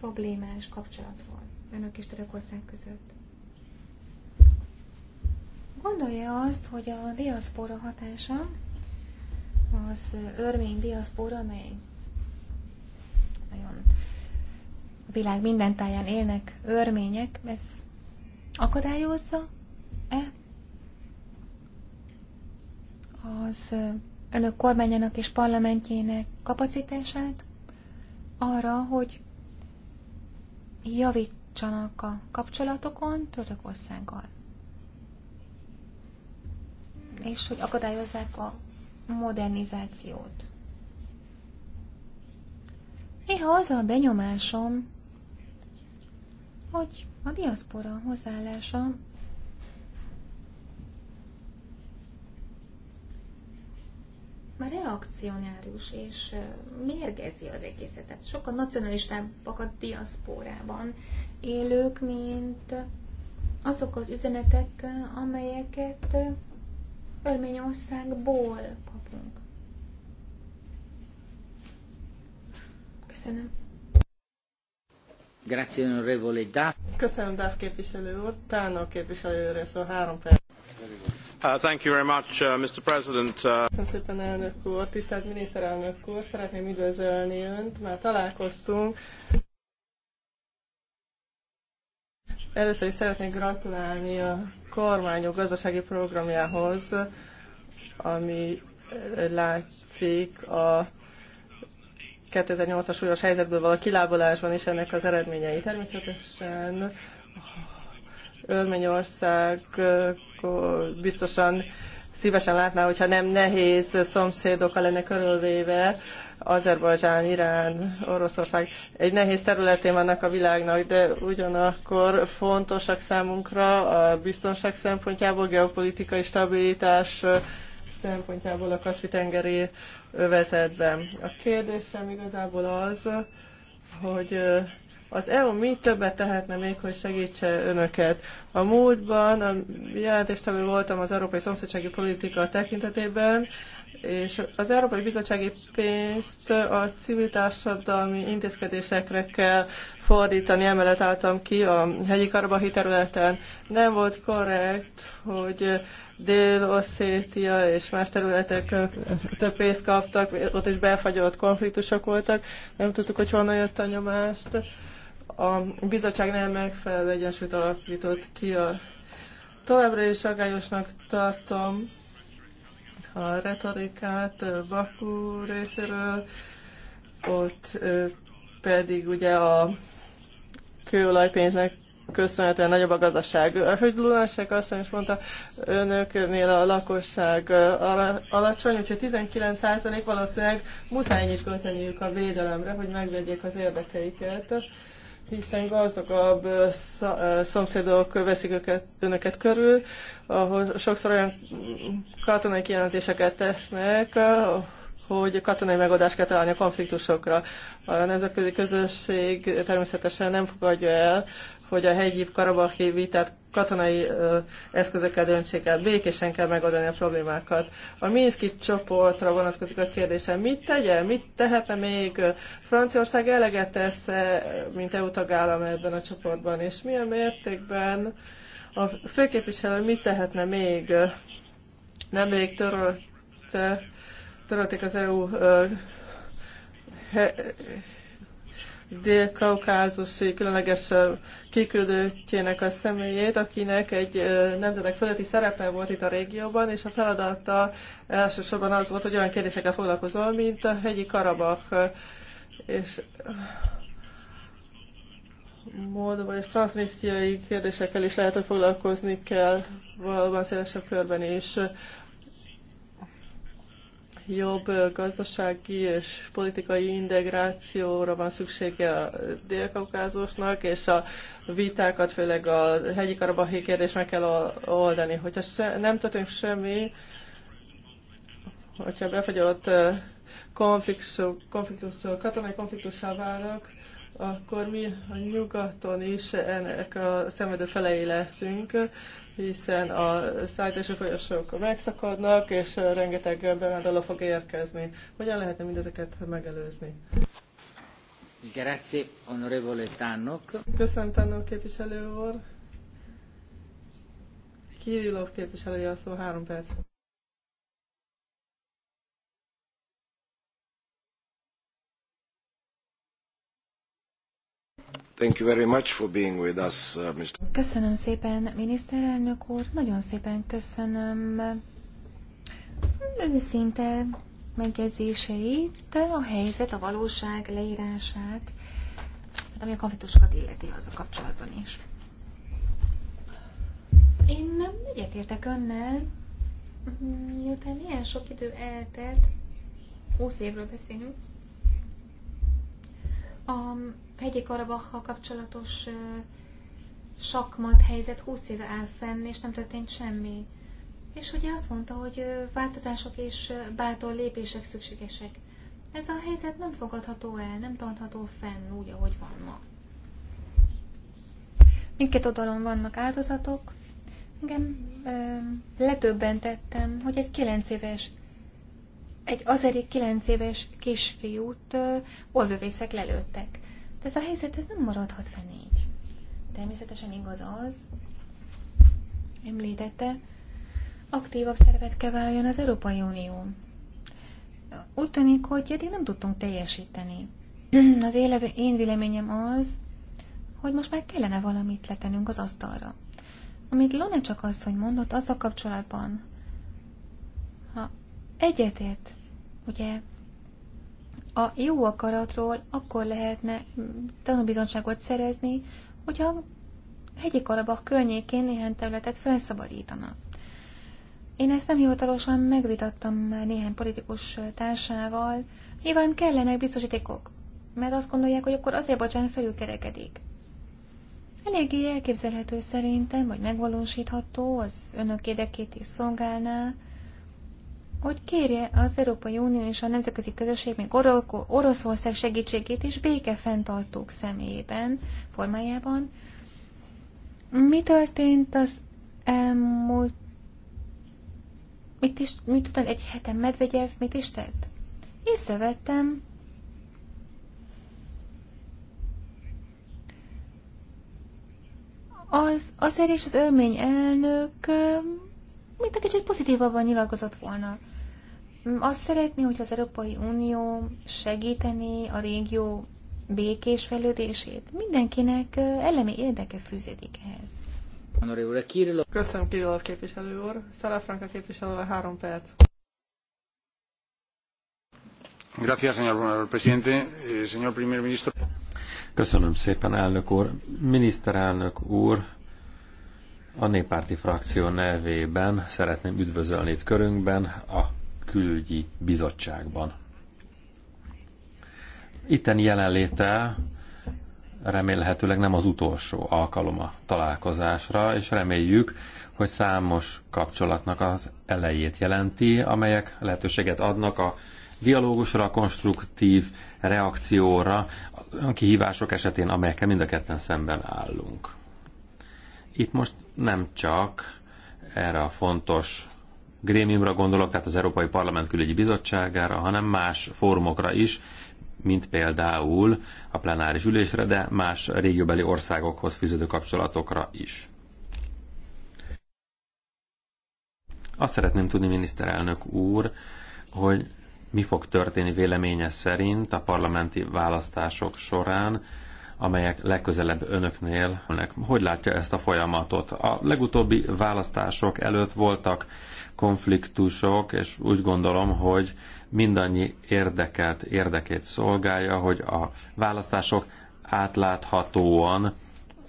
problémás kapcsolatról önök és Törökország között. Gondolja azt, hogy a diaszpora hatása, az örmény diaszpora, amely nagyon a világ minden táján élnek örmények, ez akadályozza-e az önök kormányának és parlamentjének kapacitását arra, hogy javítsanak a kapcsolatokon Törökországgal. És hogy akadályozzák a modernizációt. Néha az a benyomásom, hogy a diaszpora hozzáállása már reakcionárius és mérgezi az egészet. Tehát sokkal nacionalistábbak a diaszpórában élők, mint azok az üzenetek, amelyeket Örményországból kapunk. Köszönöm. Grazie, onorevole Köszönöm, Dáv képviselő úr. Tánó képviselőre szó három perc. Uh, uh, uh, szépen, elnök úr, tisztelt miniszterelnök úr, szeretném üdvözölni önt, már találkoztunk. Először is szeretnék gratulálni a kormányok gazdasági programjához, ami látszik a 2008-as súlyos helyzetből való kilábalásban is ennek az eredményei. Természetesen Örményország biztosan szívesen látná, hogyha nem nehéz szomszédok lenne körülvéve, Azerbajdzsán, Irán, Oroszország egy nehéz területén vannak a világnak, de ugyanakkor fontosak számunkra a biztonság szempontjából, geopolitikai stabilitás szempontjából a Kaszpi-tengeri övezetben. A kérdésem igazából az, hogy az EU mit többet tehetne még, hogy segítse önöket? A múltban a jelentéstevő voltam az Európai Szomszédsági Politika tekintetében, és az Európai Bizottsági pénzt a civil társadalmi intézkedésekre kell fordítani, emellett álltam ki a hegyi karabahi területen. Nem volt korrekt, hogy Dél-Oszétia és más területek több pénzt kaptak, ott is befagyott konfliktusok voltak, nem tudtuk, hogy honnan jött a nyomást a bizottság nem megfelelő egyensúlyt alakított ki. A, továbbra is aggályosnak tartom a retorikát Bakú részéről, ott pedig ugye a kőolajpénznek köszönhetően nagyobb a gazdaság. Ahogy Lunasek azt is mondta, önöknél a lakosság alacsony, úgyhogy 19% valószínűleg muszáj ennyit a védelemre, hogy megvédjék az érdekeiket hiszen gazdagabb szomszédok veszik őket, önöket körül, ahol sokszor olyan katonai kijelentéseket tesznek, hogy katonai megoldást kell találni a konfliktusokra. A nemzetközi közösség természetesen nem fogadja el hogy a hegyi karabahi vitát katonai ö, eszközökkel döntsék el, békésen kell megoldani a problémákat. A Minszki csoportra vonatkozik a kérdésem, mit tegye, mit tehetne még Franciaország eleget tesz -e, mint EU tagállam ebben a csoportban, és milyen mértékben a főképviselő mit tehetne még? Nemrég törölt, törölték az EU ö, he, dél-kaukázusi különleges kiküldőtjének a személyét, akinek egy nemzetek fölötti szerepe volt itt a régióban, és a feladata elsősorban az volt, hogy olyan kérdésekkel foglalkozol, mint a hegyi Karabach és Moldova és transznisztiai kérdésekkel is lehet, hogy foglalkozni kell valóban szélesebb körben is jobb gazdasági és politikai integrációra van szüksége a Dél-Kaukázusnak, és a vitákat, főleg a hegyi karabahi kérdés meg kell oldani. Hogyha se, nem történik semmi, hogyha befagyott konfliktus, katonai konfliktussá válnak, akkor mi a nyugaton is ennek a szenvedő felei leszünk hiszen a szállítási folyosók megszakadnak, és rengeteg bevándorló fog érkezni. Hogyan lehetne mindezeket megelőzni? Grazie, onorevole Tannok. Köszönöm, Tannok képviselő úr. Kirillov képviselője a szó, három perc. Köszönöm szépen, miniszterelnök úr, nagyon szépen köszönöm őszinte megjegyzéseit, a helyzet, a valóság leírását, hát ami a konfliktusokat illeti az a kapcsolatban is. Én nem. egyetértek önnel, miután ilyen sok idő eltelt, 20 évről beszélünk, a hegyi Karabakkal kapcsolatos sakmat helyzet 20 éve áll fenn, és nem történt semmi. És ugye azt mondta, hogy változások és bátor lépések szükségesek. Ez a helyzet nem fogadható el, nem tartható fenn úgy, ahogy van ma. Mindkét oldalon vannak áldozatok. Engem letöbbentettem, hogy egy 9 éves egy azeri kilenc éves kisfiút orlövészek lelőttek. De ez a helyzet ez nem maradhat fenn így. Természetesen igaz az, említette, aktívabb szervet kell váljon az Európai Unió. Úgy tűnik, hogy eddig nem tudtunk teljesíteni. (clears throat) Az élev, én véleményem az, hogy most már kellene valamit letenünk az asztalra. Amit Lone csak az, hogy mondott, az a kapcsolatban, ha Egyetért, ugye, a jó akaratról akkor lehetne mm, tanúbizonságot szerezni, hogyha hegyi Karabak környékén néhány területet felszabadítanak. Én ezt nem hivatalosan megvitattam már néhány politikus társával. Nyilván kellenek biztosítékok, mert azt gondolják, hogy akkor azért bocsán felülkerekedik. Eléggé elképzelhető szerintem, vagy megvalósítható, az önök érdekét is szolgálná, hogy kérje az Európai Unió és a nemzetközi közösség még Or- Oroszország segítségét is békefenntartók személyében, formájában. Mi történt az elmúlt mit is, mit tudod, egy hetem Medvegyev mit is tett? Észrevettem, az azért és az örmény elnök mint a kicsit pozitívabban nyilatkozott volna. Mm, azt szeretné, hogy az Európai Unió segíteni a régió békés fejlődését. Mindenkinek elemi érdeke fűződik ehhez. Köszönöm, Kirillov képviselő úr. Szelefranka képviselő, három perc. Gracias, señor presidente. Eh, señor primer ministro. Köszönöm szépen, elnök úr. Miniszterelnök úr, a néppárti frakció nevében szeretném üdvözölni itt körünkben a külügyi bizottságban. Itten jelenléte remélhetőleg nem az utolsó alkalom a találkozásra, és reméljük, hogy számos kapcsolatnak az elejét jelenti, amelyek lehetőséget adnak a dialógusra, a konstruktív reakcióra, a kihívások esetén, amelyekkel mind a ketten szemben állunk. Itt most nem csak erre a fontos grémiumra gondolok, tehát az Európai Parlament Külügyi Bizottságára, hanem más fórumokra is, mint például a plenáris ülésre, de más régióbeli országokhoz fűződő kapcsolatokra is. Azt szeretném tudni, miniszterelnök úr, hogy mi fog történni véleménye szerint a parlamenti választások során, amelyek legközelebb önöknél. Hogy látja ezt a folyamatot? A legutóbbi választások előtt voltak konfliktusok, és úgy gondolom, hogy mindannyi érdekelt érdekét szolgálja, hogy a választások átláthatóan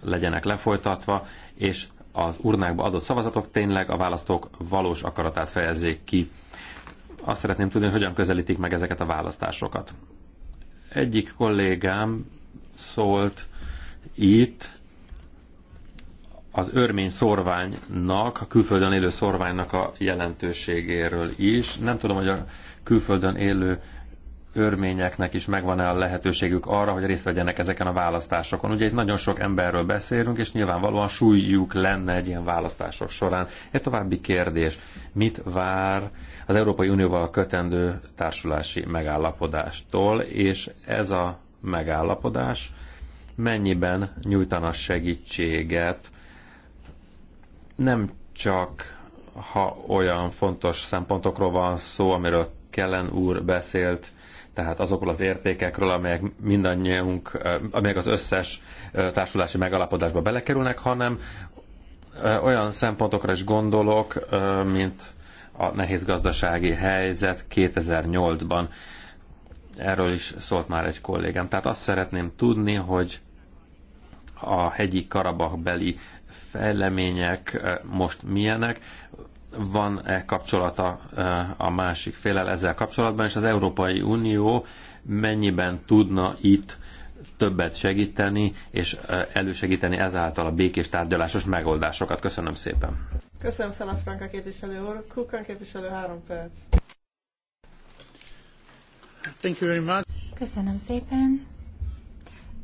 legyenek lefolytatva, és az urnákba adott szavazatok tényleg a választók valós akaratát fejezzék ki. Azt szeretném tudni, hogy hogyan közelítik meg ezeket a választásokat. Egyik kollégám szólt itt, az örmény szorványnak, a külföldön élő szorványnak a jelentőségéről is. Nem tudom, hogy a külföldön élő örményeknek is megvan-e a lehetőségük arra, hogy részt vegyenek ezeken a választásokon. Ugye itt nagyon sok emberről beszélünk, és nyilvánvalóan súlyjuk lenne egy ilyen választások során. Egy további kérdés, mit vár az Európai Unióval kötendő társulási megállapodástól, és ez a megállapodás mennyiben nyújtana segítséget nem csak ha olyan fontos szempontokról van szó, amiről Kellen úr beszélt, tehát azokról az értékekről, amelyek mindannyiunk, amelyek az összes társulási megalapodásba belekerülnek, hanem olyan szempontokra is gondolok, mint a nehéz gazdasági helyzet 2008-ban. Erről is szólt már egy kollégám. Tehát azt szeretném tudni, hogy a hegyi karabakbeli fejlemények most milyenek, van-e kapcsolata a másik félel ezzel kapcsolatban, és az Európai Unió mennyiben tudna itt többet segíteni, és elősegíteni ezáltal a békés tárgyalásos megoldásokat. Köszönöm szépen. Köszönöm Szala Franka képviselő úr. Kukan képviselő három perc. Thank you very much. Köszönöm szépen.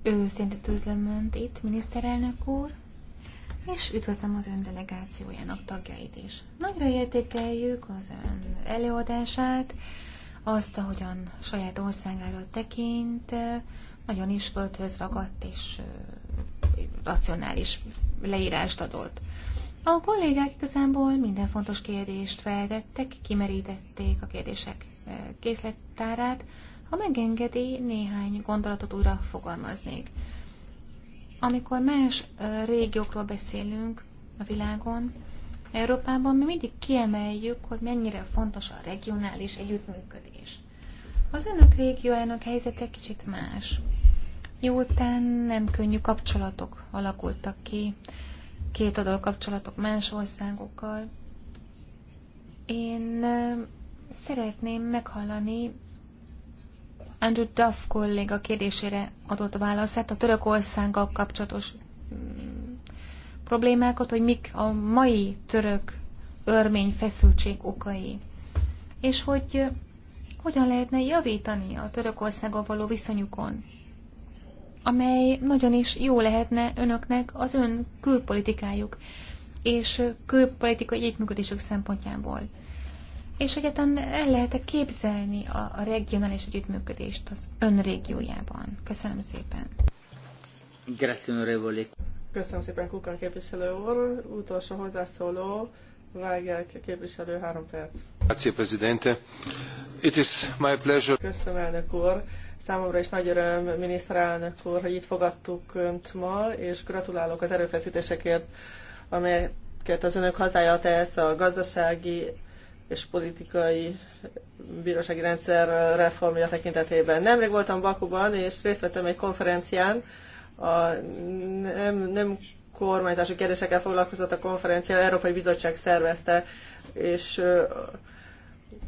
Őszintét üzlöm Önt itt, miniszterelnök úr, és üdvözlöm az Ön delegációjának tagjait is. Nagyra értékeljük az Ön előadását, azt, ahogyan saját országára tekint, nagyon is földhöz ragadt és racionális leírást adott. A kollégák igazából minden fontos kérdést feltettek, kimerítették a kérdések készlettárát. Ha megengedi, néhány gondolatot újra fogalmaznék. Amikor más régiókról beszélünk a világon, Európában mi mindig kiemeljük, hogy mennyire fontos a regionális együttműködés. Az önök régiójának helyzete kicsit más. után nem könnyű kapcsolatok alakultak ki, két oldal kapcsolatok más országokkal. Én Szeretném meghallani Andrew Duff kolléga kérdésére adott válaszát a Törökországgal kapcsolatos mm, problémákat, hogy mik a mai török örmény feszültség okai, és hogy hogyan lehetne javítani a Törökországgal való viszonyukon, amely nagyon is jó lehetne önöknek az ön külpolitikájuk és külpolitikai együttműködésük szempontjából és egyáltalán el lehet -e képzelni a, a regionális együttműködést az ön régiójában? Köszönöm szépen. Köszönöm szépen, Kukan képviselő úr. Utolsó hozzászóló, Weigel képviselő, három perc. Grazie, Presidente. It is my pleasure. Köszönöm, elnök úr. Számomra is nagy öröm, miniszterelnök úr, hogy itt fogadtuk Önt ma, és gratulálok az erőfeszítésekért, amelyeket az Önök hazája tesz a gazdasági és politikai bírósági rendszer reformja tekintetében. Nemrég voltam Bakuban, és részt vettem egy konferencián, a nem, nem kormányzási kérdésekkel foglalkozott a konferencia, a Európai Bizottság szervezte, és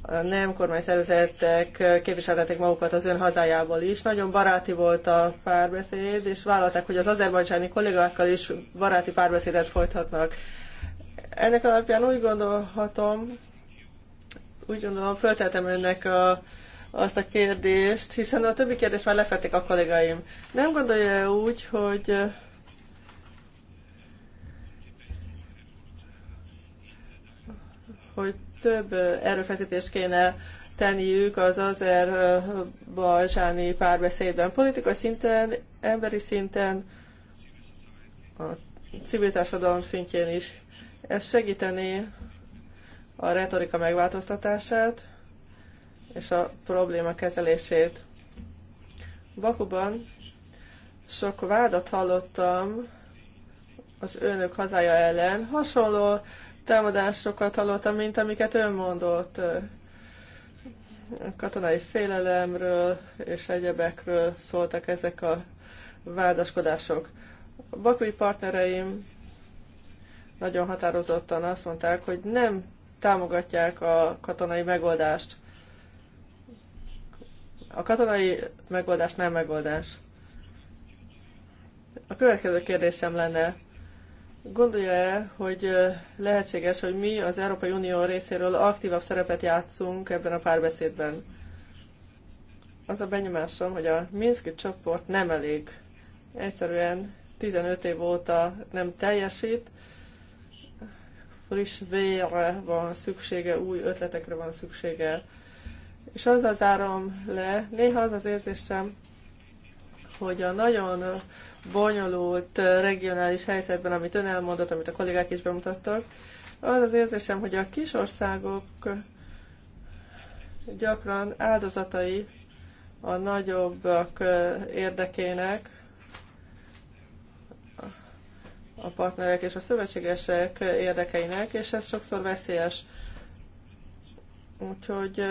a nem szervezetek képviseltették magukat az ön hazájából is. Nagyon baráti volt a párbeszéd, és vállalták, hogy az azerbajdzsáni kollégákkal is baráti párbeszédet folytatnak. Ennek alapján úgy gondolhatom, úgy gondolom, fölteltem önnek a, azt a kérdést, hiszen a többi kérdést már lefették a kollégáim. Nem gondolja úgy, hogy hogy több erőfeszítést kéne tenniük az balzsáni párbeszédben, politikai szinten, emberi szinten, a civil társadalom szintjén is. Ez segítené a retorika megváltoztatását és a probléma kezelését. Bakuban sok vádat hallottam az önök hazája ellen, hasonló támadásokat hallottam, mint amiket ön mondott katonai félelemről és egyebekről szóltak ezek a vádaskodások. A bakui partnereim nagyon határozottan azt mondták, hogy nem támogatják a katonai megoldást. A katonai megoldás nem megoldás. A következő kérdésem lenne, gondolja-e, hogy lehetséges, hogy mi az Európai Unió részéről aktívabb szerepet játszunk ebben a párbeszédben? Az a benyomásom, hogy a Minszki csoport nem elég. Egyszerűen 15 év óta nem teljesít, friss vérre van szüksége, új ötletekre van szüksége. És azzal zárom le, néha az az érzésem, hogy a nagyon bonyolult regionális helyzetben, amit ön elmondott, amit a kollégák is bemutattak, az az érzésem, hogy a kis országok gyakran áldozatai a nagyobbak érdekének, a partnerek és a szövetségesek érdekeinek, és ez sokszor veszélyes. Úgyhogy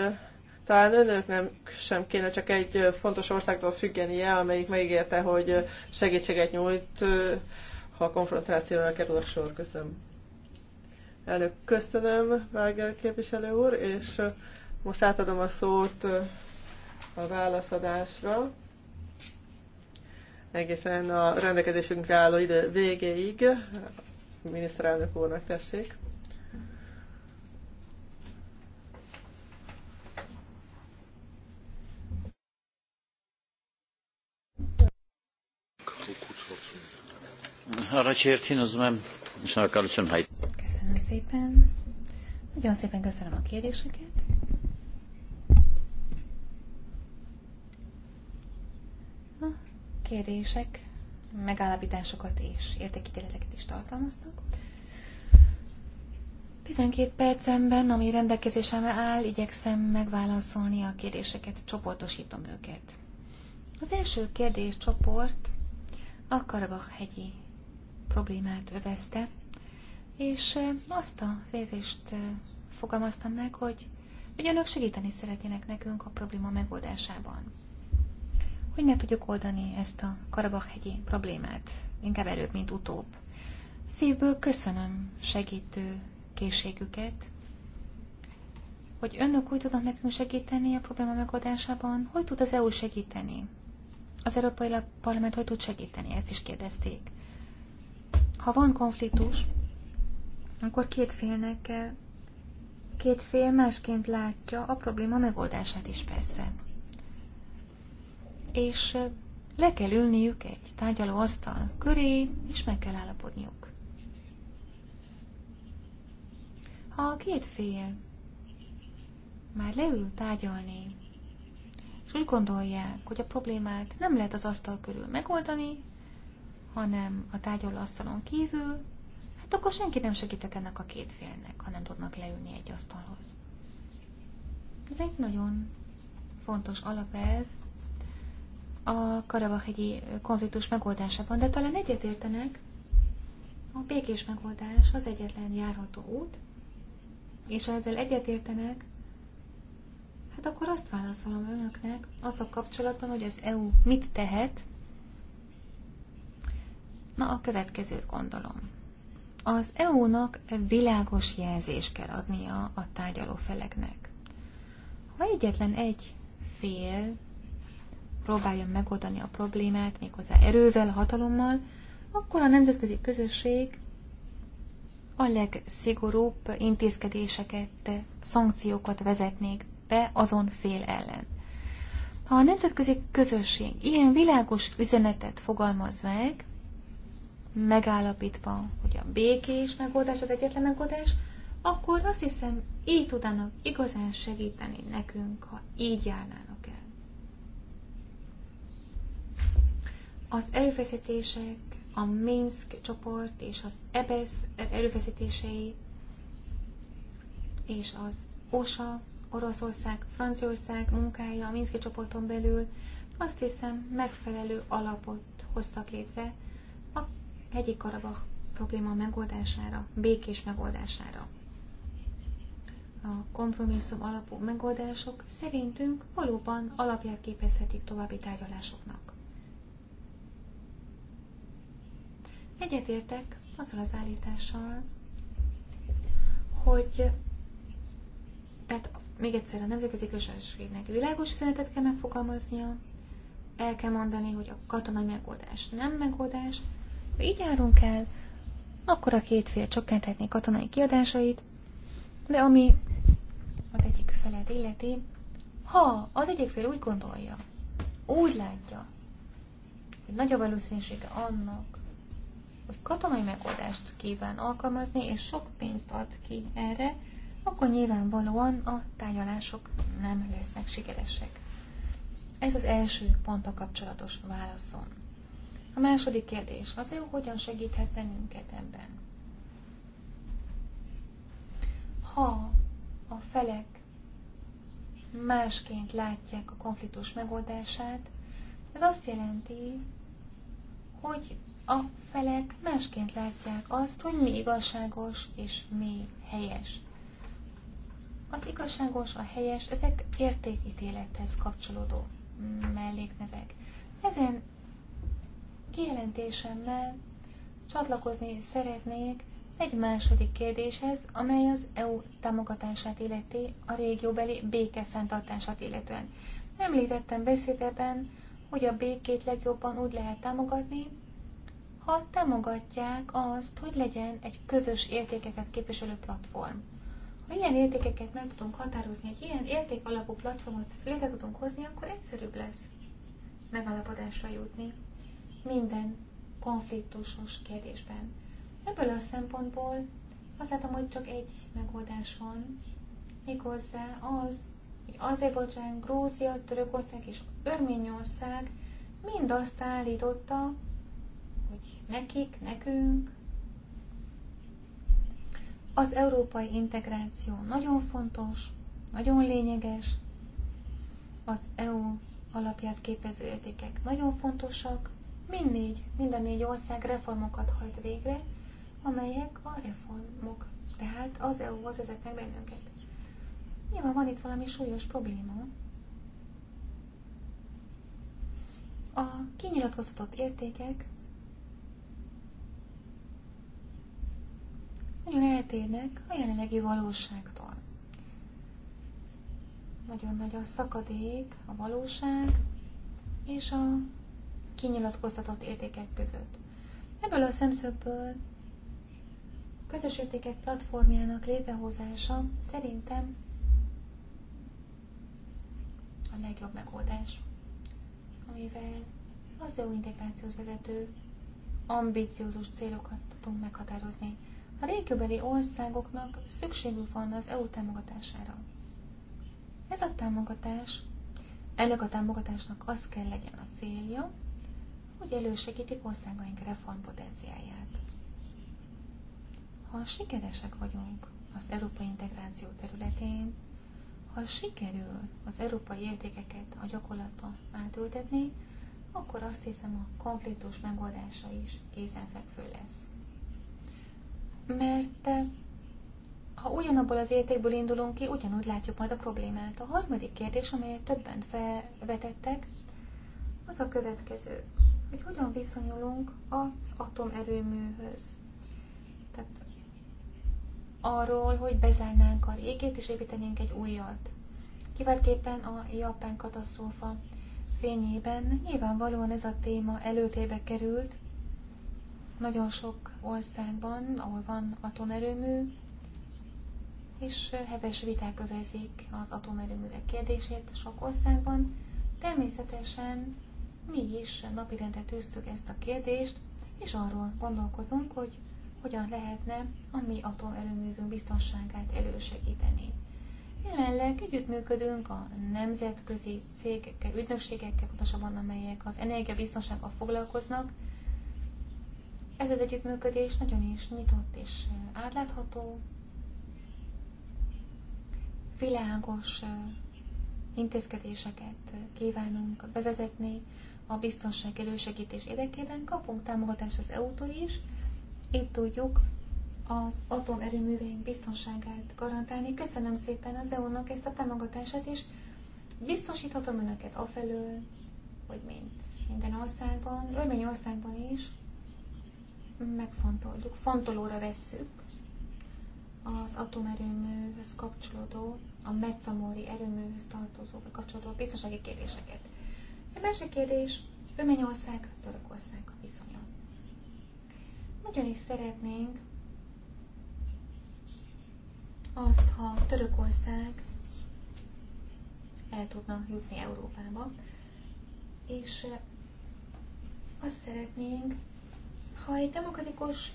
talán önöknek sem kéne csak egy fontos országtól függenie, amelyik megígérte, hogy segítséget nyújt, ha a konfrontációra kerül a sor. Köszönöm. Elnök, köszönöm, Vágel képviselő úr, és most átadom a szót a válaszadásra egészen a rendelkezésünkre álló idő végéig. Miniszterelnök úrnak tessék. Köszönöm szépen. Nagyon szépen köszönöm a kérdéseket. kérdések megállapításokat és értékítéleteket is tartalmaztak. 12 percemben, ami rendelkezésem áll, igyekszem megválaszolni a kérdéseket, csoportosítom őket. Az első kérdés csoport a Karabach-hegyi problémát övezte, és azt az érzést fogalmaztam meg, hogy, ugyanok segíteni szeretnének nekünk a probléma megoldásában hogy meg tudjuk oldani ezt a Karabach-hegyi problémát, inkább előbb, mint utóbb. Szívből köszönöm segítő készségüket, hogy önök úgy tudnak nekünk segíteni a probléma megoldásában, hogy tud az EU segíteni? Az Európai Parlament hogy tud segíteni? Ezt is kérdezték. Ha van konfliktus, akkor két félnek kell, két fél másként látja a probléma megoldását is persze és le kell ülniük egy tárgyalóasztal köré, és meg kell állapodniuk. Ha a két fél már leül tárgyalni, és úgy gondolják, hogy a problémát nem lehet az asztal körül megoldani, hanem a tárgyalóasztalon kívül, hát akkor senki nem segített ennek a két félnek, ha nem tudnak leülni egy asztalhoz. Ez egy nagyon fontos alapelv, a Karabahegyi konfliktus megoldásában, de talán egyetértenek, a békés megoldás az egyetlen járható út, és ha ezzel egyetértenek, hát akkor azt válaszolom önöknek, az a kapcsolatban, hogy az EU mit tehet, na a következőt gondolom. Az EU-nak világos jelzést kell adnia a tárgyaló feleknek. Ha egyetlen egy fél próbáljon megoldani a problémát, méghozzá erővel, hatalommal, akkor a nemzetközi közösség a legszigorúbb intézkedéseket, szankciókat vezetnék be azon fél ellen. Ha a nemzetközi közösség ilyen világos üzenetet fogalmaz meg, megállapítva, hogy a békés megoldás az egyetlen megoldás, akkor azt hiszem, így tudnának igazán segíteni nekünk, ha így járnának el. Az erőfeszítések, a Minsk csoport és az EBESZ erőfeszítései és az OSA, Oroszország, Franciaország munkája a Minszki csoporton belül azt hiszem megfelelő alapot hoztak létre a hegyi Karabach probléma megoldására, békés megoldására. A kompromisszum alapú megoldások szerintünk valóban alapját képezhetik további tárgyalásoknak. Egyetértek azzal az állítással, hogy tehát még egyszer a nemzetközi közösségnek világos üzenetet kell megfogalmaznia, el kell mondani, hogy a katonai megoldás nem megoldás, ha így járunk el, akkor a két fél csökkenthetné katonai kiadásait, de ami az egyik felet illeti, ha az egyik fél úgy gondolja, úgy látja, hogy nagy a valószínűsége annak, hogy katonai megoldást kíván alkalmazni, és sok pénzt ad ki erre, akkor nyilvánvalóan a tárgyalások nem lesznek sikeresek. Ez az első pont a kapcsolatos válaszom. A második kérdés, az EU hogyan segíthet bennünket ebben? Ha a felek másként látják a konfliktus megoldását, ez azt jelenti, hogy a felek másként látják azt, hogy mi igazságos és mi helyes. Az igazságos, a helyes, ezek értékítélethez kapcsolódó melléknevek. Ezen kijelentésemmel csatlakozni szeretnék egy második kérdéshez, amely az EU támogatását illeti a régióbeli béke fenntartását illetően. Említettem beszédeben, hogy a békét legjobban úgy lehet támogatni, ha támogatják azt, hogy legyen egy közös értékeket képviselő platform. Ha ilyen értékeket meg tudunk határozni, egy ilyen érték alapú platformot létre tudunk hozni, akkor egyszerűbb lesz megalapodásra jutni minden konfliktusos kérdésben. Ebből a szempontból azt látom, hogy csak egy megoldás van, méghozzá az, hogy Azerbajdzsán, Grúzia, Törökország és Örményország mind azt állította, hogy nekik, nekünk az európai integráció nagyon fontos, nagyon lényeges, az EU alapját képező értékek nagyon fontosak, mindnégy, minden négy ország reformokat hajt végre, amelyek a reformok, tehát az EU-hoz vezetnek bennünket. Nyilván van itt valami súlyos probléma. A kinyilatkoztatott értékek nagyon eltérnek a jelenlegi valóságtól. Nagyon nagy a szakadék a valóság és a kinyilatkoztatott értékek között. Ebből a szemszögből közös értékek platformjának létrehozása szerintem a legjobb megoldás, amivel az EU integrációs vezető ambiciózus célokat tudunk meghatározni. A régióbeli országoknak szükségük van az EU támogatására. Ez a támogatás, ennek a támogatásnak az kell legyen a célja, hogy elősegítik országaink reformpotenciáját. Ha sikeresek vagyunk az európai integráció területén, ha sikerül az európai értékeket a gyakorlatba átültetni, akkor azt hiszem a konfliktus megoldása is kézenfekvő lesz mert eh, ha ugyanabból az értékből indulunk ki, ugyanúgy látjuk majd a problémát. A harmadik kérdés, amelyet többen felvetettek, az a következő, hogy hogyan viszonyulunk az atomerőműhöz. Tehát arról, hogy bezárnánk a régét és építenénk egy újat. Kiváltképpen a japán katasztrófa fényében nyilvánvalóan ez a téma előtébe került. Nagyon sok országban, ahol van atomerőmű, és heves viták övezik az atomerőművek kérdését sok országban. Természetesen mi is napirendre tűztük ezt a kérdést, és arról gondolkozunk, hogy hogyan lehetne a mi atomerőművünk biztonságát elősegíteni. Jelenleg együttműködünk a nemzetközi cégekkel, ügynökségekkel, pontosabban amelyek az energiabiztonsággal foglalkoznak, ez az együttműködés nagyon is nyitott és átlátható, világos intézkedéseket kívánunk bevezetni a biztonság elősegítés érdekében. Kapunk támogatást az EU-tól is, itt tudjuk az atomerőműveink biztonságát garantálni. Köszönöm szépen az EU-nak ezt a támogatását, és biztosíthatom önöket afelől, hogy mint minden országban, országban is, megfontoljuk, fontolóra vesszük az atomerőműhöz kapcsolódó, a Metszamóri erőműhöz tartozó, kapcsolódó biztonsági kérdéseket. Egy másik kérdés, Örményország, Törökország viszonya. Nagyon is szeretnénk azt, ha Törökország el tudna jutni Európába, és azt szeretnénk, ha egy demokratikus,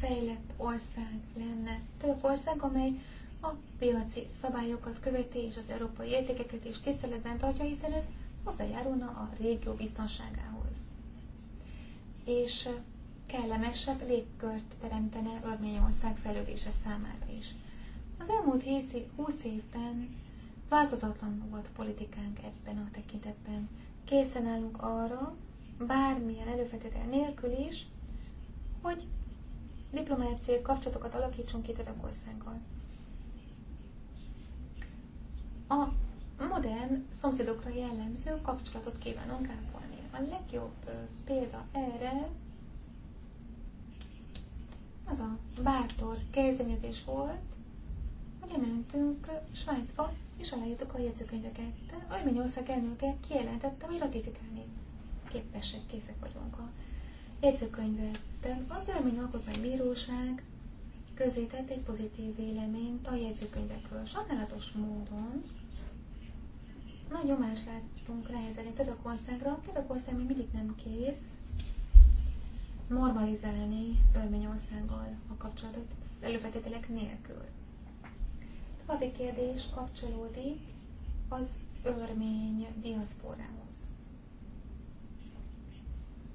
fejlett ország lenne, több ország, amely a piaci szabályokat követi és az európai értékeket is tiszteletben tartja, hiszen ez hozzájárulna a régió biztonságához. És kellemesebb légkört teremtene Örményország fejlődése számára is. Az elmúlt 20 évben változatlan volt politikánk ebben a tekintetben. Készen állunk arra, bármilyen előfeltétel nélkül is, hogy diplomáciai kapcsolatokat alakítsunk ki Törökországgal. A modern szomszédokra jellemző kapcsolatot kívánunk ápolni. A legjobb példa erre az a bátor kezdeményezés volt, hogy lementünk Svájcba, és aláírtuk a jegyzőkönyveket. Arményország elnöke kijelentette, hogy ratifikálni képesek, készek vagyunk a jegyzőkönyvben az Örmény bíróság közé tett egy pozitív véleményt a jegyzőkönyvekről. Sajnálatos módon nagy nyomást láttunk nehezedni Törökországra. Törökország még mindig nem kész normalizálni Örményországgal a kapcsolatot előfeltételek nélkül. a kérdés kapcsolódik az örmény diaszporához.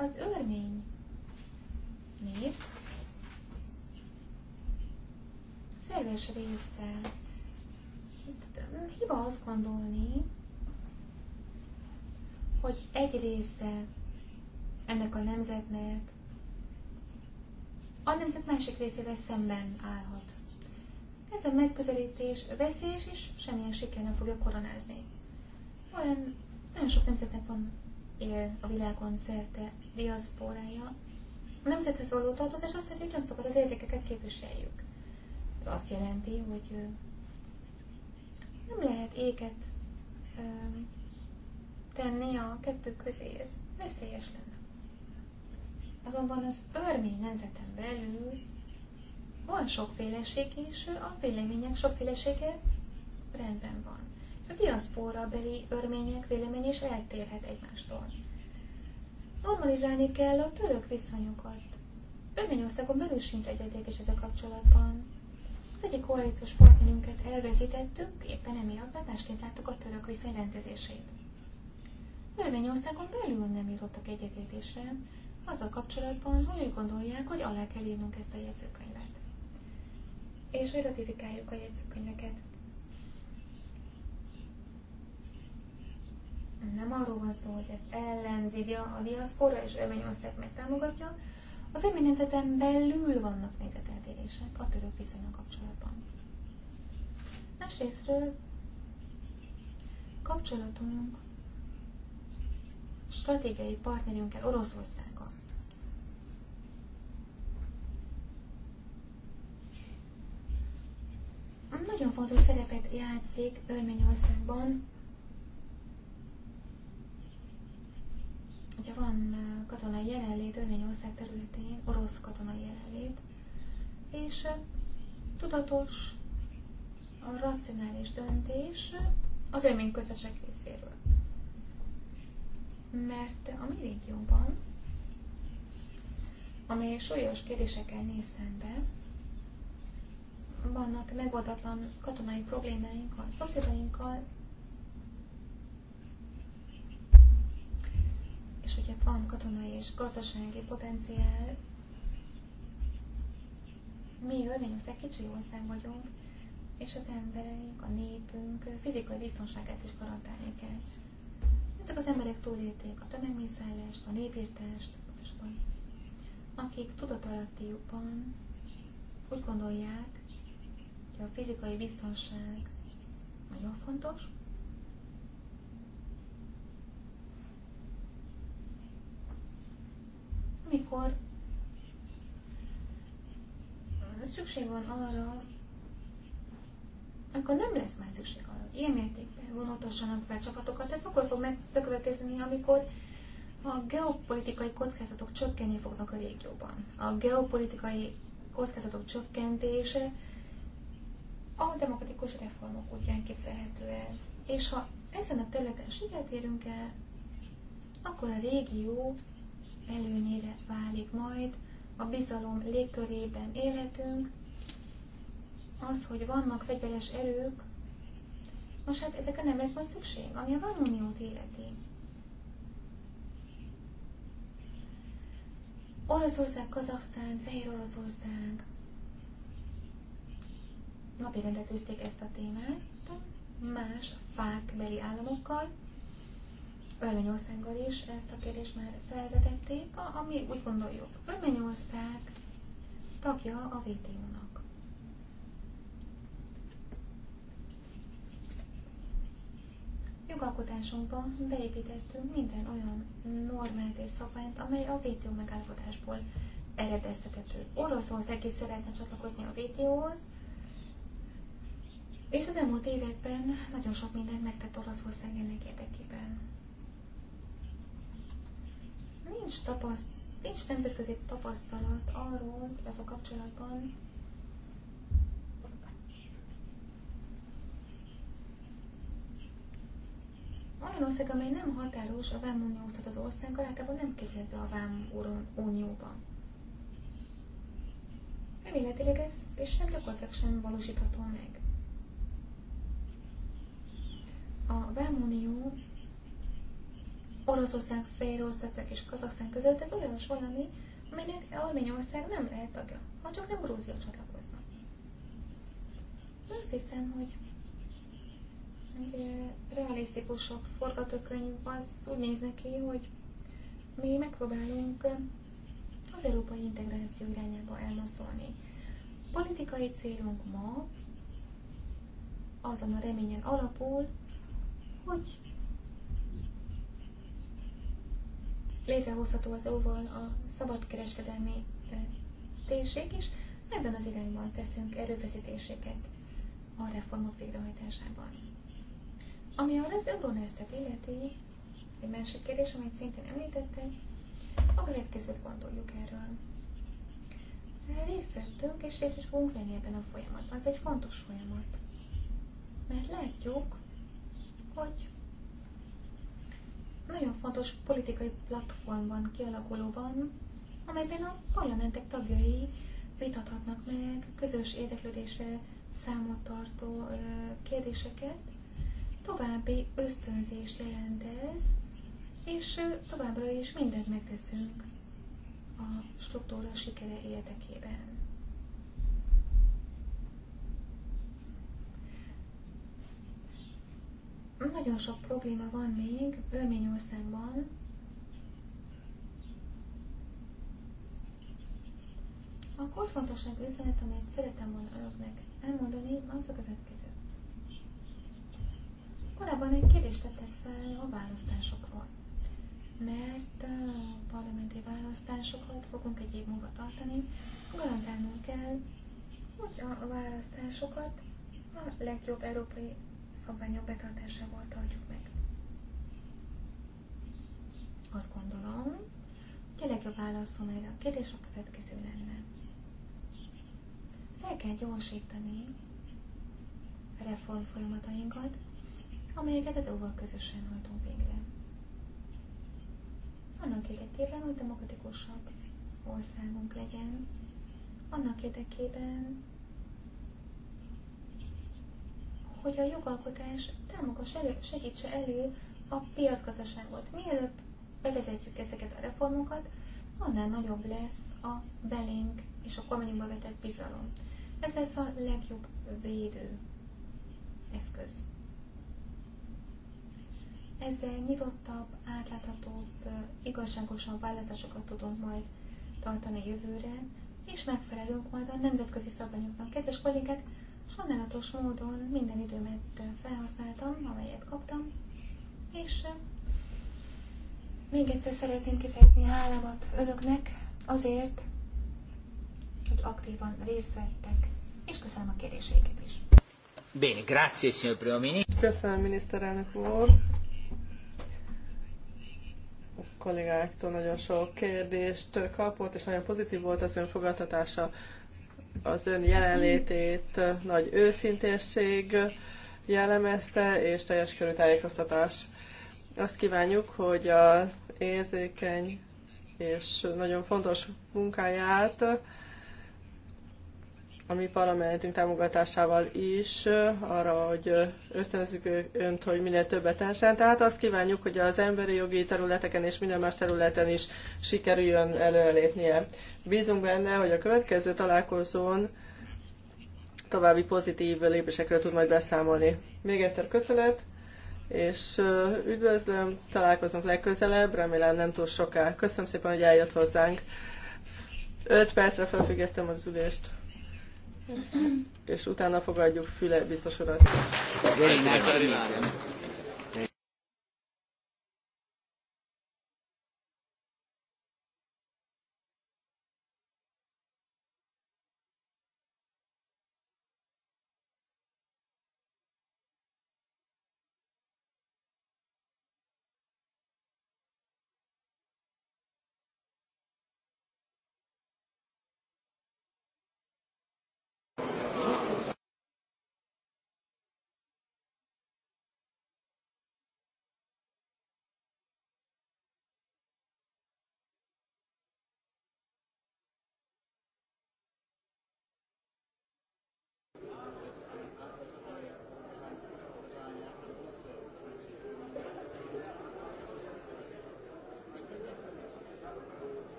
Az örmény nép szerves része. Hiba azt gondolni, hogy egy része ennek a nemzetnek a nemzet másik részével szemben állhat. Ez a megközelítés veszélyes és semmilyen siker nem fogja koronázni. Olyan nagyon sok nemzetnek van él a világon szerte diaszporája. A nemzethez való tartozás azt jelenti, hogy ugyanazokat az értékeket képviseljük. Ez azt jelenti, hogy nem lehet éket tenni a kettő közé, ez veszélyes lenne. Azonban az örmény nemzeten belül van sokféleség, és a vélemények sokfélesége rendben van. A diaszpóra beli örmények véleménye is eltérhet egymástól. Normalizálni kell a török viszonyokat. Örményországon belül sincs egyetértés ezzel kapcsolatban. Az egyik koalíciós partnerünket elveszítettük, éppen emiatt, mert másként láttuk a török viszony rendezését. Örményországon belül nem jutottak egyetértésre, azzal kapcsolatban, hogy úgy gondolják, hogy alá kell írnunk ezt a jegyzőkönyvet. És hogy ratifikáljuk a jegyzőkönyveket. nem arról van szó, hogy ez ellenzi a diaszpora, és Örményország megtámogatja, az örmény nemzeten belül vannak nézeteltérések a török viszonyok kapcsolatban. Másrésztről kapcsolatunk stratégiai partnerünkkel Oroszországgal. Nagyon fontos szerepet játszik Örményországban hogyha van katonai jelenlét Örményország területén, orosz katonai jelenlét, és tudatos, a racionális döntés az önményköztesek részéről. Mert a mi régióban, amely súlyos kérdésekkel néz szembe, vannak megoldatlan katonai problémáink a szomszédainkkal, és ugye van katonai és gazdasági potenciál. Mi Örményország kicsi ország vagyunk, és az embereink, a népünk fizikai biztonságát is garantálni kell. Ezek az emberek túlélték a tömegmészállást, a népírtást, akik tudatalattiukban úgy gondolják, hogy a fizikai biztonság nagyon fontos, amikor ah, szükség van arra, akkor nem lesz már szükség arra, hogy ilyen mértékben vonatossanak fel csapatokat. Ez akkor fog megkövetkezni, amikor a geopolitikai kockázatok csökkenni fognak a régióban. A geopolitikai kockázatok csökkentése a demokratikus reformok útján képzelhető el. És ha ezen a területen érünk el, akkor a régió előnyére válik majd, a bizalom légkörében élhetünk, az, hogy vannak fegyveres erők, most hát ezekre nem lesz majd szükség, ami a valóniót életi. Oroszország, Kazaksztán, Fehér Oroszország. napirendet üzték ezt a témát más fákbeli államokkal, Örményországgal is ezt a kérdést már felvetették, ami úgy gondoljuk, Örményország tagja a vto nak Jogalkotásunkba beépítettünk minden olyan normát és szabályt, amely a VTO megállapodásból eredeztethető. Oroszország is szeretne csatlakozni a vto hoz és az elmúlt években nagyon sok mindent megtett Oroszország ennek érdekében nincs, tapaszt, nincs nemzetközi tapasztalat arról, hogy a kapcsolatban, Olyan ország, amely nem határos a vámuniózhat az ország, általában nem kerül be a vám unióban. Reméletileg ez, és sem gyakorlatilag sem valósítható meg. A vámunió Oroszország, Fehérország és Kazakszán között, ez olyas valami, aminek Arményország nem lehet tagja, ha csak nem Grúzia csatlakozna. Azt hiszem, hogy egy realisztikusabb forgatókönyv az úgy néz neki, hogy mi megpróbálunk az európai integráció irányába elmozdulni. Politikai célunk ma azon a reményen alapul, hogy létrehozható az EU-val a szabadkereskedelmi térség, is, ebben az irányban teszünk erőfeszítéseket a reformok végrehajtásában. Ami arra az Euronestet illeti, egy másik kérdés, amit szintén említette, a következőt gondoljuk erről. Részt vettünk, és részt is fogunk venni ebben a folyamatban. Ez egy fontos folyamat. Mert látjuk, hogy nagyon fontos politikai platform van kialakulóban, amelyben a parlamentek tagjai vitathatnak meg közös érdeklődésre számot tartó kérdéseket. További ösztönzést jelent ez, és továbbra is mindent megteszünk a struktúra sikere érdekében. Nagyon sok probléma van még Örményországban. A korfontosság üzenet, amelyet szeretem volna önöknek elmondani, az a következő. Korábban egy kérdést tettek fel a választásokról, mert a parlamenti választásokat fogunk egy év múlva tartani, garantálnunk kell, hogy a választásokat a legjobb európai szabványok betartásával tartjuk meg. Azt gondolom, hogy a legjobb válaszom erre a kérdés a következő lenne. Fel kell gyorsítani a reform folyamatainkat, amelyeket az óval közösen hajtunk végre. Annak érdekében, hogy demokratikusabb országunk legyen, annak érdekében, hogy a jogalkotás támogass elő, segítse elő a piacgazdaságot. Mielőbb bevezetjük ezeket a reformokat, annál nagyobb lesz a belénk és a kormányunkba vetett bizalom. Ez lesz a legjobb védő eszköz. Ezzel nyitottabb, átláthatóbb, igazságosabb választásokat tudunk majd tartani jövőre, és megfelelünk majd a nemzetközi szabványoknak. Kedves kollégák, Sajnálatos módon minden időmet felhasználtam, amelyet kaptam, és eh, még egyszer szeretném kifejezni hálámat önöknek azért, hogy aktívan részt vettek, és köszönöm a kérdéseiket is. Bene, grazie, signor Primo Ministro. Köszönöm, miniszterelnök úr. A kollégáktól nagyon sok kérdést kapott, és nagyon pozitív volt az ön fogadtatása az ön jelenlétét nagy őszintesség jellemezte, és teljes körű tájékoztatás. Azt kívánjuk, hogy az érzékeny és nagyon fontos munkáját a mi parlamentünk támogatásával is arra, hogy ösztönözzük önt, hogy minél többet tessen. Tehát azt kívánjuk, hogy az emberi jogi területeken és minden más területen is sikerüljön előrelépnie. Bízunk benne, hogy a következő találkozón további pozitív lépésekről tud majd beszámolni. Még egyszer köszönet, és üdvözlöm, találkozunk legközelebb, remélem nem túl soká. Köszönöm szépen, hogy eljött hozzánk. 5 percre felfüggesztem az ülést és utána fogadjuk Füle biztos urat.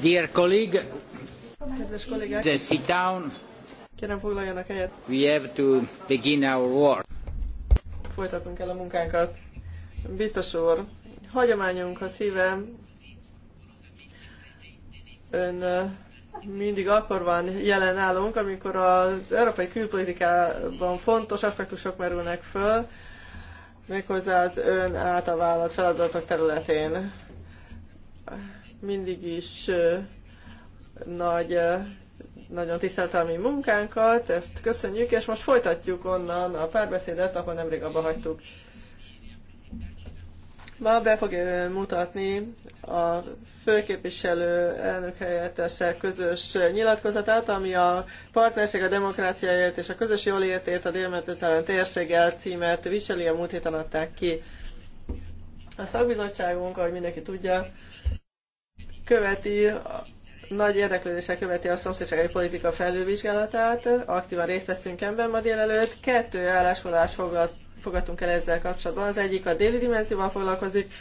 Dear colleague, Kedves kollégák, sit down. Kérem foglaljanak helyet. We have to begin our work. Folytatunk el a munkánkat. Biztos úr, hagyományunk a szívem. Ön mindig akkor van jelen állunk, amikor az európai külpolitikában fontos aspektusok merülnek föl, méghozzá az ön által vállalt feladatok területén mindig is nagy, nagyon tiszteltelmi munkánkat, ezt köszönjük, és most folytatjuk onnan a párbeszédet, ahol nemrég abba hagytuk. Ma be fog mutatni a főképviselő elnök helyettese közös nyilatkozatát, ami a partnerség a demokráciáért és a közös jólétért a délmetőtelen térséggel címet viseli, a múlt héten adták ki. A szakbizottságunk, ahogy mindenki tudja, követi, nagy érdeklődéssel követi a szomszédsági politika felülvizsgálatát. Aktívan részt veszünk ebben ma délelőtt. Kettő állásfoglalást fogad, fogadtunk el ezzel kapcsolatban. Az egyik a déli dimenzióval foglalkozik,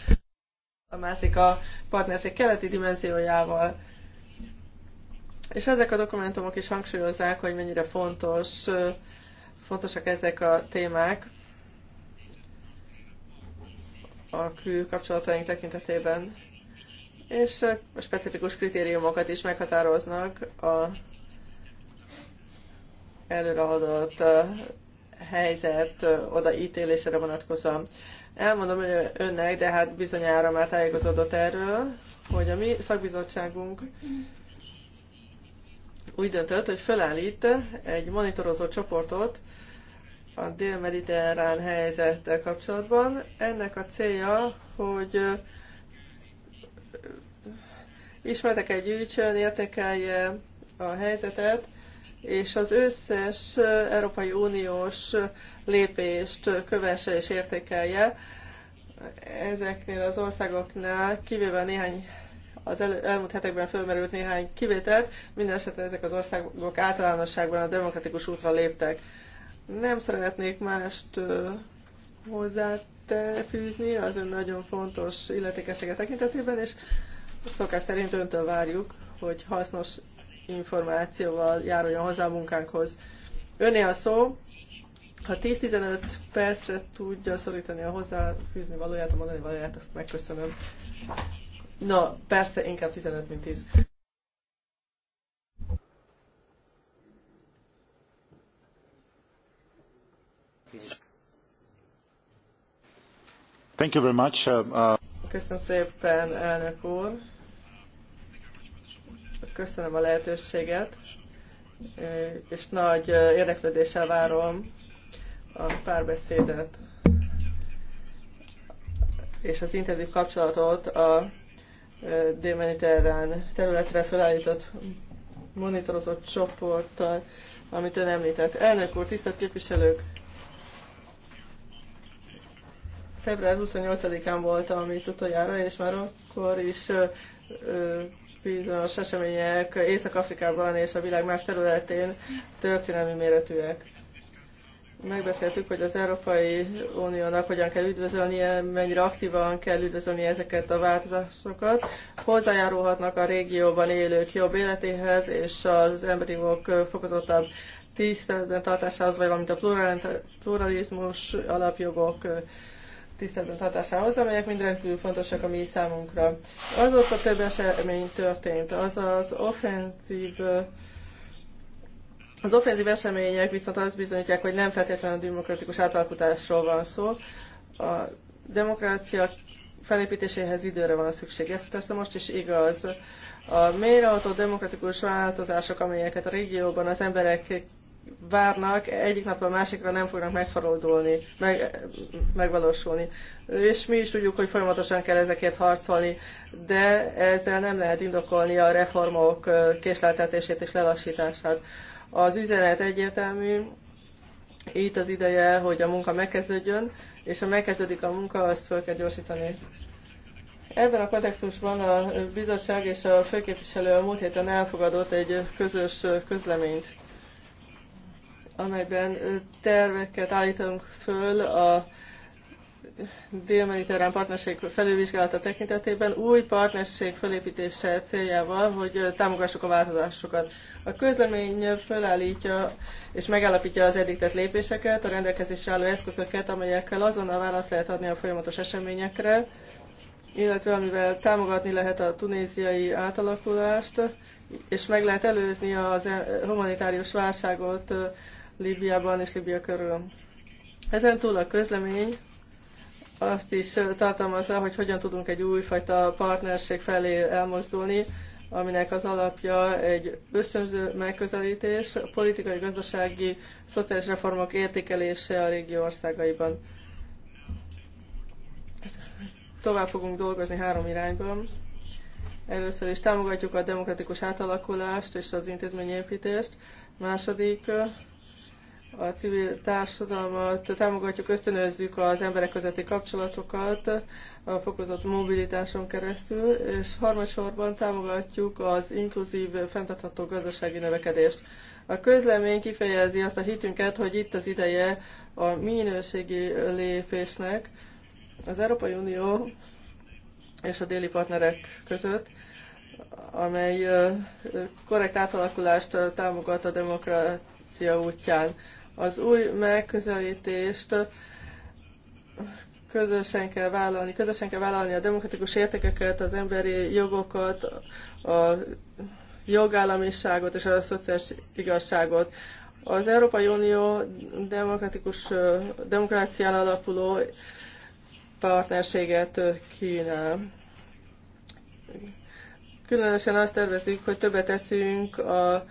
a másik a partnerség keleti dimenziójával. És ezek a dokumentumok is hangsúlyozzák, hogy mennyire fontos, fontosak ezek a témák a külkapcsolataink tekintetében és specifikus kritériumokat is meghatároznak a előreadott helyzet odaítélésére vonatkozóan. Elmondom önnek, de hát bizonyára már tájékozódott erről, hogy a mi szakbizottságunk úgy döntött, hogy felállít egy monitorozó csoportot a dél-mediterrán helyzettel kapcsolatban. Ennek a célja, hogy ismertek egy ügycsön, értékelje a helyzetet, és az összes Európai Uniós lépést kövesse és értékelje. Ezeknél az országoknál, kivéve néhány az el, elmúlt hetekben fölmerült néhány kivételt, minden esetre ezek az országok általánosságban a demokratikus útra léptek. Nem szeretnék mást hozzáfűzni az ön nagyon fontos illetékessége tekintetében, és Szokás szerint öntől várjuk, hogy hasznos információval járuljon hozzá a munkánkhoz. Öné a szó, ha 10-15 percre tudja szorítani a hozzáfűzni valóját, a mondani valóját, azt megköszönöm. Na, persze, inkább 15, mint 10. Thank you very much. Uh, uh... Köszönöm szépen, elnök úr köszönöm a lehetőséget, és nagy érdeklődéssel várom a párbeszédet és az intenzív kapcsolatot a e, Dél-Mediterrán területre felállított monitorozott csoporttal, amit ön említett. Elnök úr, tisztelt képviselők! Február 28-án voltam itt utoljára, és már akkor is e, bizonyos események Észak-Afrikában és a világ más területén történelmi méretűek. Megbeszéltük, hogy az Európai Uniónak hogyan kell üdvözölnie, mennyire aktívan kell üdvözölni ezeket a változásokat. Hozzájárulhatnak a régióban élők jobb életéhez és az emberi jogok fokozottabb tiszteletben tartásához, valamint a pluralizmus alapjogok tiszteletben hatásához, amelyek mindrendkívül fontosak a mi számunkra. Azóta több esemény történt. Az az offenzív az offenzív események viszont azt bizonyítják, hogy nem feltétlenül a demokratikus átalakításról van szó. A demokrácia felépítéséhez időre van szükség. Ez persze most is igaz. A mélyreható demokratikus változások, amelyeket a régióban az emberek várnak, egyik napra a másikra nem fognak megfordulni, meg, megvalósulni. És mi is tudjuk, hogy folyamatosan kell ezekért harcolni, de ezzel nem lehet indokolni a reformok késleltetését és lelassítását. Az üzenet egyértelmű, itt az ideje, hogy a munka megkezdődjön, és ha megkezdődik a munka, azt fel kell gyorsítani. Ebben a kontextusban a bizottság és a főképviselő a múlt héten elfogadott egy közös közleményt amelyben terveket állítunk föl a dél-mediterrán partnerség felülvizsgálata tekintetében új partnerség felépítése céljával, hogy támogassuk a változásokat. A közlemény felállítja és megállapítja az eddig tett lépéseket, a rendelkezésre álló eszközöket, amelyekkel azonnal választ lehet adni a folyamatos eseményekre, illetve amivel támogatni lehet a tunéziai átalakulást, és meg lehet előzni az e, humanitárius válságot Líbiában és Líbia körül. Ezen túl a közlemény azt is tartalmazza, hogy hogyan tudunk egy újfajta partnerség felé elmozdulni, aminek az alapja egy ösztönző megközelítés, politikai, gazdasági, szociális reformok értékelése a régió országaiban. Tovább fogunk dolgozni három irányban. Először is támogatjuk a demokratikus átalakulást és az intézményépítést. Második, a civil társadalmat, támogatjuk, ösztönözzük az emberek közötti kapcsolatokat a fokozott mobilitáson keresztül, és harmadsorban támogatjuk az inkluzív, fenntartható gazdasági növekedést. A közlemény kifejezi azt a hitünket, hogy itt az ideje a minőségi lépésnek az Európai Unió és a déli partnerek között, amely korrekt átalakulást támogat a demokrácia útján. Az új megközelítést közösen kell vállalni, közösen kell vállalni a demokratikus értékeket, az emberi jogokat, a jogállamiságot és a szociális igazságot. Az Európai Unió demokratikus, demokrácián alapuló partnerséget kínál. Különösen azt tervezünk, hogy többet teszünk a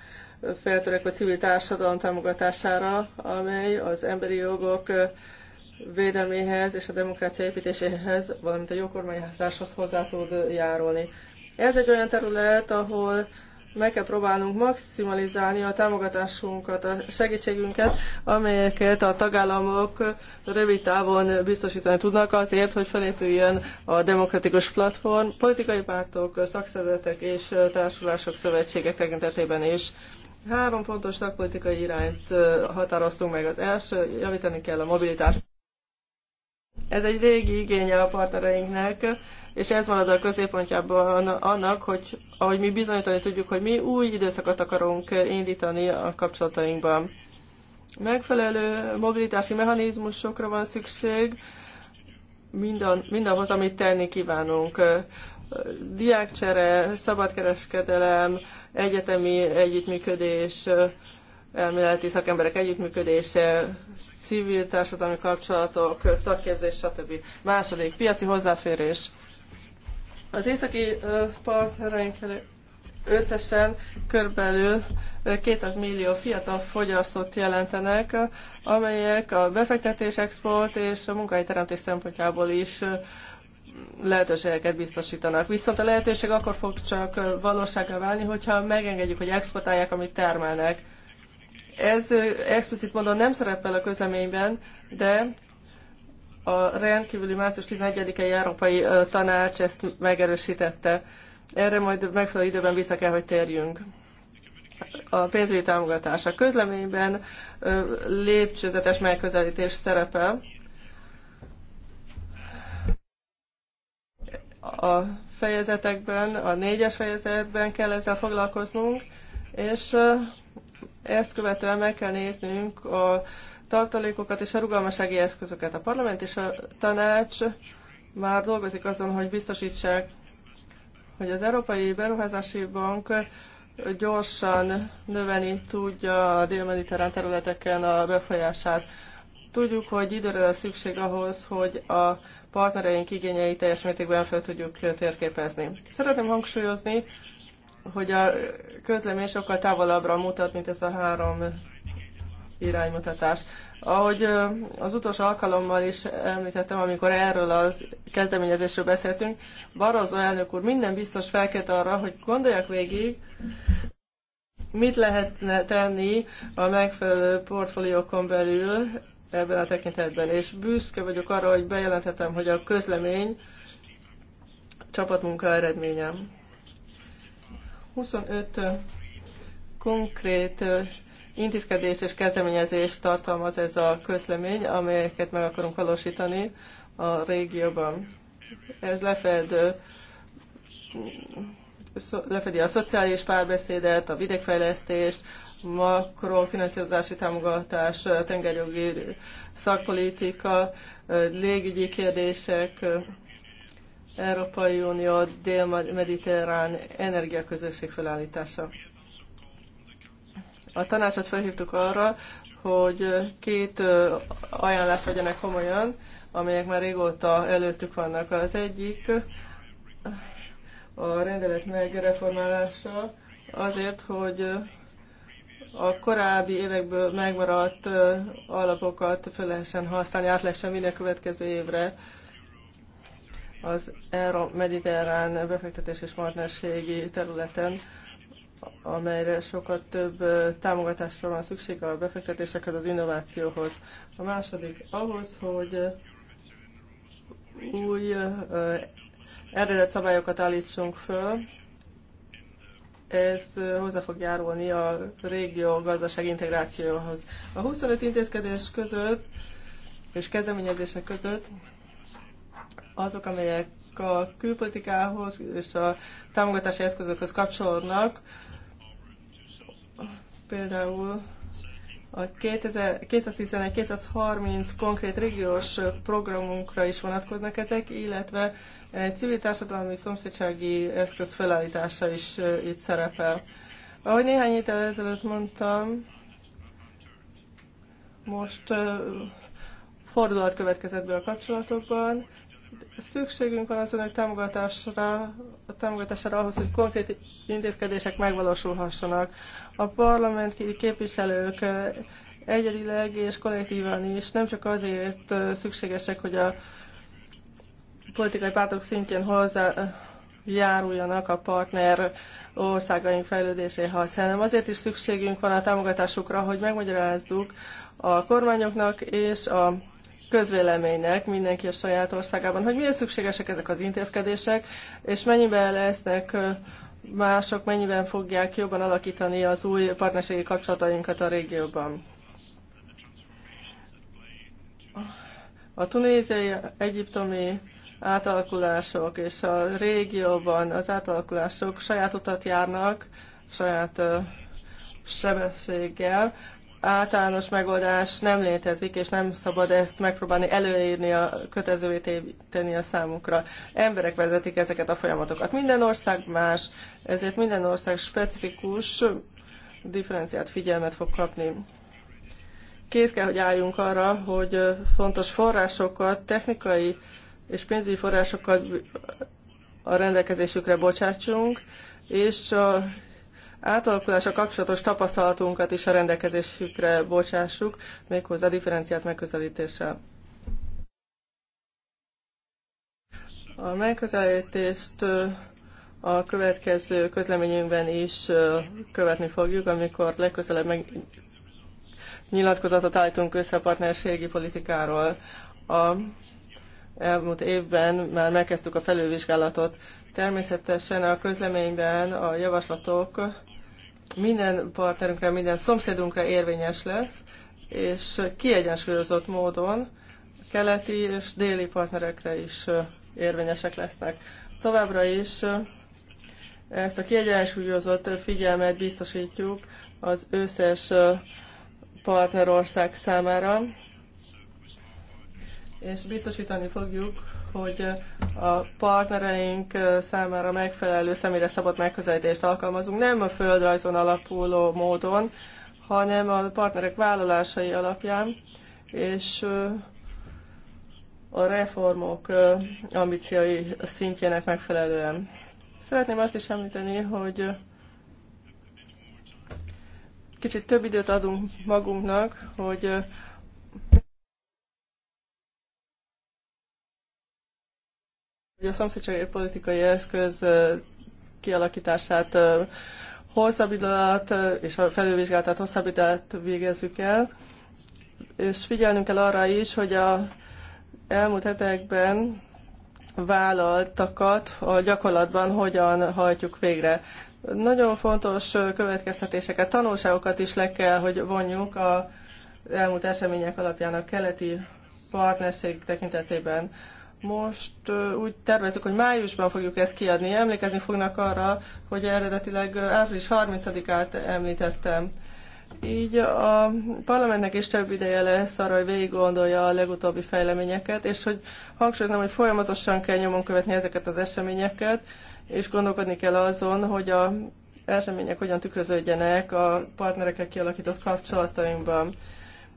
feltörekvő civil társadalom támogatására, amely az emberi jogok védelméhez és a demokrácia építéséhez, valamint a jókormányzáshoz hozzá tud járulni. Ez egy olyan terület, ahol meg kell próbálnunk maximalizálni a támogatásunkat, a segítségünket, amelyeket a tagállamok rövid távon biztosítani tudnak azért, hogy felépüljön a demokratikus platform politikai pártok, szakszervezetek és társulások, szövetségek tekintetében is. Három fontos szakpolitikai irányt határoztunk meg. Az első, javítani kell a mobilitást. Ez egy régi igénye a partnereinknek, és ez marad a középpontjában annak, hogy ahogy mi bizonyítani tudjuk, hogy mi új időszakot akarunk indítani a kapcsolatainkban. Megfelelő mobilitási mechanizmusokra van szükség, minden, amit tenni kívánunk diákcsere, szabadkereskedelem, egyetemi együttműködés, elméleti szakemberek együttműködése, civil társadalmi kapcsolatok, szakképzés, stb. Második, piaci hozzáférés. Az északi partnereink összesen körülbelül 200 millió fiatal fogyasztót jelentenek, amelyek a befektetés, export és a munkahelyteremtés szempontjából is lehetőségeket biztosítanak. Viszont a lehetőség akkor fog csak valóságra válni, hogyha megengedjük, hogy exportálják, amit termelnek. Ez explicit módon nem szerepel a közleményben, de a rendkívüli március 11-i Európai Tanács ezt megerősítette. Erre majd megfelelő időben vissza kell, hogy térjünk a pénzügyi támogatás. A közleményben lépcsőzetes megközelítés szerepel, a fejezetekben, a négyes fejezetben kell ezzel foglalkoznunk, és ezt követően meg kell néznünk a tartalékokat és a rugalmasági eszközöket. A parlament és a tanács már dolgozik azon, hogy biztosítsák, hogy az Európai Beruházási Bank gyorsan növelni tudja a dél-mediterrán területeken a befolyását. Tudjuk, hogy időre lesz szükség ahhoz, hogy a partnereink igényei teljes mértékben fel tudjuk térképezni. Szeretném hangsúlyozni, hogy a közlemény sokkal távolabbra mutat, mint ez a három iránymutatás. Ahogy az utolsó alkalommal is említettem, amikor erről az kezdeményezésről beszéltünk, Barozó elnök úr minden biztos felkelt arra, hogy gondolják végig, mit lehetne tenni a megfelelő portfóliókon belül ebben a tekintetben. És büszke vagyok arra, hogy bejelenthetem, hogy a közlemény csapatmunka eredményem. 25 konkrét intézkedést és kezdeményezést tartalmaz ez a közlemény, amelyeket meg akarunk valósítani a régióban. Ez lefed, lefedi a szociális párbeszédet, a vidékfejlesztést, finanszírozási támogatás, tengerjogi szakpolitika, légügyi kérdések, Európai Unió dél-mediterrán energiaközösség felállítása. A tanácsot felhívtuk arra, hogy két ajánlást vegyenek komolyan, amelyek már régóta előttük vannak. Az egyik a rendelet megreformálása azért, hogy a korábbi évekből megmaradt alapokat föl lehessen használni, át lehessen vinni a következő évre az Euró-Mediterrán befektetés és partnerségi területen, amelyre sokat több támogatásra van szükség a befektetésekhez, az innovációhoz. A második ahhoz, hogy új eredet szabályokat állítsunk föl, ez hozzá fog járulni a régió gazdasági integrációhoz. A 25 intézkedés között és kezdeményezések között azok, amelyek a külpolitikához és a támogatási eszközökhöz kapcsolódnak, például a 2011 230 konkrét régiós programunkra is vonatkoznak ezek, illetve egy civil társadalmi szomszédsági eszköz felállítása is itt szerepel. Ahogy néhány héttel ezelőtt mondtam, most fordulat következett be a kapcsolatokban, Szükségünk van az önök támogatásra, a támogatására ahhoz, hogy konkrét intézkedések megvalósulhassanak. A parlament képviselők eh, egyedileg és kollektívan is nem csak azért eh, szükségesek, hogy a politikai pártok szintjén hozzájáruljanak eh, a partner országaink fejlődéséhez, hanem azért is szükségünk van a támogatásukra, hogy megmagyarázzuk a kormányoknak és a közvéleménynek, mindenki a saját országában, hogy miért szükségesek ezek az intézkedések, és mennyiben lesznek mások, mennyiben fogják jobban alakítani az új partnerségi kapcsolatainkat a régióban. A tunéziai, egyiptomi átalakulások és a régióban az átalakulások saját utat járnak, saját sebességgel általános megoldás nem létezik, és nem szabad ezt megpróbálni előírni, a kötelezővé tenni a számukra. Emberek vezetik ezeket a folyamatokat. Minden ország más, ezért minden ország specifikus differenciált figyelmet fog kapni. Kész kell, hogy álljunk arra, hogy fontos forrásokat, technikai és pénzügyi forrásokat a rendelkezésükre bocsátsunk, és a átalakulása kapcsolatos tapasztalatunkat is a rendelkezésükre bocsássuk, méghozzá differenciált megközelítéssel. A megközelítést a következő közleményünkben is követni fogjuk, amikor legközelebb meg nyilatkozatot állítunk össze a partnerségi politikáról. A elmúlt évben már megkezdtük a felülvizsgálatot. Természetesen a közleményben a javaslatok minden partnerünkre, minden szomszédunkra érvényes lesz, és kiegyensúlyozott módon keleti és déli partnerekre is érvényesek lesznek. Továbbra is ezt a kiegyensúlyozott figyelmet biztosítjuk az összes partnerország számára, és biztosítani fogjuk, hogy a partnereink számára megfelelő személyre szabott megközelítést alkalmazunk, nem a földrajzon alapuló módon, hanem a partnerek vállalásai alapján, és a reformok ambíciai szintjének megfelelően. Szeretném azt is említeni, hogy kicsit több időt adunk magunknak, hogy a szomszédsági politikai eszköz kialakítását hosszabb alatt, és a felülvizsgálatát hosszabb alatt végezzük el, és figyelnünk kell arra is, hogy a elmúlt hetekben vállaltakat a gyakorlatban hogyan hajtjuk végre. Nagyon fontos következtetéseket, tanulságokat is le kell, hogy vonjuk az elmúlt események alapján a keleti partnerség tekintetében. Most úgy tervezzük, hogy májusban fogjuk ezt kiadni. Emlékezni fognak arra, hogy eredetileg április 30-át említettem. Így a parlamentnek is több ideje lesz arra, hogy végig gondolja a legutóbbi fejleményeket, és hogy hangsúlyoznám, hogy folyamatosan kell nyomon követni ezeket az eseményeket, és gondolkodni kell azon, hogy a események hogyan tükröződjenek a partnerekkel kialakított kapcsolatainkban.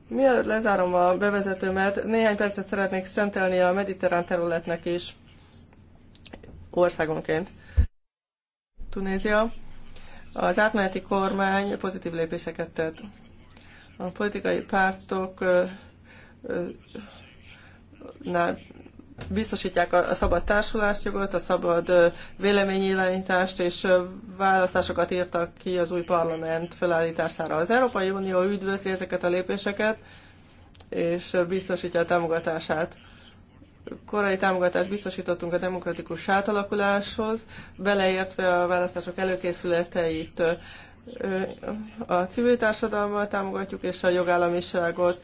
Mielőtt lezárom a bevezetőmet, néhány percet szeretnék szentelni a mediterrán területnek is, országonként. Tunézia. Az átmeneti kormány pozitív lépéseket tett. A politikai pártok biztosítják a szabad társulást jogot, a szabad véleménynyilvánítást, és választásokat írtak ki az új parlament felállítására. Az Európai Unió üdvözli ezeket a lépéseket, és biztosítja a támogatását. Korai támogatást biztosítottunk a demokratikus átalakuláshoz, beleértve a választások előkészületeit a civil társadalmat támogatjuk, és a jogállamiságot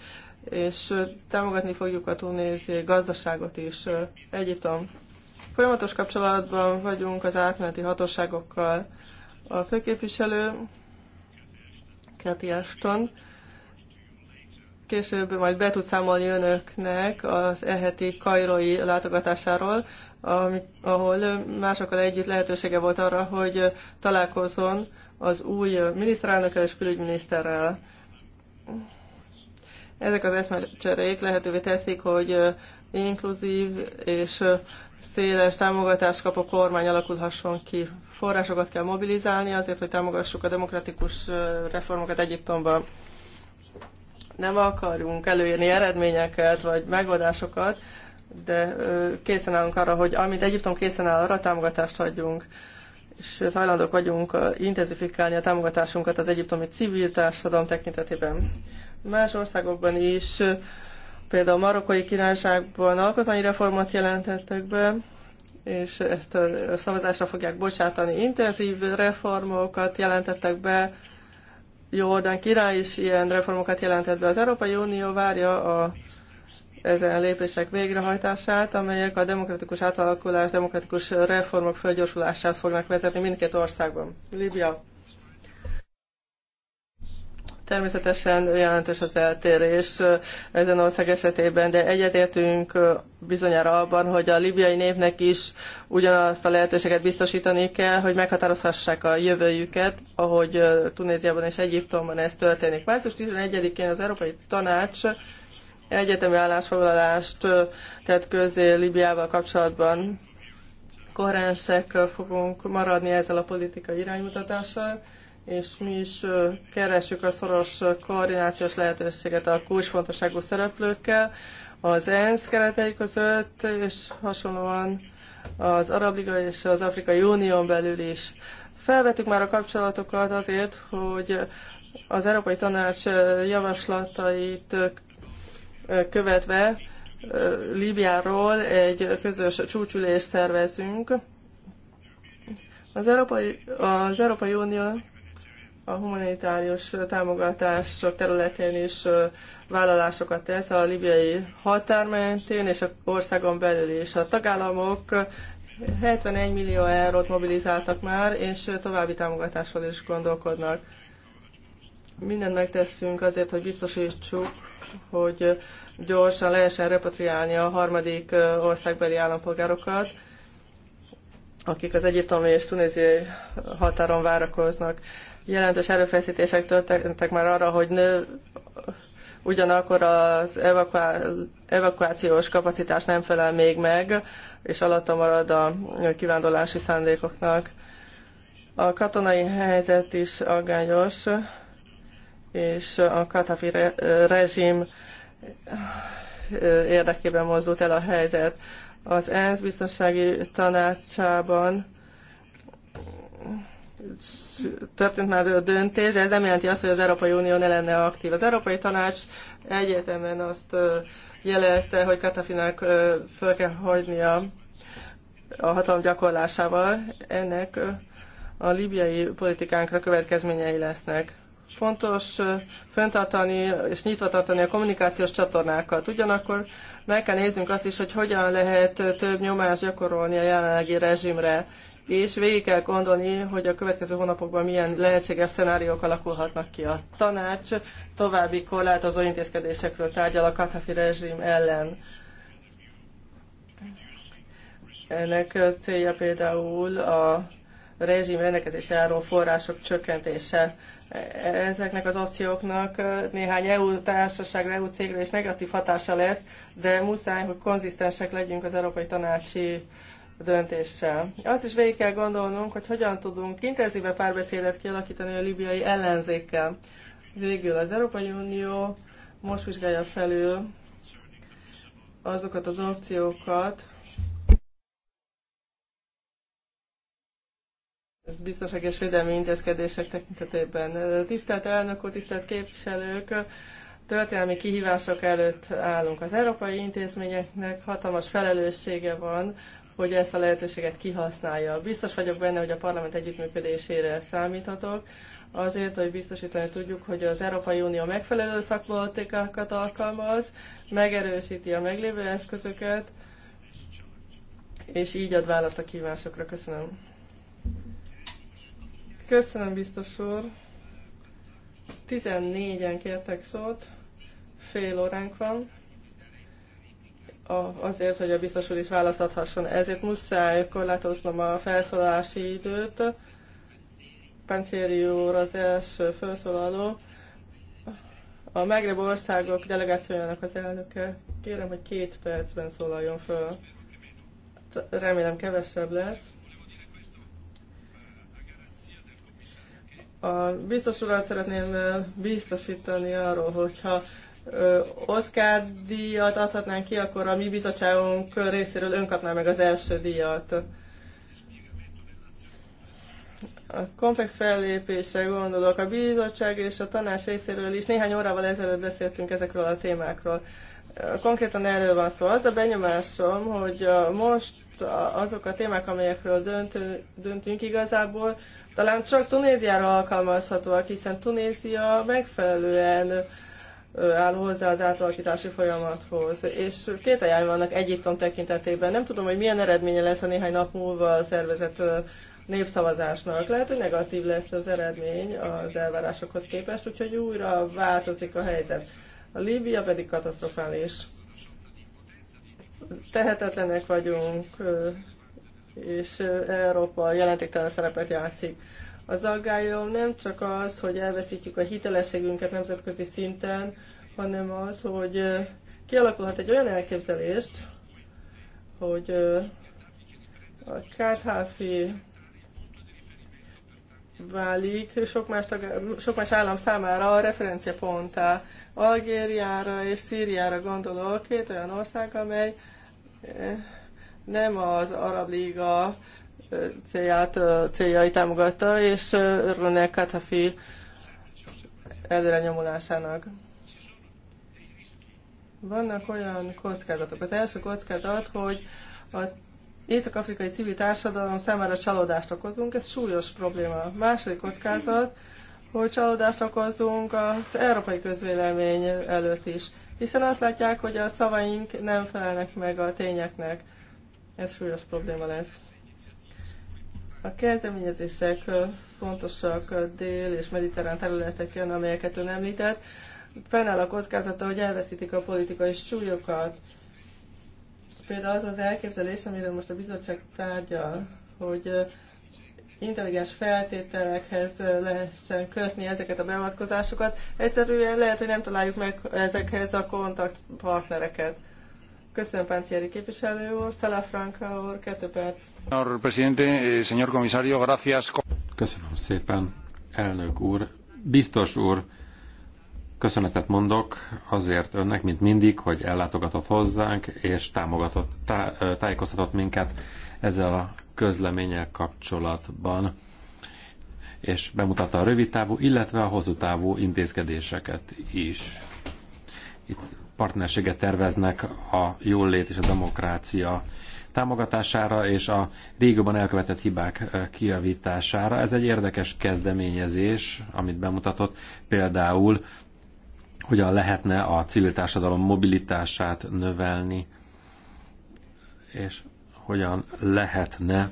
és támogatni fogjuk a tunézi gazdaságot is. Egyiptom. Folyamatos kapcsolatban vagyunk az átmeneti hatóságokkal. A főképviselő, Kati Ashton, később majd be tud számolni önöknek az eheti kairói látogatásáról, ahol másokkal együtt lehetősége volt arra, hogy találkozzon az új miniszterelnökkel és külügyminiszterrel. Ezek az eszmecserék lehetővé teszik, hogy inkluzív és széles támogatást kapó kormány alakulhasson ki. Forrásokat kell mobilizálni azért, hogy támogassuk a demokratikus reformokat Egyiptomban. Nem akarunk előírni eredményeket vagy megoldásokat, de készen állunk arra, hogy amit Egyiptom készen áll, arra támogatást adjunk és hajlandók vagyunk intenzifikálni a támogatásunkat az egyiptomi civil társadalom tekintetében. Más országokban is, például a marokkai királyságban alkotmányi reformot jelentettek be, és ezt a szavazásra fogják bocsátani. Intenzív reformokat jelentettek be, Jordán király is ilyen reformokat jelentett be. Az Európai Unió várja a ezen lépések végrehajtását, amelyek a demokratikus átalakulás, demokratikus reformok felgyorsulásához fognak vezetni mindkét országban. Libya. Természetesen jelentős az eltérés ezen ország esetében, de egyetértünk bizonyára abban, hogy a libiai népnek is ugyanazt a lehetőséget biztosítani kell, hogy meghatározhassák a jövőjüket, ahogy Tunéziában és Egyiptomban ez történik. Március 11-én az Európai Tanács egyetemi állásfoglalást tett közé Libiával kapcsolatban. Koherensek fogunk maradni ezzel a politikai iránymutatással és mi is keresjük a szoros koordinációs lehetőséget a kulcsfontosságú szereplőkkel, az ENSZ keretei között, és hasonlóan az Arab Liga és az Afrikai Unión belül is. Felvettük már a kapcsolatokat azért, hogy az Európai Tanács javaslatait követve Líbiáról egy közös csúcsülést szervezünk. Az Európai, az Európai Unió a humanitárius támogatások területén is vállalásokat tesz a libiai határ mentén és a országon belül is. A tagállamok 71 millió eurót mobilizáltak már, és további támogatásról is gondolkodnak. Mindent megteszünk azért, hogy biztosítsuk, hogy gyorsan lehessen repatriálni a harmadik országbeli állampolgárokat, akik az egyiptomi és tunéziai határon várakoznak. Jelentős erőfeszítések történtek már arra, hogy nő, ugyanakkor az evakuációs kapacitás nem felel még meg, és alatta marad a kivándorlási szándékoknak. A katonai helyzet is aggályos, és a Katafi re rezsim érdekében mozdult el a helyzet. Az ENSZ biztonsági tanácsában történt már a döntés, de ez nem jelenti azt, hogy az Európai Unió ne lenne aktív. Az Európai Tanács egyértelműen azt jelezte, hogy Katafinak föl kell hagynia a hatalom gyakorlásával. Ennek a libiai politikánkra következményei lesznek. Fontos föntartani és nyitva tartani a kommunikációs csatornákat. Ugyanakkor meg kell néznünk azt is, hogy hogyan lehet több nyomást gyakorolni a jelenlegi rezsimre, és végig kell gondolni, hogy a következő hónapokban milyen lehetséges szenáriók alakulhatnak ki a tanács, további korlátozó intézkedésekről tárgyal a Katafi rezsim ellen. Ennek célja például a rezsim rendelkezésre álló források csökkentése. Ezeknek az opcióknak néhány EU társaságra, EU cégre is negatív hatása lesz, de muszáj, hogy konzisztensek legyünk az Európai Tanácsi döntéssel. Azt is végig kell gondolnunk, hogy hogyan tudunk intenzíve párbeszédet kialakítani a libiai ellenzékkel. Végül az Európai Unió most vizsgálja felül azokat az opciókat, biztonság és védelmi intézkedések tekintetében. Tisztelt elnök úr, tisztelt képviselők, történelmi kihívások előtt állunk. Az európai intézményeknek hatalmas felelőssége van hogy ezt a lehetőséget kihasználja. Biztos vagyok benne, hogy a parlament együttműködésére számíthatok, azért, hogy biztosítani tudjuk, hogy az Európai Unió megfelelő szakpolitikákat alkalmaz, megerősíti a meglévő eszközöket, és így ad választ a kívásokra. Köszönöm. Köszönöm, biztos úr. 14-en kértek szót, fél óránk van azért, hogy a biztos úr is választathasson. Ezért muszáj korlátoznom a felszólalási időt. Pancéri úr az első felszólaló. A Megreb országok delegációjának az elnöke. Kérem, hogy két percben szólaljon föl. Remélem kevesebb lesz. A biztos urat szeretném eh, biztosítani arról, hogyha Oscar díjat adhatnánk ki, akkor a mi bizottságunk részéről kapná meg az első díjat. A komplex fellépésre gondolok. A bizottság és a tanács részéről is néhány órával ezelőtt beszéltünk ezekről a témákról. Konkrétan erről van szó. Az a benyomásom, hogy most azok a témák, amelyekről döntünk igazából, talán csak Tunéziára alkalmazhatóak, hiszen Tunézia megfelelően álló hozzá az átalakítási folyamathoz. És két ajánlom vannak Egyiptom tekintetében. Nem tudom, hogy milyen eredménye lesz a néhány nap múlva a szervezet népszavazásnak. Lehet, hogy negatív lesz az eredmény az elvárásokhoz képest, úgyhogy újra változik a helyzet. A Líbia pedig katasztrofális. Tehetetlenek vagyunk, és Európa jelentéktelen szerepet játszik. Az aggályom nem csak az, hogy elveszítjük a hitelességünket nemzetközi szinten, hanem az, hogy kialakulhat egy olyan elképzelést, hogy a KTHF válik sok más, tag, sok más állam számára a referenciaponttá. Algériára és Szíriára gondolok, két olyan ország, amely nem az Arab Liga célját, céljai támogatta, és örülnek Katafi előrenyomulásának. Vannak olyan kockázatok. Az első kockázat, hogy a észak-afrikai civil társadalom számára csalódást okozunk, ez súlyos probléma. A második kockázat, hogy csalódást okozunk az európai közvélemény előtt is, hiszen azt látják, hogy a szavaink nem felelnek meg a tényeknek. Ez súlyos probléma lesz. A kezdeményezések fontosak a dél és mediterrán területeken, amelyeket ön említett. Fennáll a kockázata, hogy elveszítik a politikai súlyokat. Például az az elképzelés, amiről most a bizottság tárgyal, hogy intelligens feltételekhez lehessen kötni ezeket a beavatkozásokat. Egyszerűen lehet, hogy nem találjuk meg ezekhez a kontaktpartnereket. Köszönöm, Páncieri képviselő úr. Franka úr, kettő perc. Señor presidente, eh, señor comisario, gracias. Köszönöm szépen, elnök úr. Biztos úr, köszönetet mondok azért önnek, mint mindig, hogy ellátogatott hozzánk, és támogatott, tá, tájékoztatott minket ezzel a közleménnyel kapcsolatban, és bemutatta a rövidtávú, illetve a hosszútávú intézkedéseket is. Itt partnerséget terveznek a jólét és a demokrácia támogatására és a régóban elkövetett hibák kiavítására. Ez egy érdekes kezdeményezés, amit bemutatott, például hogyan lehetne a civil társadalom mobilitását növelni, és hogyan lehetne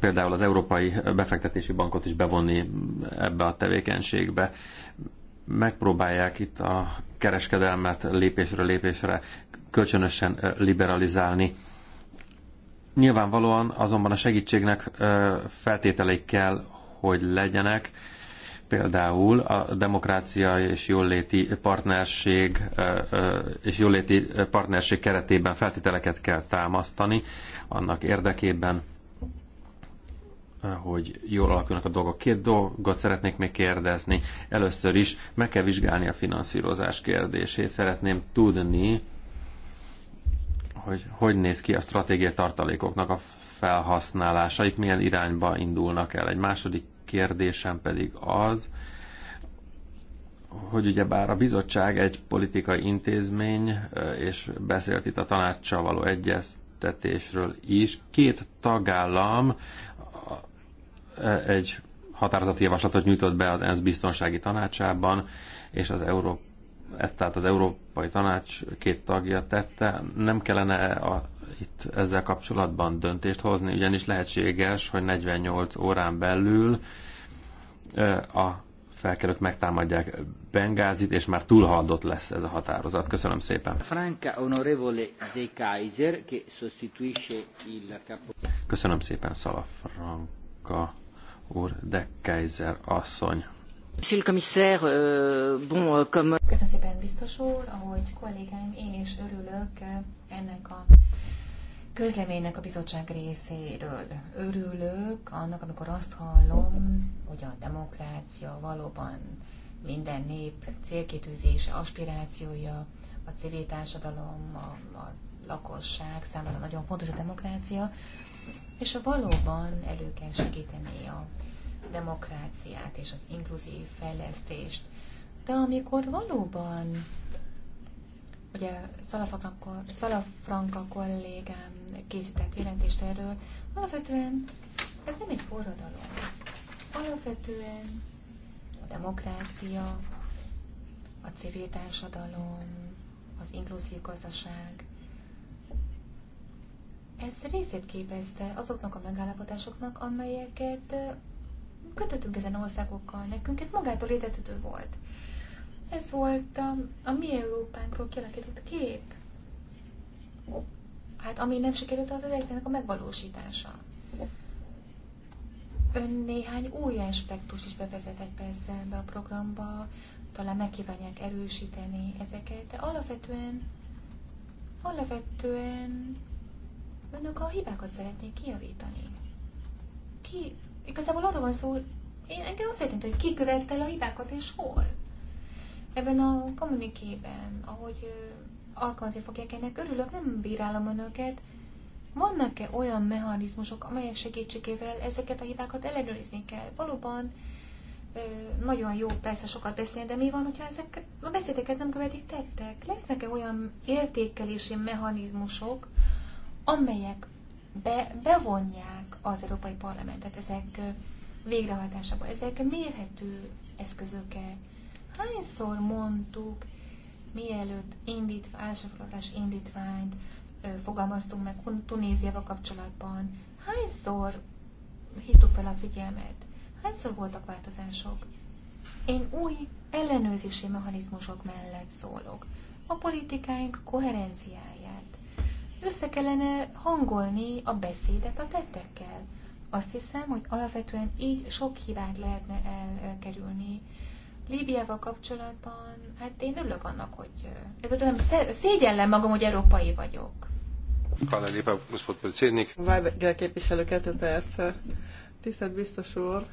például az Európai Befektetési Bankot is bevonni ebbe a tevékenységbe megpróbálják itt a kereskedelmet lépésről lépésre kölcsönösen liberalizálni. Nyilvánvalóan azonban a segítségnek feltételeik kell, hogy legyenek, például a demokrácia és jóléti partnerség és jóléti partnerség keretében feltételeket kell támasztani annak érdekében, hogy jól alakulnak a dolgok. Két dolgot szeretnék még kérdezni. Először is meg kell vizsgálni a finanszírozás kérdését. Szeretném tudni, hogy hogy néz ki a stratégiai tartalékoknak a felhasználásaik, milyen irányba indulnak el. Egy második kérdésem pedig az, hogy ugyebár a bizottság egy politikai intézmény, és beszélt itt a tanácssal való egyeztetésről is, két tagállam egy határozati javaslatot nyújtott be az ENSZ biztonsági tanácsában, és az Euró, ezt tehát az Európai Tanács két tagja tette. Nem kellene a, itt ezzel kapcsolatban döntést hozni, ugyanis lehetséges, hogy 48 órán belül a felkelők megtámadják Bengázit, és már túlhaldott lesz ez a határozat. Köszönöm szépen. Franca Onorevole De Kaiser, che sostituisce il capo... Köszönöm szépen, Szala Franka úr, de Kaiser asszony. Monsieur le commissaire, euh, bon, euh, comme... Köszönöm szépen, biztos úr, ahogy kollégáim, én is örülök euh, ennek a közleménynek a bizottság részéről. Örülök annak, amikor azt hallom, hogy a demokrácia valóban minden nép célkitűzése, aspirációja, a civil társadalom, a, a lakosság számára nagyon fontos a demokrácia, és valóban elő kell segíteni a demokráciát és az inkluzív fejlesztést. De amikor valóban, ugye Szalafranka, Szalafranka kollégám készített jelentést erről, alapvetően ez nem egy forradalom. Alapvetően a demokrácia, a civil társadalom, az inkluzív gazdaság, ez részét képezte azoknak a megállapodásoknak, amelyeket kötöttünk ezen országokkal. Nekünk ez magától értetődő volt. Ez volt a, um, a mi Európánkról kialakított kép. Hát ami nem sikerült, az az a megvalósítása. Ön néhány új aspektus is bevezetett persze be a programba, talán megkívánják erősíteni ezeket, de alapvetően, alapvetően Önök a hibákat szeretnék kijavítani. Ki, igazából arról van szó, én engem azt értem, hogy ki követte a hibákat és hol. Ebben a kommunikében, ahogy alkalmazni fogják ennek, örülök, nem bírálom önöket. Vannak-e olyan mechanizmusok, amelyek segítségével ezeket a hibákat ellenőrizni kell? Valóban nagyon jó, persze sokat beszélni, de mi van, hogyha ezek a beszédeket nem követik tettek? Lesznek-e olyan értékelési mechanizmusok, amelyek be, bevonják az Európai Parlamentet ezek végrehajtásába. Ezek mérhető eszközöke. Hányszor mondtuk, mielőtt indítv, állásfoglalás indítványt ö, fogalmaztunk meg Tunéziával kapcsolatban, hányszor hittuk fel a figyelmet, hányszor voltak változások. Én új ellenőrzési mechanizmusok mellett szólok. A politikáink koherenciája össze kellene hangolni a beszédet a tettekkel. Azt hiszem, hogy alapvetően így sok hibát lehetne elkerülni. Líbiával kapcsolatban, hát én örülök annak, hogy nem szégyellem magam, hogy európai vagyok. Hvala lepa, gospod predsednik. Várgál képviselő, kettő perc. Tisztelt biztos úr,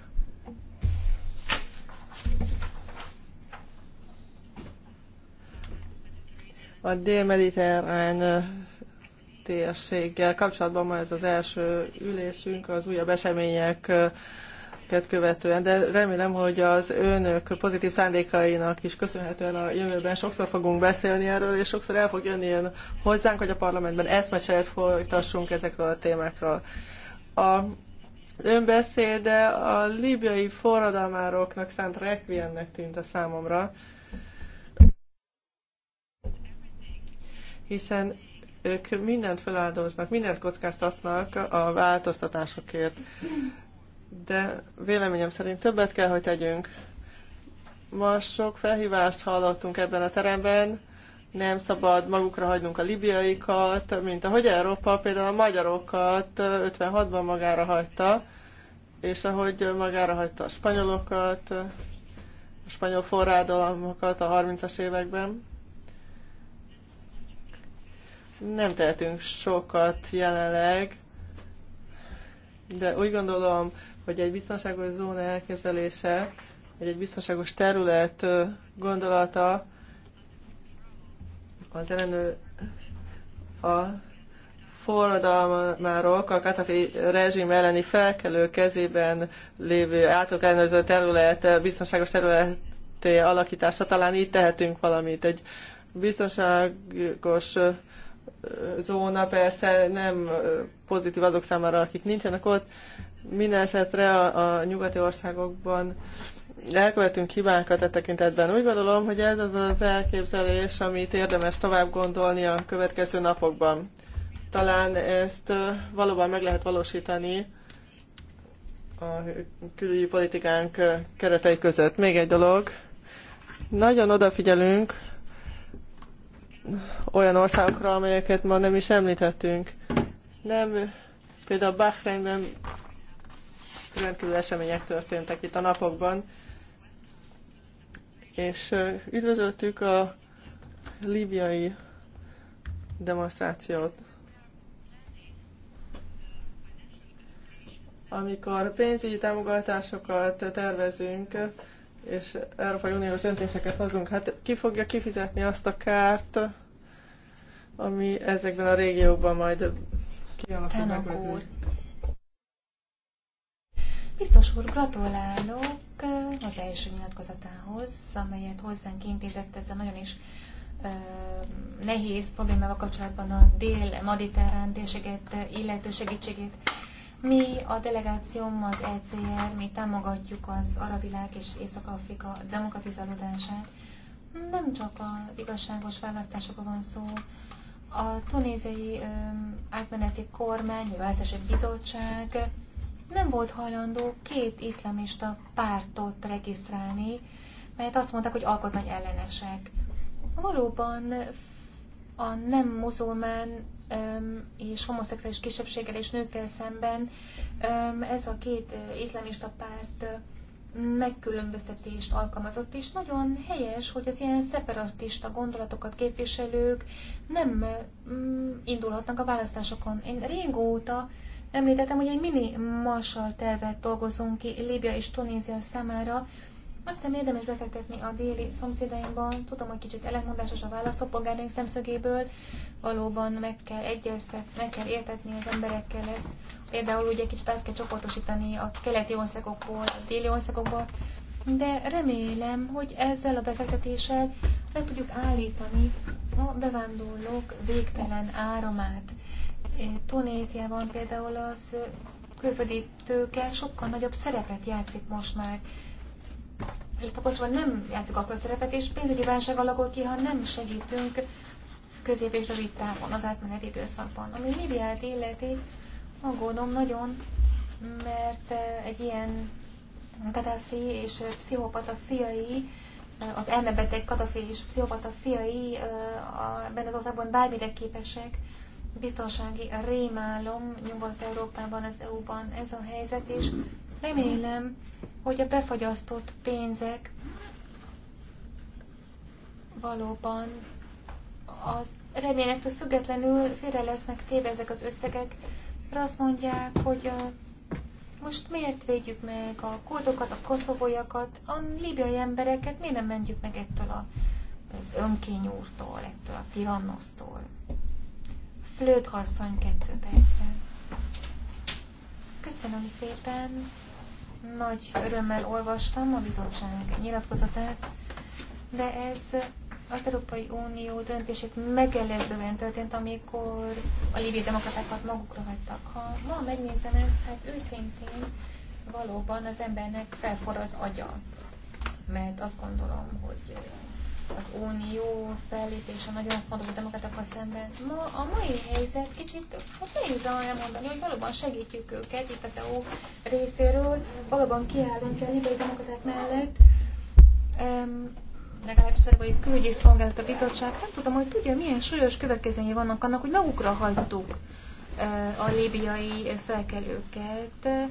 a dél-mediterrán térséggel kapcsolatban ma ez az első ülésünk az újabb eseményeket követően, de remélem, hogy az önök pozitív szándékainak is köszönhetően a jövőben sokszor fogunk beszélni erről, és sokszor el fog jönni ön hozzánk, hogy a parlamentben eszmecseret folytassunk ezekről a témákról. A önbeszéde a libiai forradalmároknak szánt requiemnek tűnt a számomra, hiszen ők mindent feláldoznak, mindent kockáztatnak a változtatásokért. De véleményem szerint többet kell, hogy tegyünk. Ma sok felhívást hallottunk ebben a teremben, nem szabad magukra hagynunk a libiaikat, mint ahogy Európa például a magyarokat 56-ban magára hagyta, és ahogy magára hagyta a spanyolokat, a spanyol forrádalmakat a 30-as években. Nem tehetünk sokat jelenleg, de úgy gondolom, hogy egy biztonságos zóna elképzelése, vagy egy biztonságos terület gondolata az ellenő a forradalmárok a Katafi rezsim elleni felkelő kezében lévő átok ellenőrző terület, biztonságos területé alakítása, talán így tehetünk valamit. Egy biztonságos zóna persze nem pozitív azok számára, akik nincsenek ott. Minden esetre a, a nyugati országokban elkövetünk hibákat e tekintetben. Úgy gondolom, hogy ez az az elképzelés, amit érdemes tovább gondolni a következő napokban. Talán ezt valóban meg lehet valósítani a külügyi politikánk keretei között. Még egy dolog. Nagyon odafigyelünk olyan országokra, amelyeket ma nem is említettünk. Nem, például Bahreinben rendkívül események történtek itt a napokban, és üdvözöltük a líbiai demonstrációt. Amikor pénzügyi támogatásokat tervezünk, és Európai Uniós döntéseket hozunk. Hát ki fogja kifizetni azt a kárt, ami ezekben a régiókban majd kialakul. Biztos úr, gratulálok az első nyilatkozatához, amelyet hozzánk intézett ezzel nagyon is nehéz problémával kapcsolatban a dél-mediterrán térséget illető segítségét mi a delegációm, az ECR, mi támogatjuk az világ és Észak-Afrika demokratizálódását. Nem csak az igazságos választásokról van szó, a tunéziai átmeneti kormány, a választási bizottság nem volt hajlandó két iszlamista pártot regisztrálni, mert azt mondták, hogy alkotmány ellenesek. Valóban a nem muzulmán és homoszexuális kisebbséggel és nőkkel szemben ez a két iszlamista párt megkülönböztetést alkalmazott, és nagyon helyes, hogy az ilyen szeparatista gondolatokat képviselők nem mm, indulhatnak a választásokon. Én régóta említettem, hogy egy mini marsal tervet dolgozunk ki Líbia és Tunézia számára, hiszem érdemes befektetni a déli szomszédainkban. Tudom, hogy kicsit ellentmondásos a válasz a polgárnőnk szemszögéből. Valóban meg kell egyeztet, meg kell értetni az emberekkel ezt. Például ugye kicsit át kell csoportosítani a keleti országokból, a déli országokból. De remélem, hogy ezzel a befektetéssel meg tudjuk állítani a bevándorlók végtelen áramát. Tunéziában például az külföldi tőke sokkal nagyobb szerepet játszik most már létokosban nem játszik akkor szerepet, és pénzügyi válság alakul ki, ha nem segítünk közép és rövid távon, az átmeneti időszakban. Ami médiát illeti, aggódom nagyon, mert eh, egy ilyen Gaddafi és pszichopata fiai, eh, az elmebeteg Gaddafi és pszichopata fiai eh, ebben az országban bármire képesek, biztonsági rémálom Nyugat-Európában, az EU-ban ez a helyzet, és Remélem, hogy a befagyasztott pénzek valóban az reményektől függetlenül félre lesznek téve ezek az összegek, mert azt mondják, hogy most miért védjük meg a kurdokat, a koszovóiakat, a libiai embereket, miért nem mentjük meg ettől a, az önkényúrtól, ettől a tirannosztól. Flőt asszony kettő percre. Köszönöm szépen. Nagy örömmel olvastam a bizottság nyilatkozatát, de ez az Európai Unió döntését megelezően történt, amikor a libiai demokratákat magukra hagytak. Ha ma megnézem ezt, hát őszintén valóban az embernek felforra az agya, mert azt gondolom, hogy az unió fellépése nagyon fontos a demokratákkal szemben. Ma a mai helyzet kicsit, hát nehéz elmondani, hogy valóban segítjük őket itt az EU részéről, valóban kiállunk a demokraták mellett, um, legalábbis a külügyi szolgálat, a bizottság, nem tudom, hogy tudja, milyen súlyos következményei vannak annak, hogy magukra hagytuk e, a líbiai felkelőket.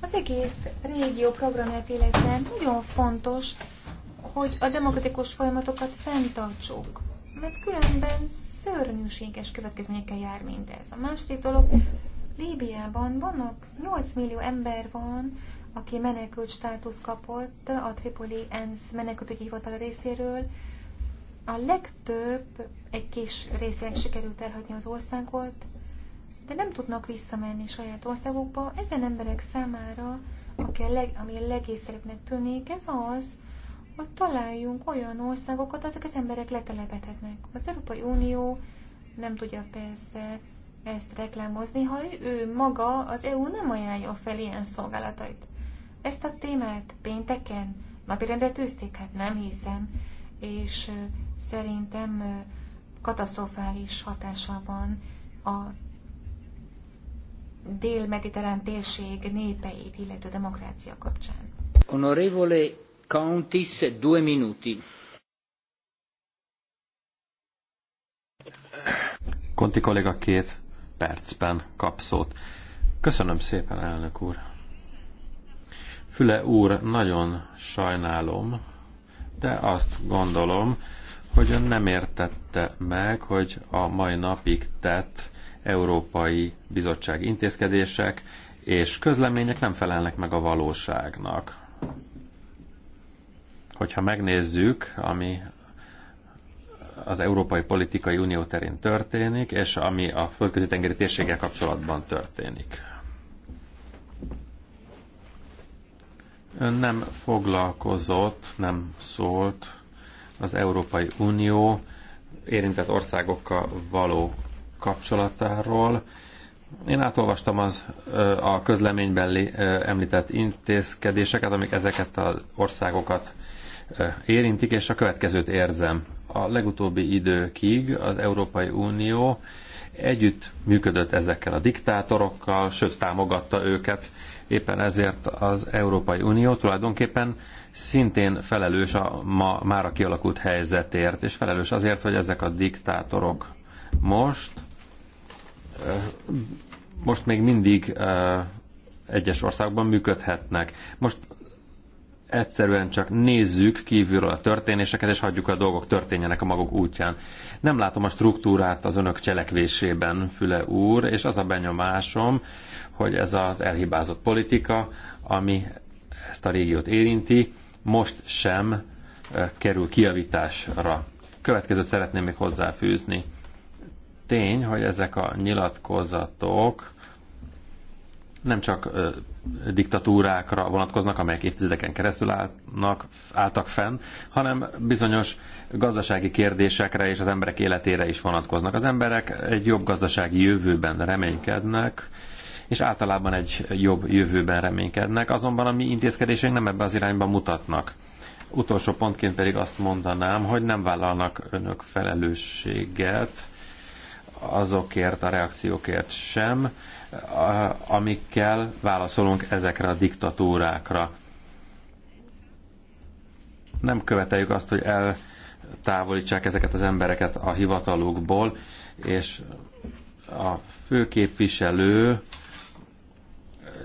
Az egész régió programját illetve nagyon fontos, hogy a demokratikus folyamatokat fenntartsuk, mert különben szörnyűséges következményekkel jár mindez. A második dolog, Líbiában vannak 8 millió ember van, aki menekült státusz kapott a Tripoli ENSZ menekültügyi hivatal részéről. A legtöbb egy kis részének sikerült elhagyni az országot, de nem tudnak visszamenni saját országukba. Ezen emberek számára, aki a leg, ami a legészszerűbbnek tűnik, ez az, hogy találjunk olyan országokat, ezek az emberek letelepedhetnek. Az Európai Unió nem tudja persze ezt reklámozni, ha ő, ő maga, az EU nem ajánlja fel ilyen szolgálatait. Ezt a témát pénteken napirendre tűzték? Hát nem hiszem, és szerintem katasztrofális hatása van a dél-mediterrán térség népeit, illető demokrácia kapcsán. Honorevole Countis, due minuti. Konti kolléga két percben kap szót. Köszönöm szépen, elnök úr. Füle úr, nagyon sajnálom, de azt gondolom, hogy ön nem értette meg, hogy a mai napig tett Európai Bizottság intézkedések és közlemények nem felelnek meg a valóságnak. Hogyha megnézzük, ami az Európai Politikai Unió terén történik, és ami a földközi tengeri térséggel kapcsolatban történik. Ön nem foglalkozott, nem szólt az Európai Unió érintett országokkal való kapcsolatáról. Én átolvastam az, a közleményben említett intézkedéseket, amik ezeket az országokat érintik, és a következőt érzem. A legutóbbi időkig az Európai Unió együtt működött ezekkel a diktátorokkal, sőt támogatta őket. Éppen ezért az Európai Unió tulajdonképpen szintén felelős a ma már a kialakult helyzetért, és felelős azért, hogy ezek a diktátorok most most még mindig egyes országban működhetnek. Most egyszerűen csak nézzük kívülről a történéseket, és hagyjuk a dolgok történjenek a maguk útján. Nem látom a struktúrát az önök cselekvésében, Füle úr, és az a benyomásom, hogy ez az elhibázott politika, ami ezt a régiót érinti, most sem kerül kiavításra. Következőt szeretném még hozzáfűzni. Tény, hogy ezek a nyilatkozatok nem csak diktatúrákra vonatkoznak, amelyek évtizedeken keresztül állnak, álltak fenn, hanem bizonyos gazdasági kérdésekre és az emberek életére is vonatkoznak. Az emberek egy jobb gazdasági jövőben reménykednek, és általában egy jobb jövőben reménykednek, azonban a mi intézkedéseink nem ebbe az irányba mutatnak. Utolsó pontként pedig azt mondanám, hogy nem vállalnak önök felelősséget azokért a reakciókért sem, amikkel válaszolunk ezekre a diktatúrákra. Nem követeljük azt, hogy eltávolítsák ezeket az embereket a hivatalukból, és a főképviselő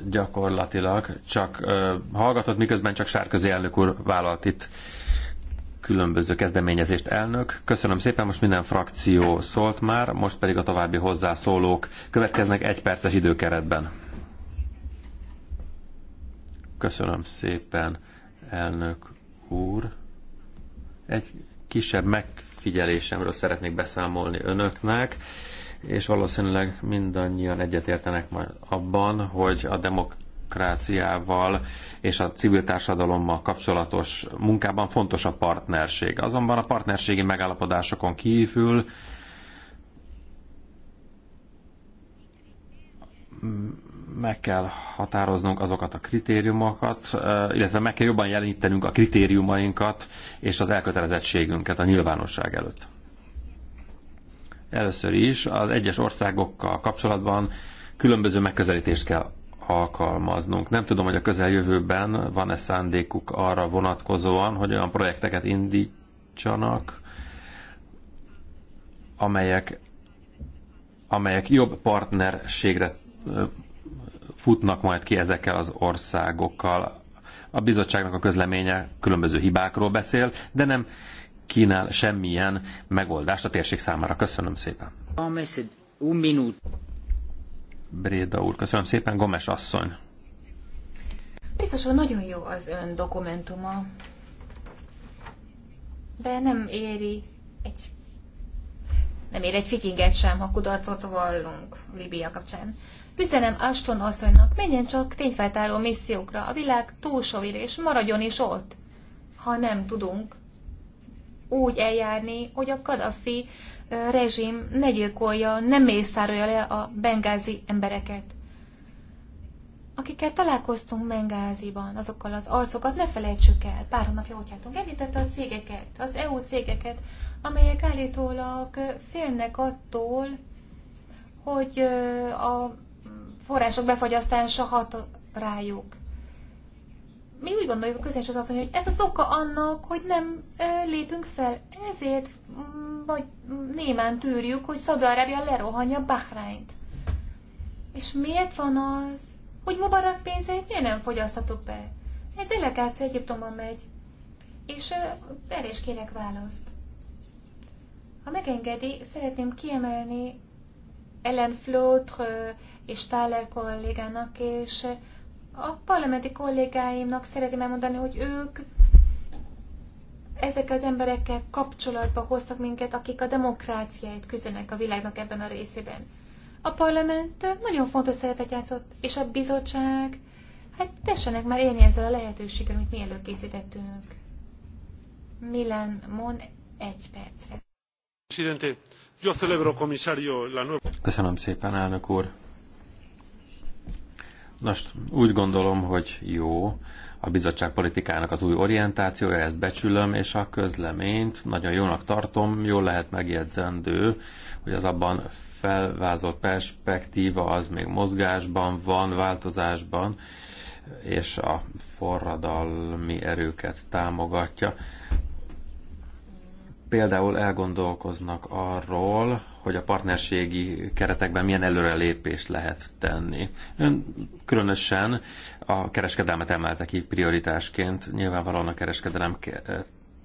gyakorlatilag csak hallgatott, miközben csak Sárközi elnök úr vállalt itt különböző kezdeményezést elnök. Köszönöm szépen, most minden frakció szólt már, most pedig a további hozzászólók következnek egy perces időkeretben. Köszönöm szépen, elnök úr. Egy kisebb megfigyelésemről szeretnék beszámolni önöknek, és valószínűleg mindannyian egyetértenek majd abban, hogy a demok demokráciával és a civil társadalommal kapcsolatos munkában fontos a partnerség. Azonban a partnerségi megállapodásokon kívül meg kell határoznunk azokat a kritériumokat, eh, illetve meg kell jobban jelenítenünk a kritériumainkat és az elkötelezettségünket a nyilvánosság előtt. Először is az egyes országokkal kapcsolatban különböző megközelítést kell alkalmaznunk. Nem tudom, hogy a közeljövőben van-e szándékuk arra vonatkozóan, hogy olyan projekteket indítsanak, amelyek, amelyek jobb partnerségre futnak majd ki ezekkel az országokkal. A bizottságnak a közleménye különböző hibákról beszél, de nem kínál semmilyen megoldást a térség számára. Köszönöm szépen. Un minut. Bréda úr. Köszönöm szépen, Gomes asszony. Biztos, hogy nagyon jó az ön dokumentuma, de nem éri egy nem ér egy fittinget sem, ha kudarcot vallunk Libia kapcsán. Üzenem Aston asszonynak, menjen csak tényfeltáró missziókra, a világ túlsóvér, és maradjon is ott, ha nem tudunk úgy eljárni, hogy a Kadafi rezsim ne gyilkolja, ne mészárolja le a bengázi embereket. Akikkel találkoztunk Bengáziban, azokkal az arcokat ne felejtsük el. Pár hónapja úgy jártunk. Említette a cégeket, az EU cégeket, amelyek állítólag félnek attól, hogy a források befagyasztása hat rájuk mi úgy gondoljuk, a közönség az hogy ez az oka annak, hogy nem lépünk fel. Ezért mm, vagy mm, némán tűrjük, hogy Szaudarábia lerohanja Bahrányt. És miért van az, hogy Mubarak pénzeit miért nem fogyasztatok be? Egy delegáció Egyiptomban megy, és erre is kérek választ. Ha megengedi, szeretném kiemelni Ellen Flotre és Thaler kollégának és a parlamenti kollégáimnak szeretném elmondani, hogy ők ezek az emberekkel kapcsolatba hoztak minket, akik a demokráciáit küzdenek a világnak ebben a részében. A parlament nagyon fontos szerepet játszott, és a bizottság, hát tessenek már élni ezzel a lehetőséggel, amit mi előkészítettünk. Milan Mon egy percre. Köszönöm szépen, elnök úr! Nos, úgy gondolom, hogy jó a bizottság politikának az új orientációja, ezt becsülöm, és a közleményt nagyon jónak tartom, jól lehet megjegyzendő, hogy az abban felvázolt perspektíva az még mozgásban van, változásban, és a forradalmi erőket támogatja. Például elgondolkoznak arról, hogy a partnerségi keretekben milyen előrelépést lehet tenni. Ön különösen a kereskedelmet emelte ki prioritásként, nyilvánvalóan a kereskedelem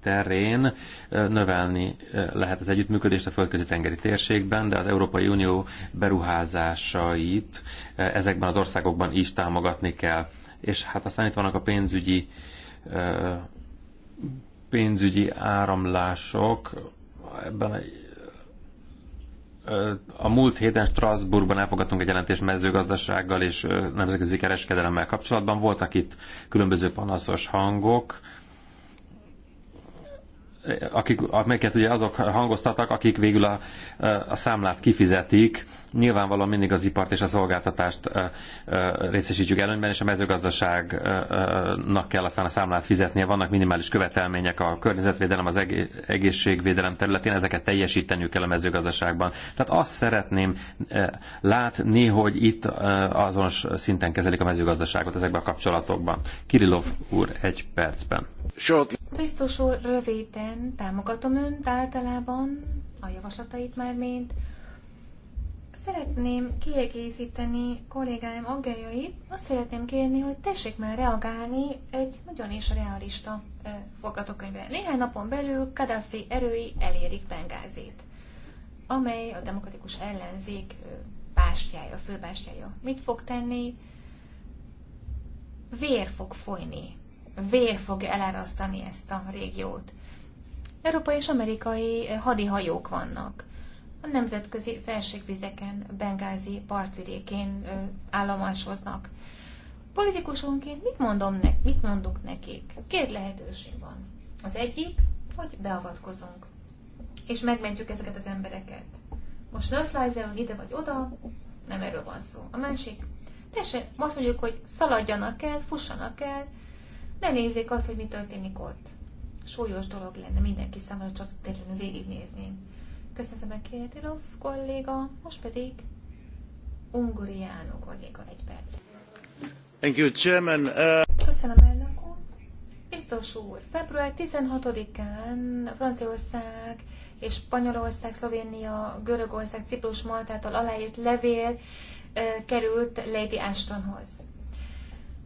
terén növelni lehet az együttműködést a földközi tengeri térségben, de az Európai Unió beruházásait ezekben az országokban is támogatni kell. És hát aztán itt vannak a pénzügyi pénzügyi áramlások, ebben a múlt héten Strasbourgban elfogadtunk egy jelentést mezőgazdasággal és nemzetközi kereskedelemmel kapcsolatban. Voltak itt különböző panaszos hangok, akik, amelyeket ugye azok hangoztattak, akik végül a, a számlát kifizetik Nyilvánvalóan mindig az ipart és a szolgáltatást részesítjük előnyben, és a mezőgazdaságnak kell aztán a számlát fizetnie. Vannak minimális követelmények a környezetvédelem, az egészségvédelem területén, ezeket teljesíteniük kell a mezőgazdaságban. Tehát azt szeretném látni, hogy itt azonos szinten kezelik a mezőgazdaságot ezekben a kapcsolatokban. Kirillov úr, egy percben. Biztos úr, röviden támogatom önt általában, a javaslatait már mint. Szeretném kiegészíteni kollégáim aggájait. Azt szeretném kérni, hogy tessék már reagálni egy nagyon is realista forgatókönyvre. Néhány napon belül Kadhafi erői elérik Bengázét, amely a demokratikus ellenzék bástyája, főbástyája. Mit fog tenni? Vér fog folyni. Vér fog elárasztani ezt a régiót. Európai és amerikai hadihajók vannak a nemzetközi felségvizeken, Bengázi partvidékén állomásoznak. Politikusonként mit, mondom ne, mit mondunk nekik? Két lehetőség van. Az egyik, hogy beavatkozunk, és megmentjük ezeket az embereket. Most no fly ide vagy oda, nem erről van szó. A másik, tessék, azt mondjuk, hogy szaladjanak el, fussanak el, ne nézzék azt, hogy mi történik ott. Súlyos dolog lenne mindenki számára csak tényleg végignézni Köszönöm a Kirillov kolléga, most pedig Ungoriánó kolléga egy perc. Thank you, Chairman. Uh... Köszönöm, elnök úr. Biztos úr, február 16-án Franciaország és Spanyolország, Szlovénia, Görögország, Ciprus, Maltától aláírt levél uh, került Lady Ashtonhoz.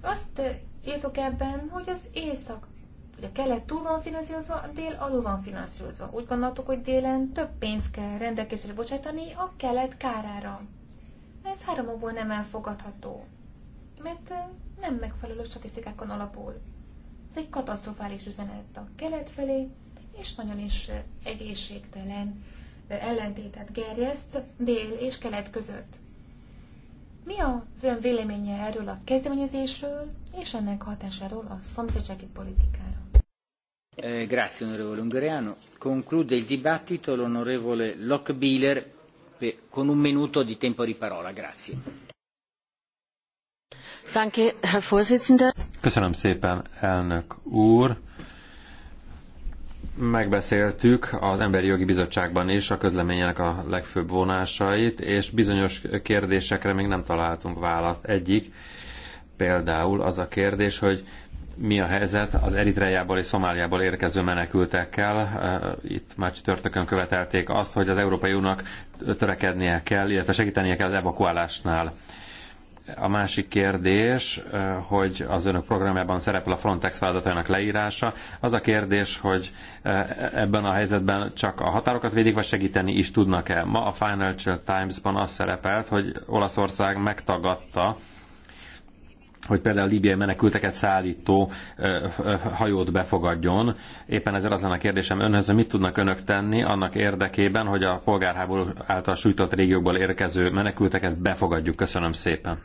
Azt uh, írtuk ebben, hogy az észak hogy a kelet túl van finanszírozva, a dél alul van finanszírozva. Úgy gondoltuk, hogy délen több pénzt kell rendelkezésre bocsátani a kelet kárára. Ez három okból nem elfogadható, mert eh, nem megfelelő statisztikákon alapul. Ez egy katasztrofális üzenet a kelet felé, és nagyon is eh, egészségtelen eh, ellentétet gerjeszt dél és kelet között. Mi az ön véleménye erről a kezdeményezésről és ennek hatásáról a szomszédsági politikára? Eh, grazie onorevole Ungheriano. Conclude il dibattito l'onorevole Lockbiller con un minuto di tempo di parola. Grazie. Danke, Herr Vorsitzender. Köszönöm szépen, elnök úr. Megbeszéltük az Emberi Jogi Bizottságban is a közleményének a legfőbb vonásait, és bizonyos kérdésekre még nem találtunk választ. Egyik például az a kérdés, hogy mi a helyzet az Eritreából és Szomáliából érkező menekültekkel. Itt már csütörtökön követelték azt, hogy az Európai Uniónak törekednie kell, illetve segítenie kell az evakuálásnál. A másik kérdés, hogy az önök programjában szerepel a Frontex feladatainak leírása. Az a kérdés, hogy ebben a helyzetben csak a határokat védik, vagy segíteni is tudnak-e? Ma a Financial Times-ban az szerepelt, hogy Olaszország megtagadta hogy például libiai menekülteket szállító hajót befogadjon. Éppen ezzel az lenne a kérdésem önhöz, hogy mit tudnak önök tenni annak érdekében, hogy a polgárháború által sújtott régiókból érkező menekülteket befogadjuk. Köszönöm szépen.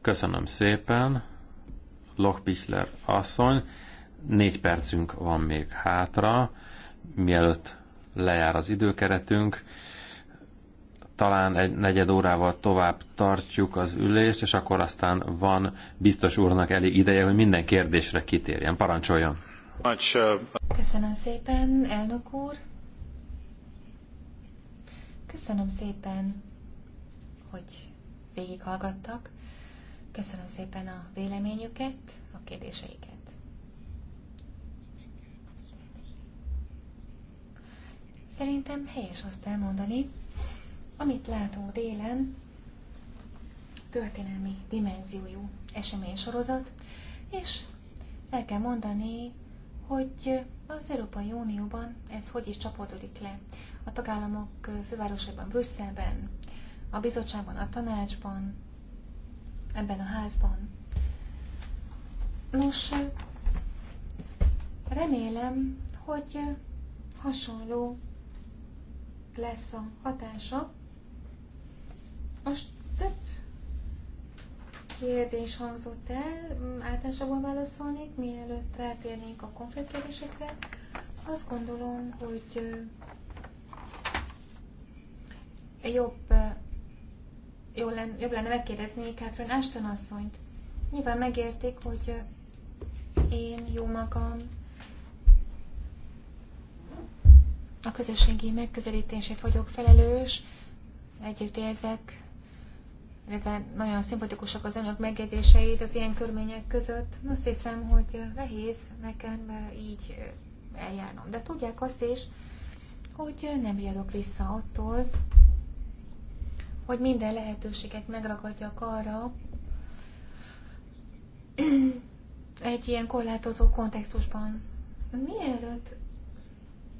Köszönöm szépen. Lochpichler asszony. Négy percünk van még hátra, mielőtt lejár az időkeretünk talán egy negyed órával tovább tartjuk az ülést, és akkor aztán van biztos úrnak elég ideje, hogy minden kérdésre kitérjen. Parancsoljon! Köszönöm szépen, elnök úr! Köszönöm szépen, hogy végighallgattak. Köszönöm szépen a véleményüket, a kérdéseiket. Szerintem helyes azt elmondani, amit látunk délen, történelmi dimenziójú eseménysorozat, és el kell mondani, hogy az Európai Unióban ez hogy is csapódik le. A tagállamok fővárosában, Brüsszelben, a bizottságban, a tanácsban, ebben a házban. Nos, remélem, hogy hasonló lesz a hatása most több kérdés hangzott el, mm, általánosabban válaszolnék, mielőtt rátérnénk a konkrét kérdésekre. Azt gondolom, hogy jobb, jó lenne, jobb lenne megkérdezni Catherine Ashton asszonyt. Nyilván megérték, hogy én jó magam a közösségi megközelítését vagyok felelős, együtt érzek illetve nagyon szimpatikusak az önök megjegyzéseit az ilyen körmények között. Azt hiszem, hogy nehéz nekem eh, így eh, eljárnom. De tudják azt is, hogy nem riadok vissza attól, hogy minden lehetőséget megragadjak arra, (clears throat) egy ilyen korlátozó kontextusban. Mielőtt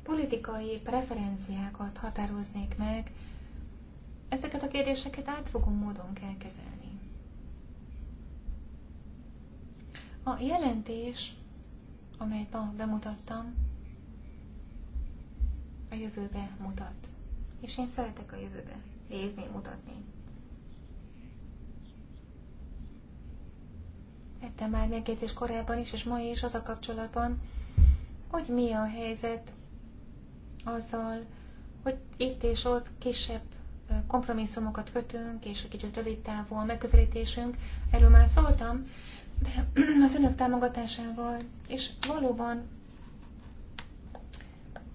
politikai preferenciákat határoznék meg, Ezeket a kérdéseket átfogó módon kell kezelni. A jelentés, amelyet ma bemutattam, a jövőbe mutat. És én szeretek a jövőbe nézni, mutatni. Tettem már megjegyzés korábban is, és ma is az a kapcsolatban, hogy mi a helyzet azzal, hogy itt és ott kisebb kompromisszumokat kötünk, és egy kicsit rövid távú a megközelítésünk, erről már szóltam, de (clears throat) az önök támogatásával, és valóban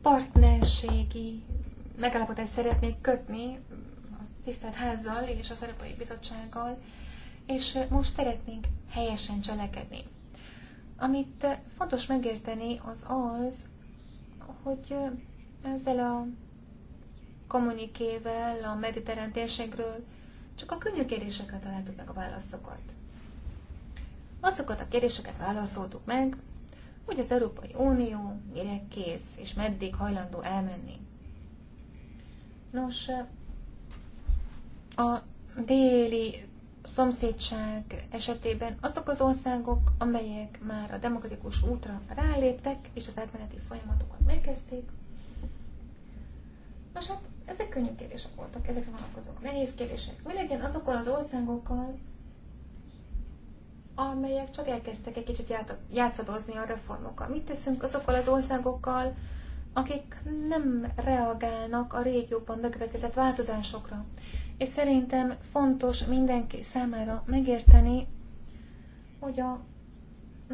partnerségi megállapodást szeretnék kötni a tisztelt házzal és az Európai Bizottsággal, és most szeretnénk helyesen cselekedni. Amit fontos megérteni az az, hogy ezzel a kommunikével a mediterrán térségről, csak a könnyű kérdésekre találtuk meg a válaszokat. Azokat a kérdéseket válaszoltuk meg, hogy az Európai Unió mire kész, és meddig hajlandó elmenni. Nos, a déli szomszédság esetében azok az országok, amelyek már a demokratikus útra ráléptek, és az átmeneti folyamatokat megkezdték, Nos hát ezek könnyű kérdések voltak, a vonatkozók nehéz kérdések. Mi legyen azokkal az országokkal, amelyek csak elkezdtek egy kicsit játszadozni a reformokkal? Mit teszünk azokkal az országokkal, akik nem reagálnak a régióban megvetkezett változásokra? És szerintem fontos mindenki számára megérteni, hogy a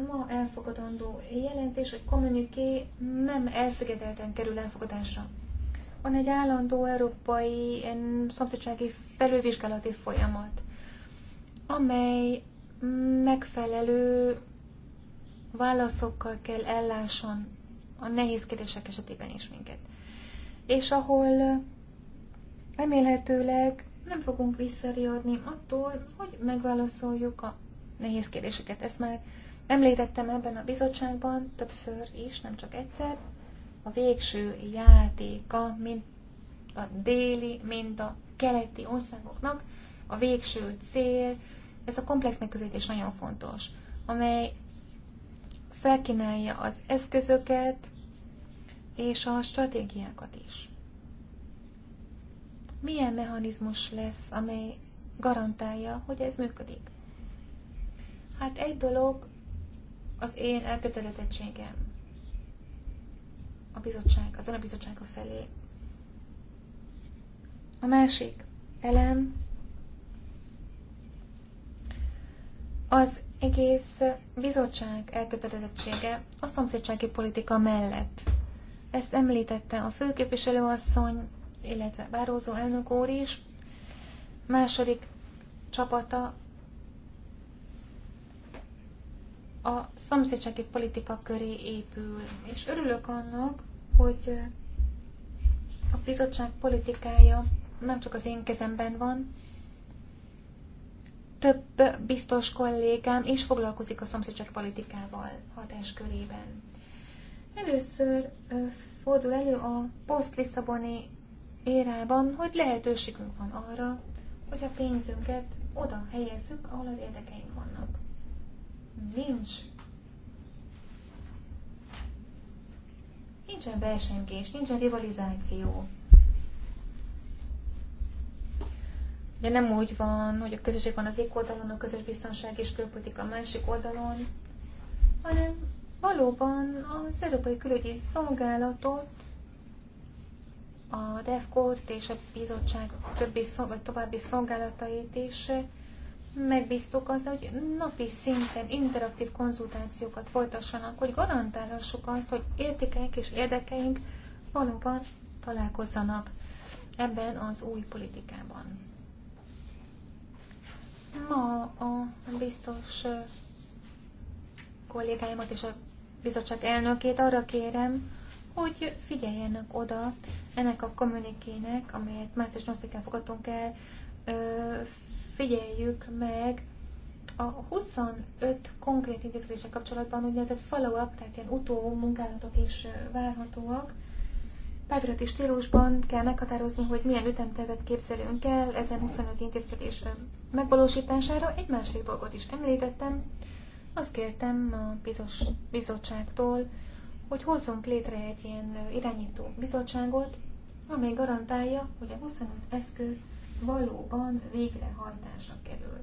ma elfogadandó jelentés, hogy kommuniké nem elszigetelten kerül elfogadásra van egy állandó európai szomszédsági felülvizsgálati folyamat, amely megfelelő válaszokkal kell ellásson a nehéz kérdések esetében is minket. És ahol remélhetőleg nem fogunk visszariadni attól, hogy megválaszoljuk a nehéz kérdéseket. Ezt már említettem ebben a bizottságban többször is, nem csak egyszer a végső játéka, mint a déli, mint a keleti országoknak, a végső cél, ez a komplex megközelítés nagyon fontos, amely felkínálja az eszközöket és a stratégiákat is. Milyen mechanizmus lesz, amely garantálja, hogy ez működik? Hát egy dolog az én elkötelezettségem a bizottság, azon a bizottsága felé. A másik elem az egész bizottság elkötelezettsége a szomszédsági politika mellett. Ezt említette a főképviselőasszony, illetve bárózó elnök úr is. Második csapata a szomszédsági politika köré épül. És örülök annak, hogy a bizottság politikája nem csak az én kezemben van, több biztos kollégám is foglalkozik a szomszédsági politikával hatás körében. Először fordul elő a poszt-Lisszaboni érában, hogy lehetőségünk van arra, hogy a pénzünket oda helyezzük, ahol az érdekeink vannak nincs nincsen versengés, nincsen rivalizáció. Ugye nem úgy van, hogy a közösség van az egyik oldalon, a közös biztonság és külpolitika a másik oldalon, hanem valóban az Európai Külügyi Szolgálatot, a DEFCO-t és a bizottság többi, vagy további szolgálatait is megbíztuk az, hogy napi szinten interaktív konzultációkat folytassanak, hogy garantálhassuk azt, hogy értékeink és érdekeink valóban találkozzanak ebben az új politikában. Ma a biztos kollégáimat és a bizottság elnökét arra kérem, hogy figyeljenek oda ennek a kommunikének, amelyet március 8-án fogadtunk el, figyeljük meg a 25 konkrét intézkedése kapcsolatban egy follow-up, tehát ilyen utó munkálatok is várhatóak. Pávirati stílusban kell meghatározni, hogy milyen ütemtervet képzelünk el ezen 25 intézkedés megvalósítására. Egy másik dolgot is említettem, azt kértem a bizos, bizottságtól, hogy hozzunk létre egy ilyen irányító bizottságot, amely garantálja, hogy a 25 eszköz valóban végrehajtásra kerül,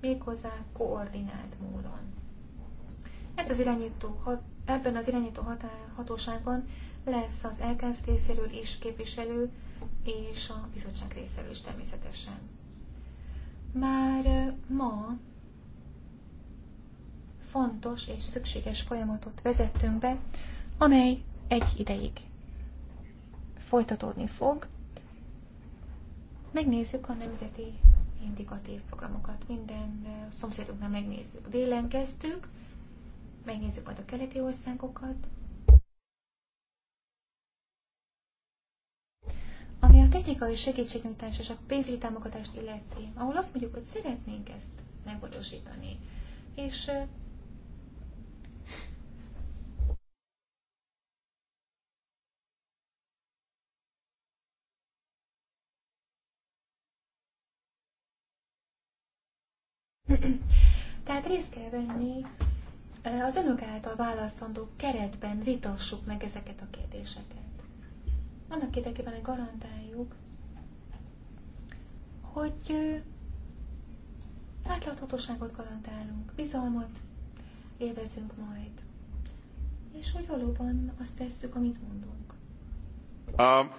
méghozzá koordinált módon. Ez az irányító hat, ebben az irányító hatóságban lesz az elkász részéről is képviselő, és a bizottság részéről is természetesen. Már ma fontos és szükséges folyamatot vezettünk be, amely egy ideig folytatódni fog, megnézzük a nemzeti indikatív programokat. Minden szomszédunknál megnézzük. Délen kezdtük, megnézzük majd a keleti országokat. Ami a technikai segítségünk társaság a pénzügyi támogatást illeti, ahol azt mondjuk, hogy szeretnénk ezt megvalósítani, és (clears throat) Tehát részt kell venni az önök által választandó keretben vitassuk meg ezeket a kérdéseket. Annak érdekében, hogy garantáljuk, hogy átláthatóságot garantálunk, bizalmat élvezünk majd, és hogy valóban azt tesszük, amit mondunk. Um,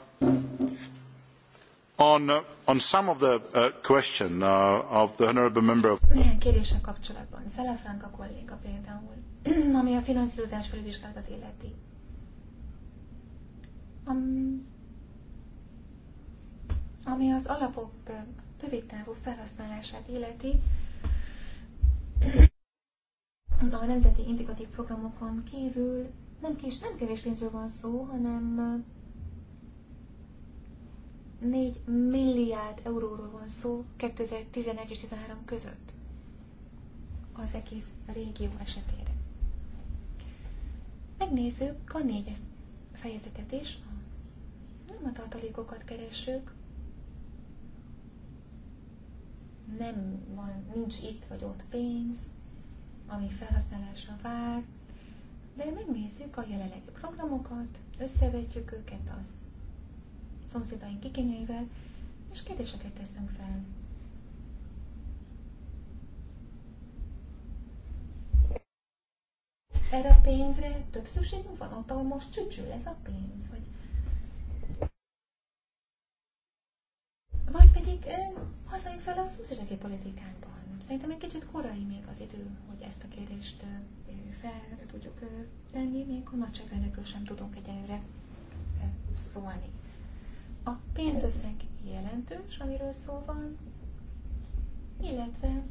On, some of the uh, uh, of the honourable member Néhány kérdéssel kapcsolatban. Szelefránka kolléga például, (clears throat) ami a finanszírozás felvizsgálatot illeti. ami az alapok távú felhasználását illeti, (clears throat) a nemzeti indikatív programokon kívül nem, kis, nem kevés pénzről van szó, hanem 4 milliárd euróról van szó 2011 és 2013 között az egész régió esetére. Megnézzük a négyes fejezetet is, nem a tartalékokat keresünk, nem van, nincs itt vagy ott pénz, ami felhasználásra vár, de megnézzük a jelenlegi programokat, összevetjük őket az szomszédaink igényeivel, és kérdéseket teszünk fel. Erre a pénzre több szükségünk van ott, ahol most csücsül ez a pénz, vagy vagy pedig eh, használjunk fel a szomszédsági politikánkban. Szerintem egy kicsit korai még az idő, hogy ezt a kérdést eh, fel tudjuk eh, tenni, még a nagyságrendekről sem tudunk egyelőre szólni a pénzösszeg jelentős, amiről szó van, illetve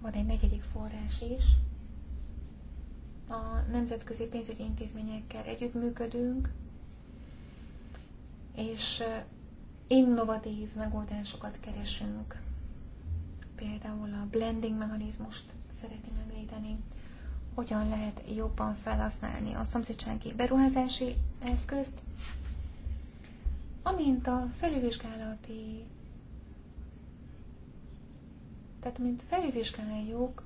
van egy negyedik forrás is. A nemzetközi pénzügyi intézményekkel együttműködünk, és innovatív megoldásokat keresünk. Például a blending mechanizmust szeretném említeni hogyan lehet jobban felhasználni a szomszédsági beruházási eszközt, amint a felülvizsgálati tehát mint felülvizsgáljuk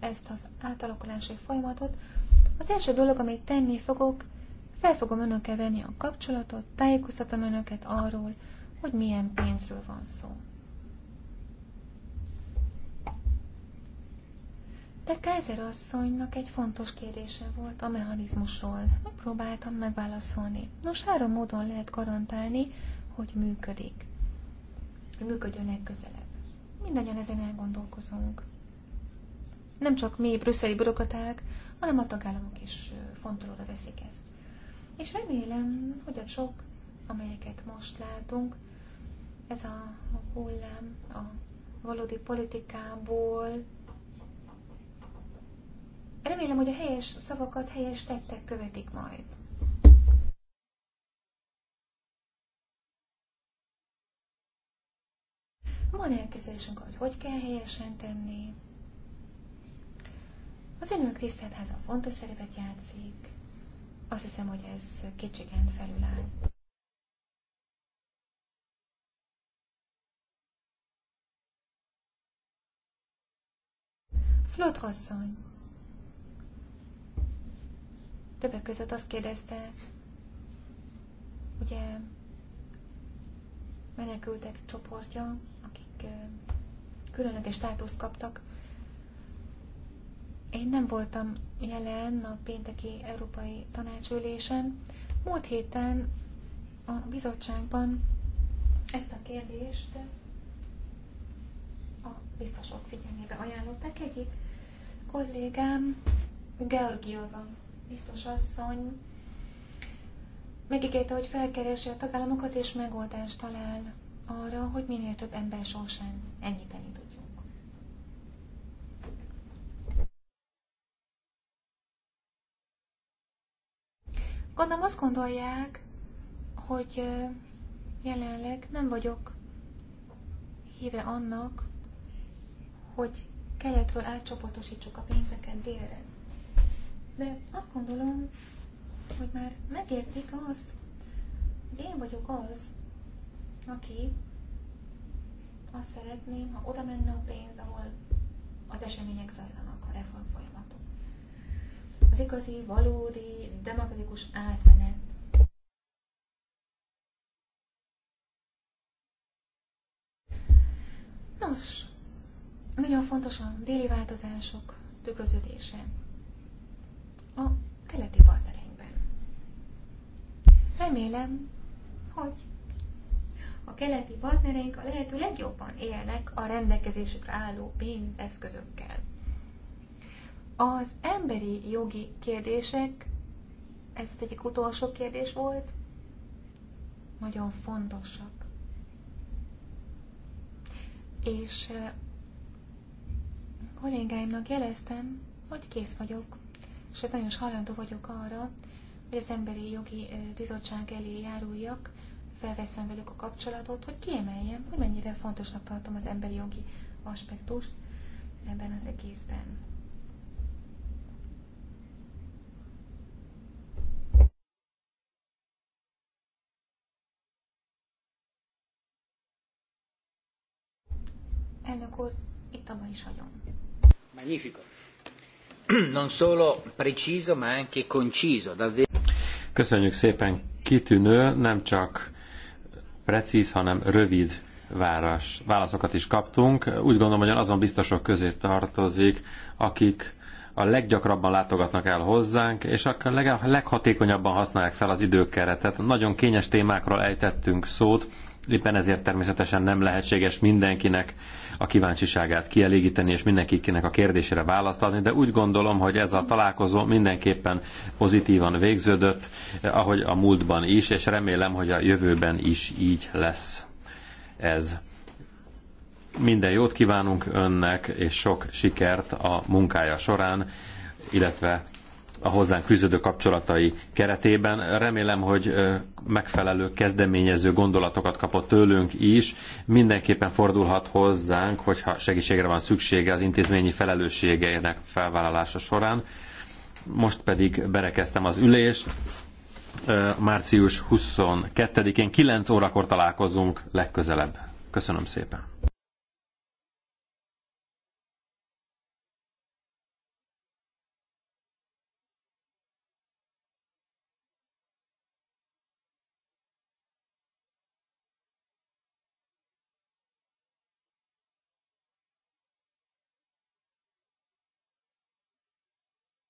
ezt az átalakulási folyamatot, az első dolog, amit tenni fogok, fel fogom önökkel venni a kapcsolatot, tájékoztatom önöket arról, hogy milyen pénzről van szó. De Kaiser asszonynak egy fontos kérdése volt a mechanizmusról. Megpróbáltam megválaszolni. Nos, három módon lehet garantálni, hogy működik. Hogy működjön legközelebb. Mindannyian ezen elgondolkozunk. Nem csak mi, brüsszeli bürokraták, hanem a tagállamok is fontolóra veszik ezt. És remélem, hogy a sok, amelyeket most látunk, ez a hullám a valódi politikából, Remélem, hogy a helyes szavakat helyes tettek követik majd. Van elképzelésünk, hogy hogy kell helyesen tenni. Az önök tisztelt fontos szerepet játszik. Azt hiszem, hogy ez kétségen felüláll. Flott asszony, Többek között azt kérdezte, ugye menekültek csoportja, akik különleges státuszt kaptak. Én nem voltam jelen a pénteki európai tanácsülésen. Múlt héten a bizottságban ezt a kérdést a biztosok figyelmébe ajánlották egyik kollégám Georgiova biztos asszony megígérte, hogy felkeresi a tagállamokat és megoldást talál arra, hogy minél több ember sorsán enyhíteni tud. Gondolom azt gondolják, hogy jelenleg nem vagyok híve annak, hogy keletről átcsoportosítsuk a pénzeket délre de azt gondolom, hogy már megértik azt, hogy én vagyok az, aki azt szeretném, ha oda menne a pénz, ahol az események zajlanak, a reform folyamatok. Az igazi, valódi, demokratikus átmenet. Nos, nagyon fontos a déli változások tükröződése a keleti partnereinkben. Remélem, hogy a keleti partnereink a lehető legjobban élnek a rendelkezésükre álló pénzeszközökkel. Az emberi jogi kérdések, ez az egyik utolsó kérdés volt, nagyon fontosak. És eh, kollégáimnak jeleztem, hogy kész vagyok sőt hát nagyon hajlandó vagyok arra, hogy az Emberi Jogi Bizottság elé járuljak, felveszem velük a kapcsolatot, hogy kiemeljem, hogy mennyire fontosnak tartom az emberi jogi aspektust ebben az egészben. Elnök úr, itt abban is hagyom. Magnifico. (clears throat) non solo preciso, ma anche conciso. Davvero. Köszönjük szépen, kitűnő, nem csak precíz, hanem rövid válasz, válaszokat is kaptunk. Úgy gondolom, hogy azon biztosok közé tartozik, akik a leggyakrabban látogatnak el hozzánk, és a leghatékonyabban használják fel az időkeretet. Nagyon kényes témákról ejtettünk szót, Éppen ezért természetesen nem lehetséges mindenkinek a kíváncsiságát kielégíteni, és mindenkinek a kérdésére választ adni, de úgy gondolom, hogy ez a találkozó mindenképpen pozitívan végződött, ahogy a múltban is, és remélem, hogy a jövőben is így lesz ez. Minden jót kívánunk önnek, és sok sikert a munkája során, illetve a hozzánk fűződő kapcsolatai keretében. Remélem, hogy megfelelő kezdeményező gondolatokat kapott tőlünk is. Mindenképpen fordulhat hozzánk, hogyha segítségre van szüksége az intézményi felelősségeinek felvállalása során. Most pedig berekeztem az ülést. Március 22-én 9 órakor találkozunk legközelebb. Köszönöm szépen!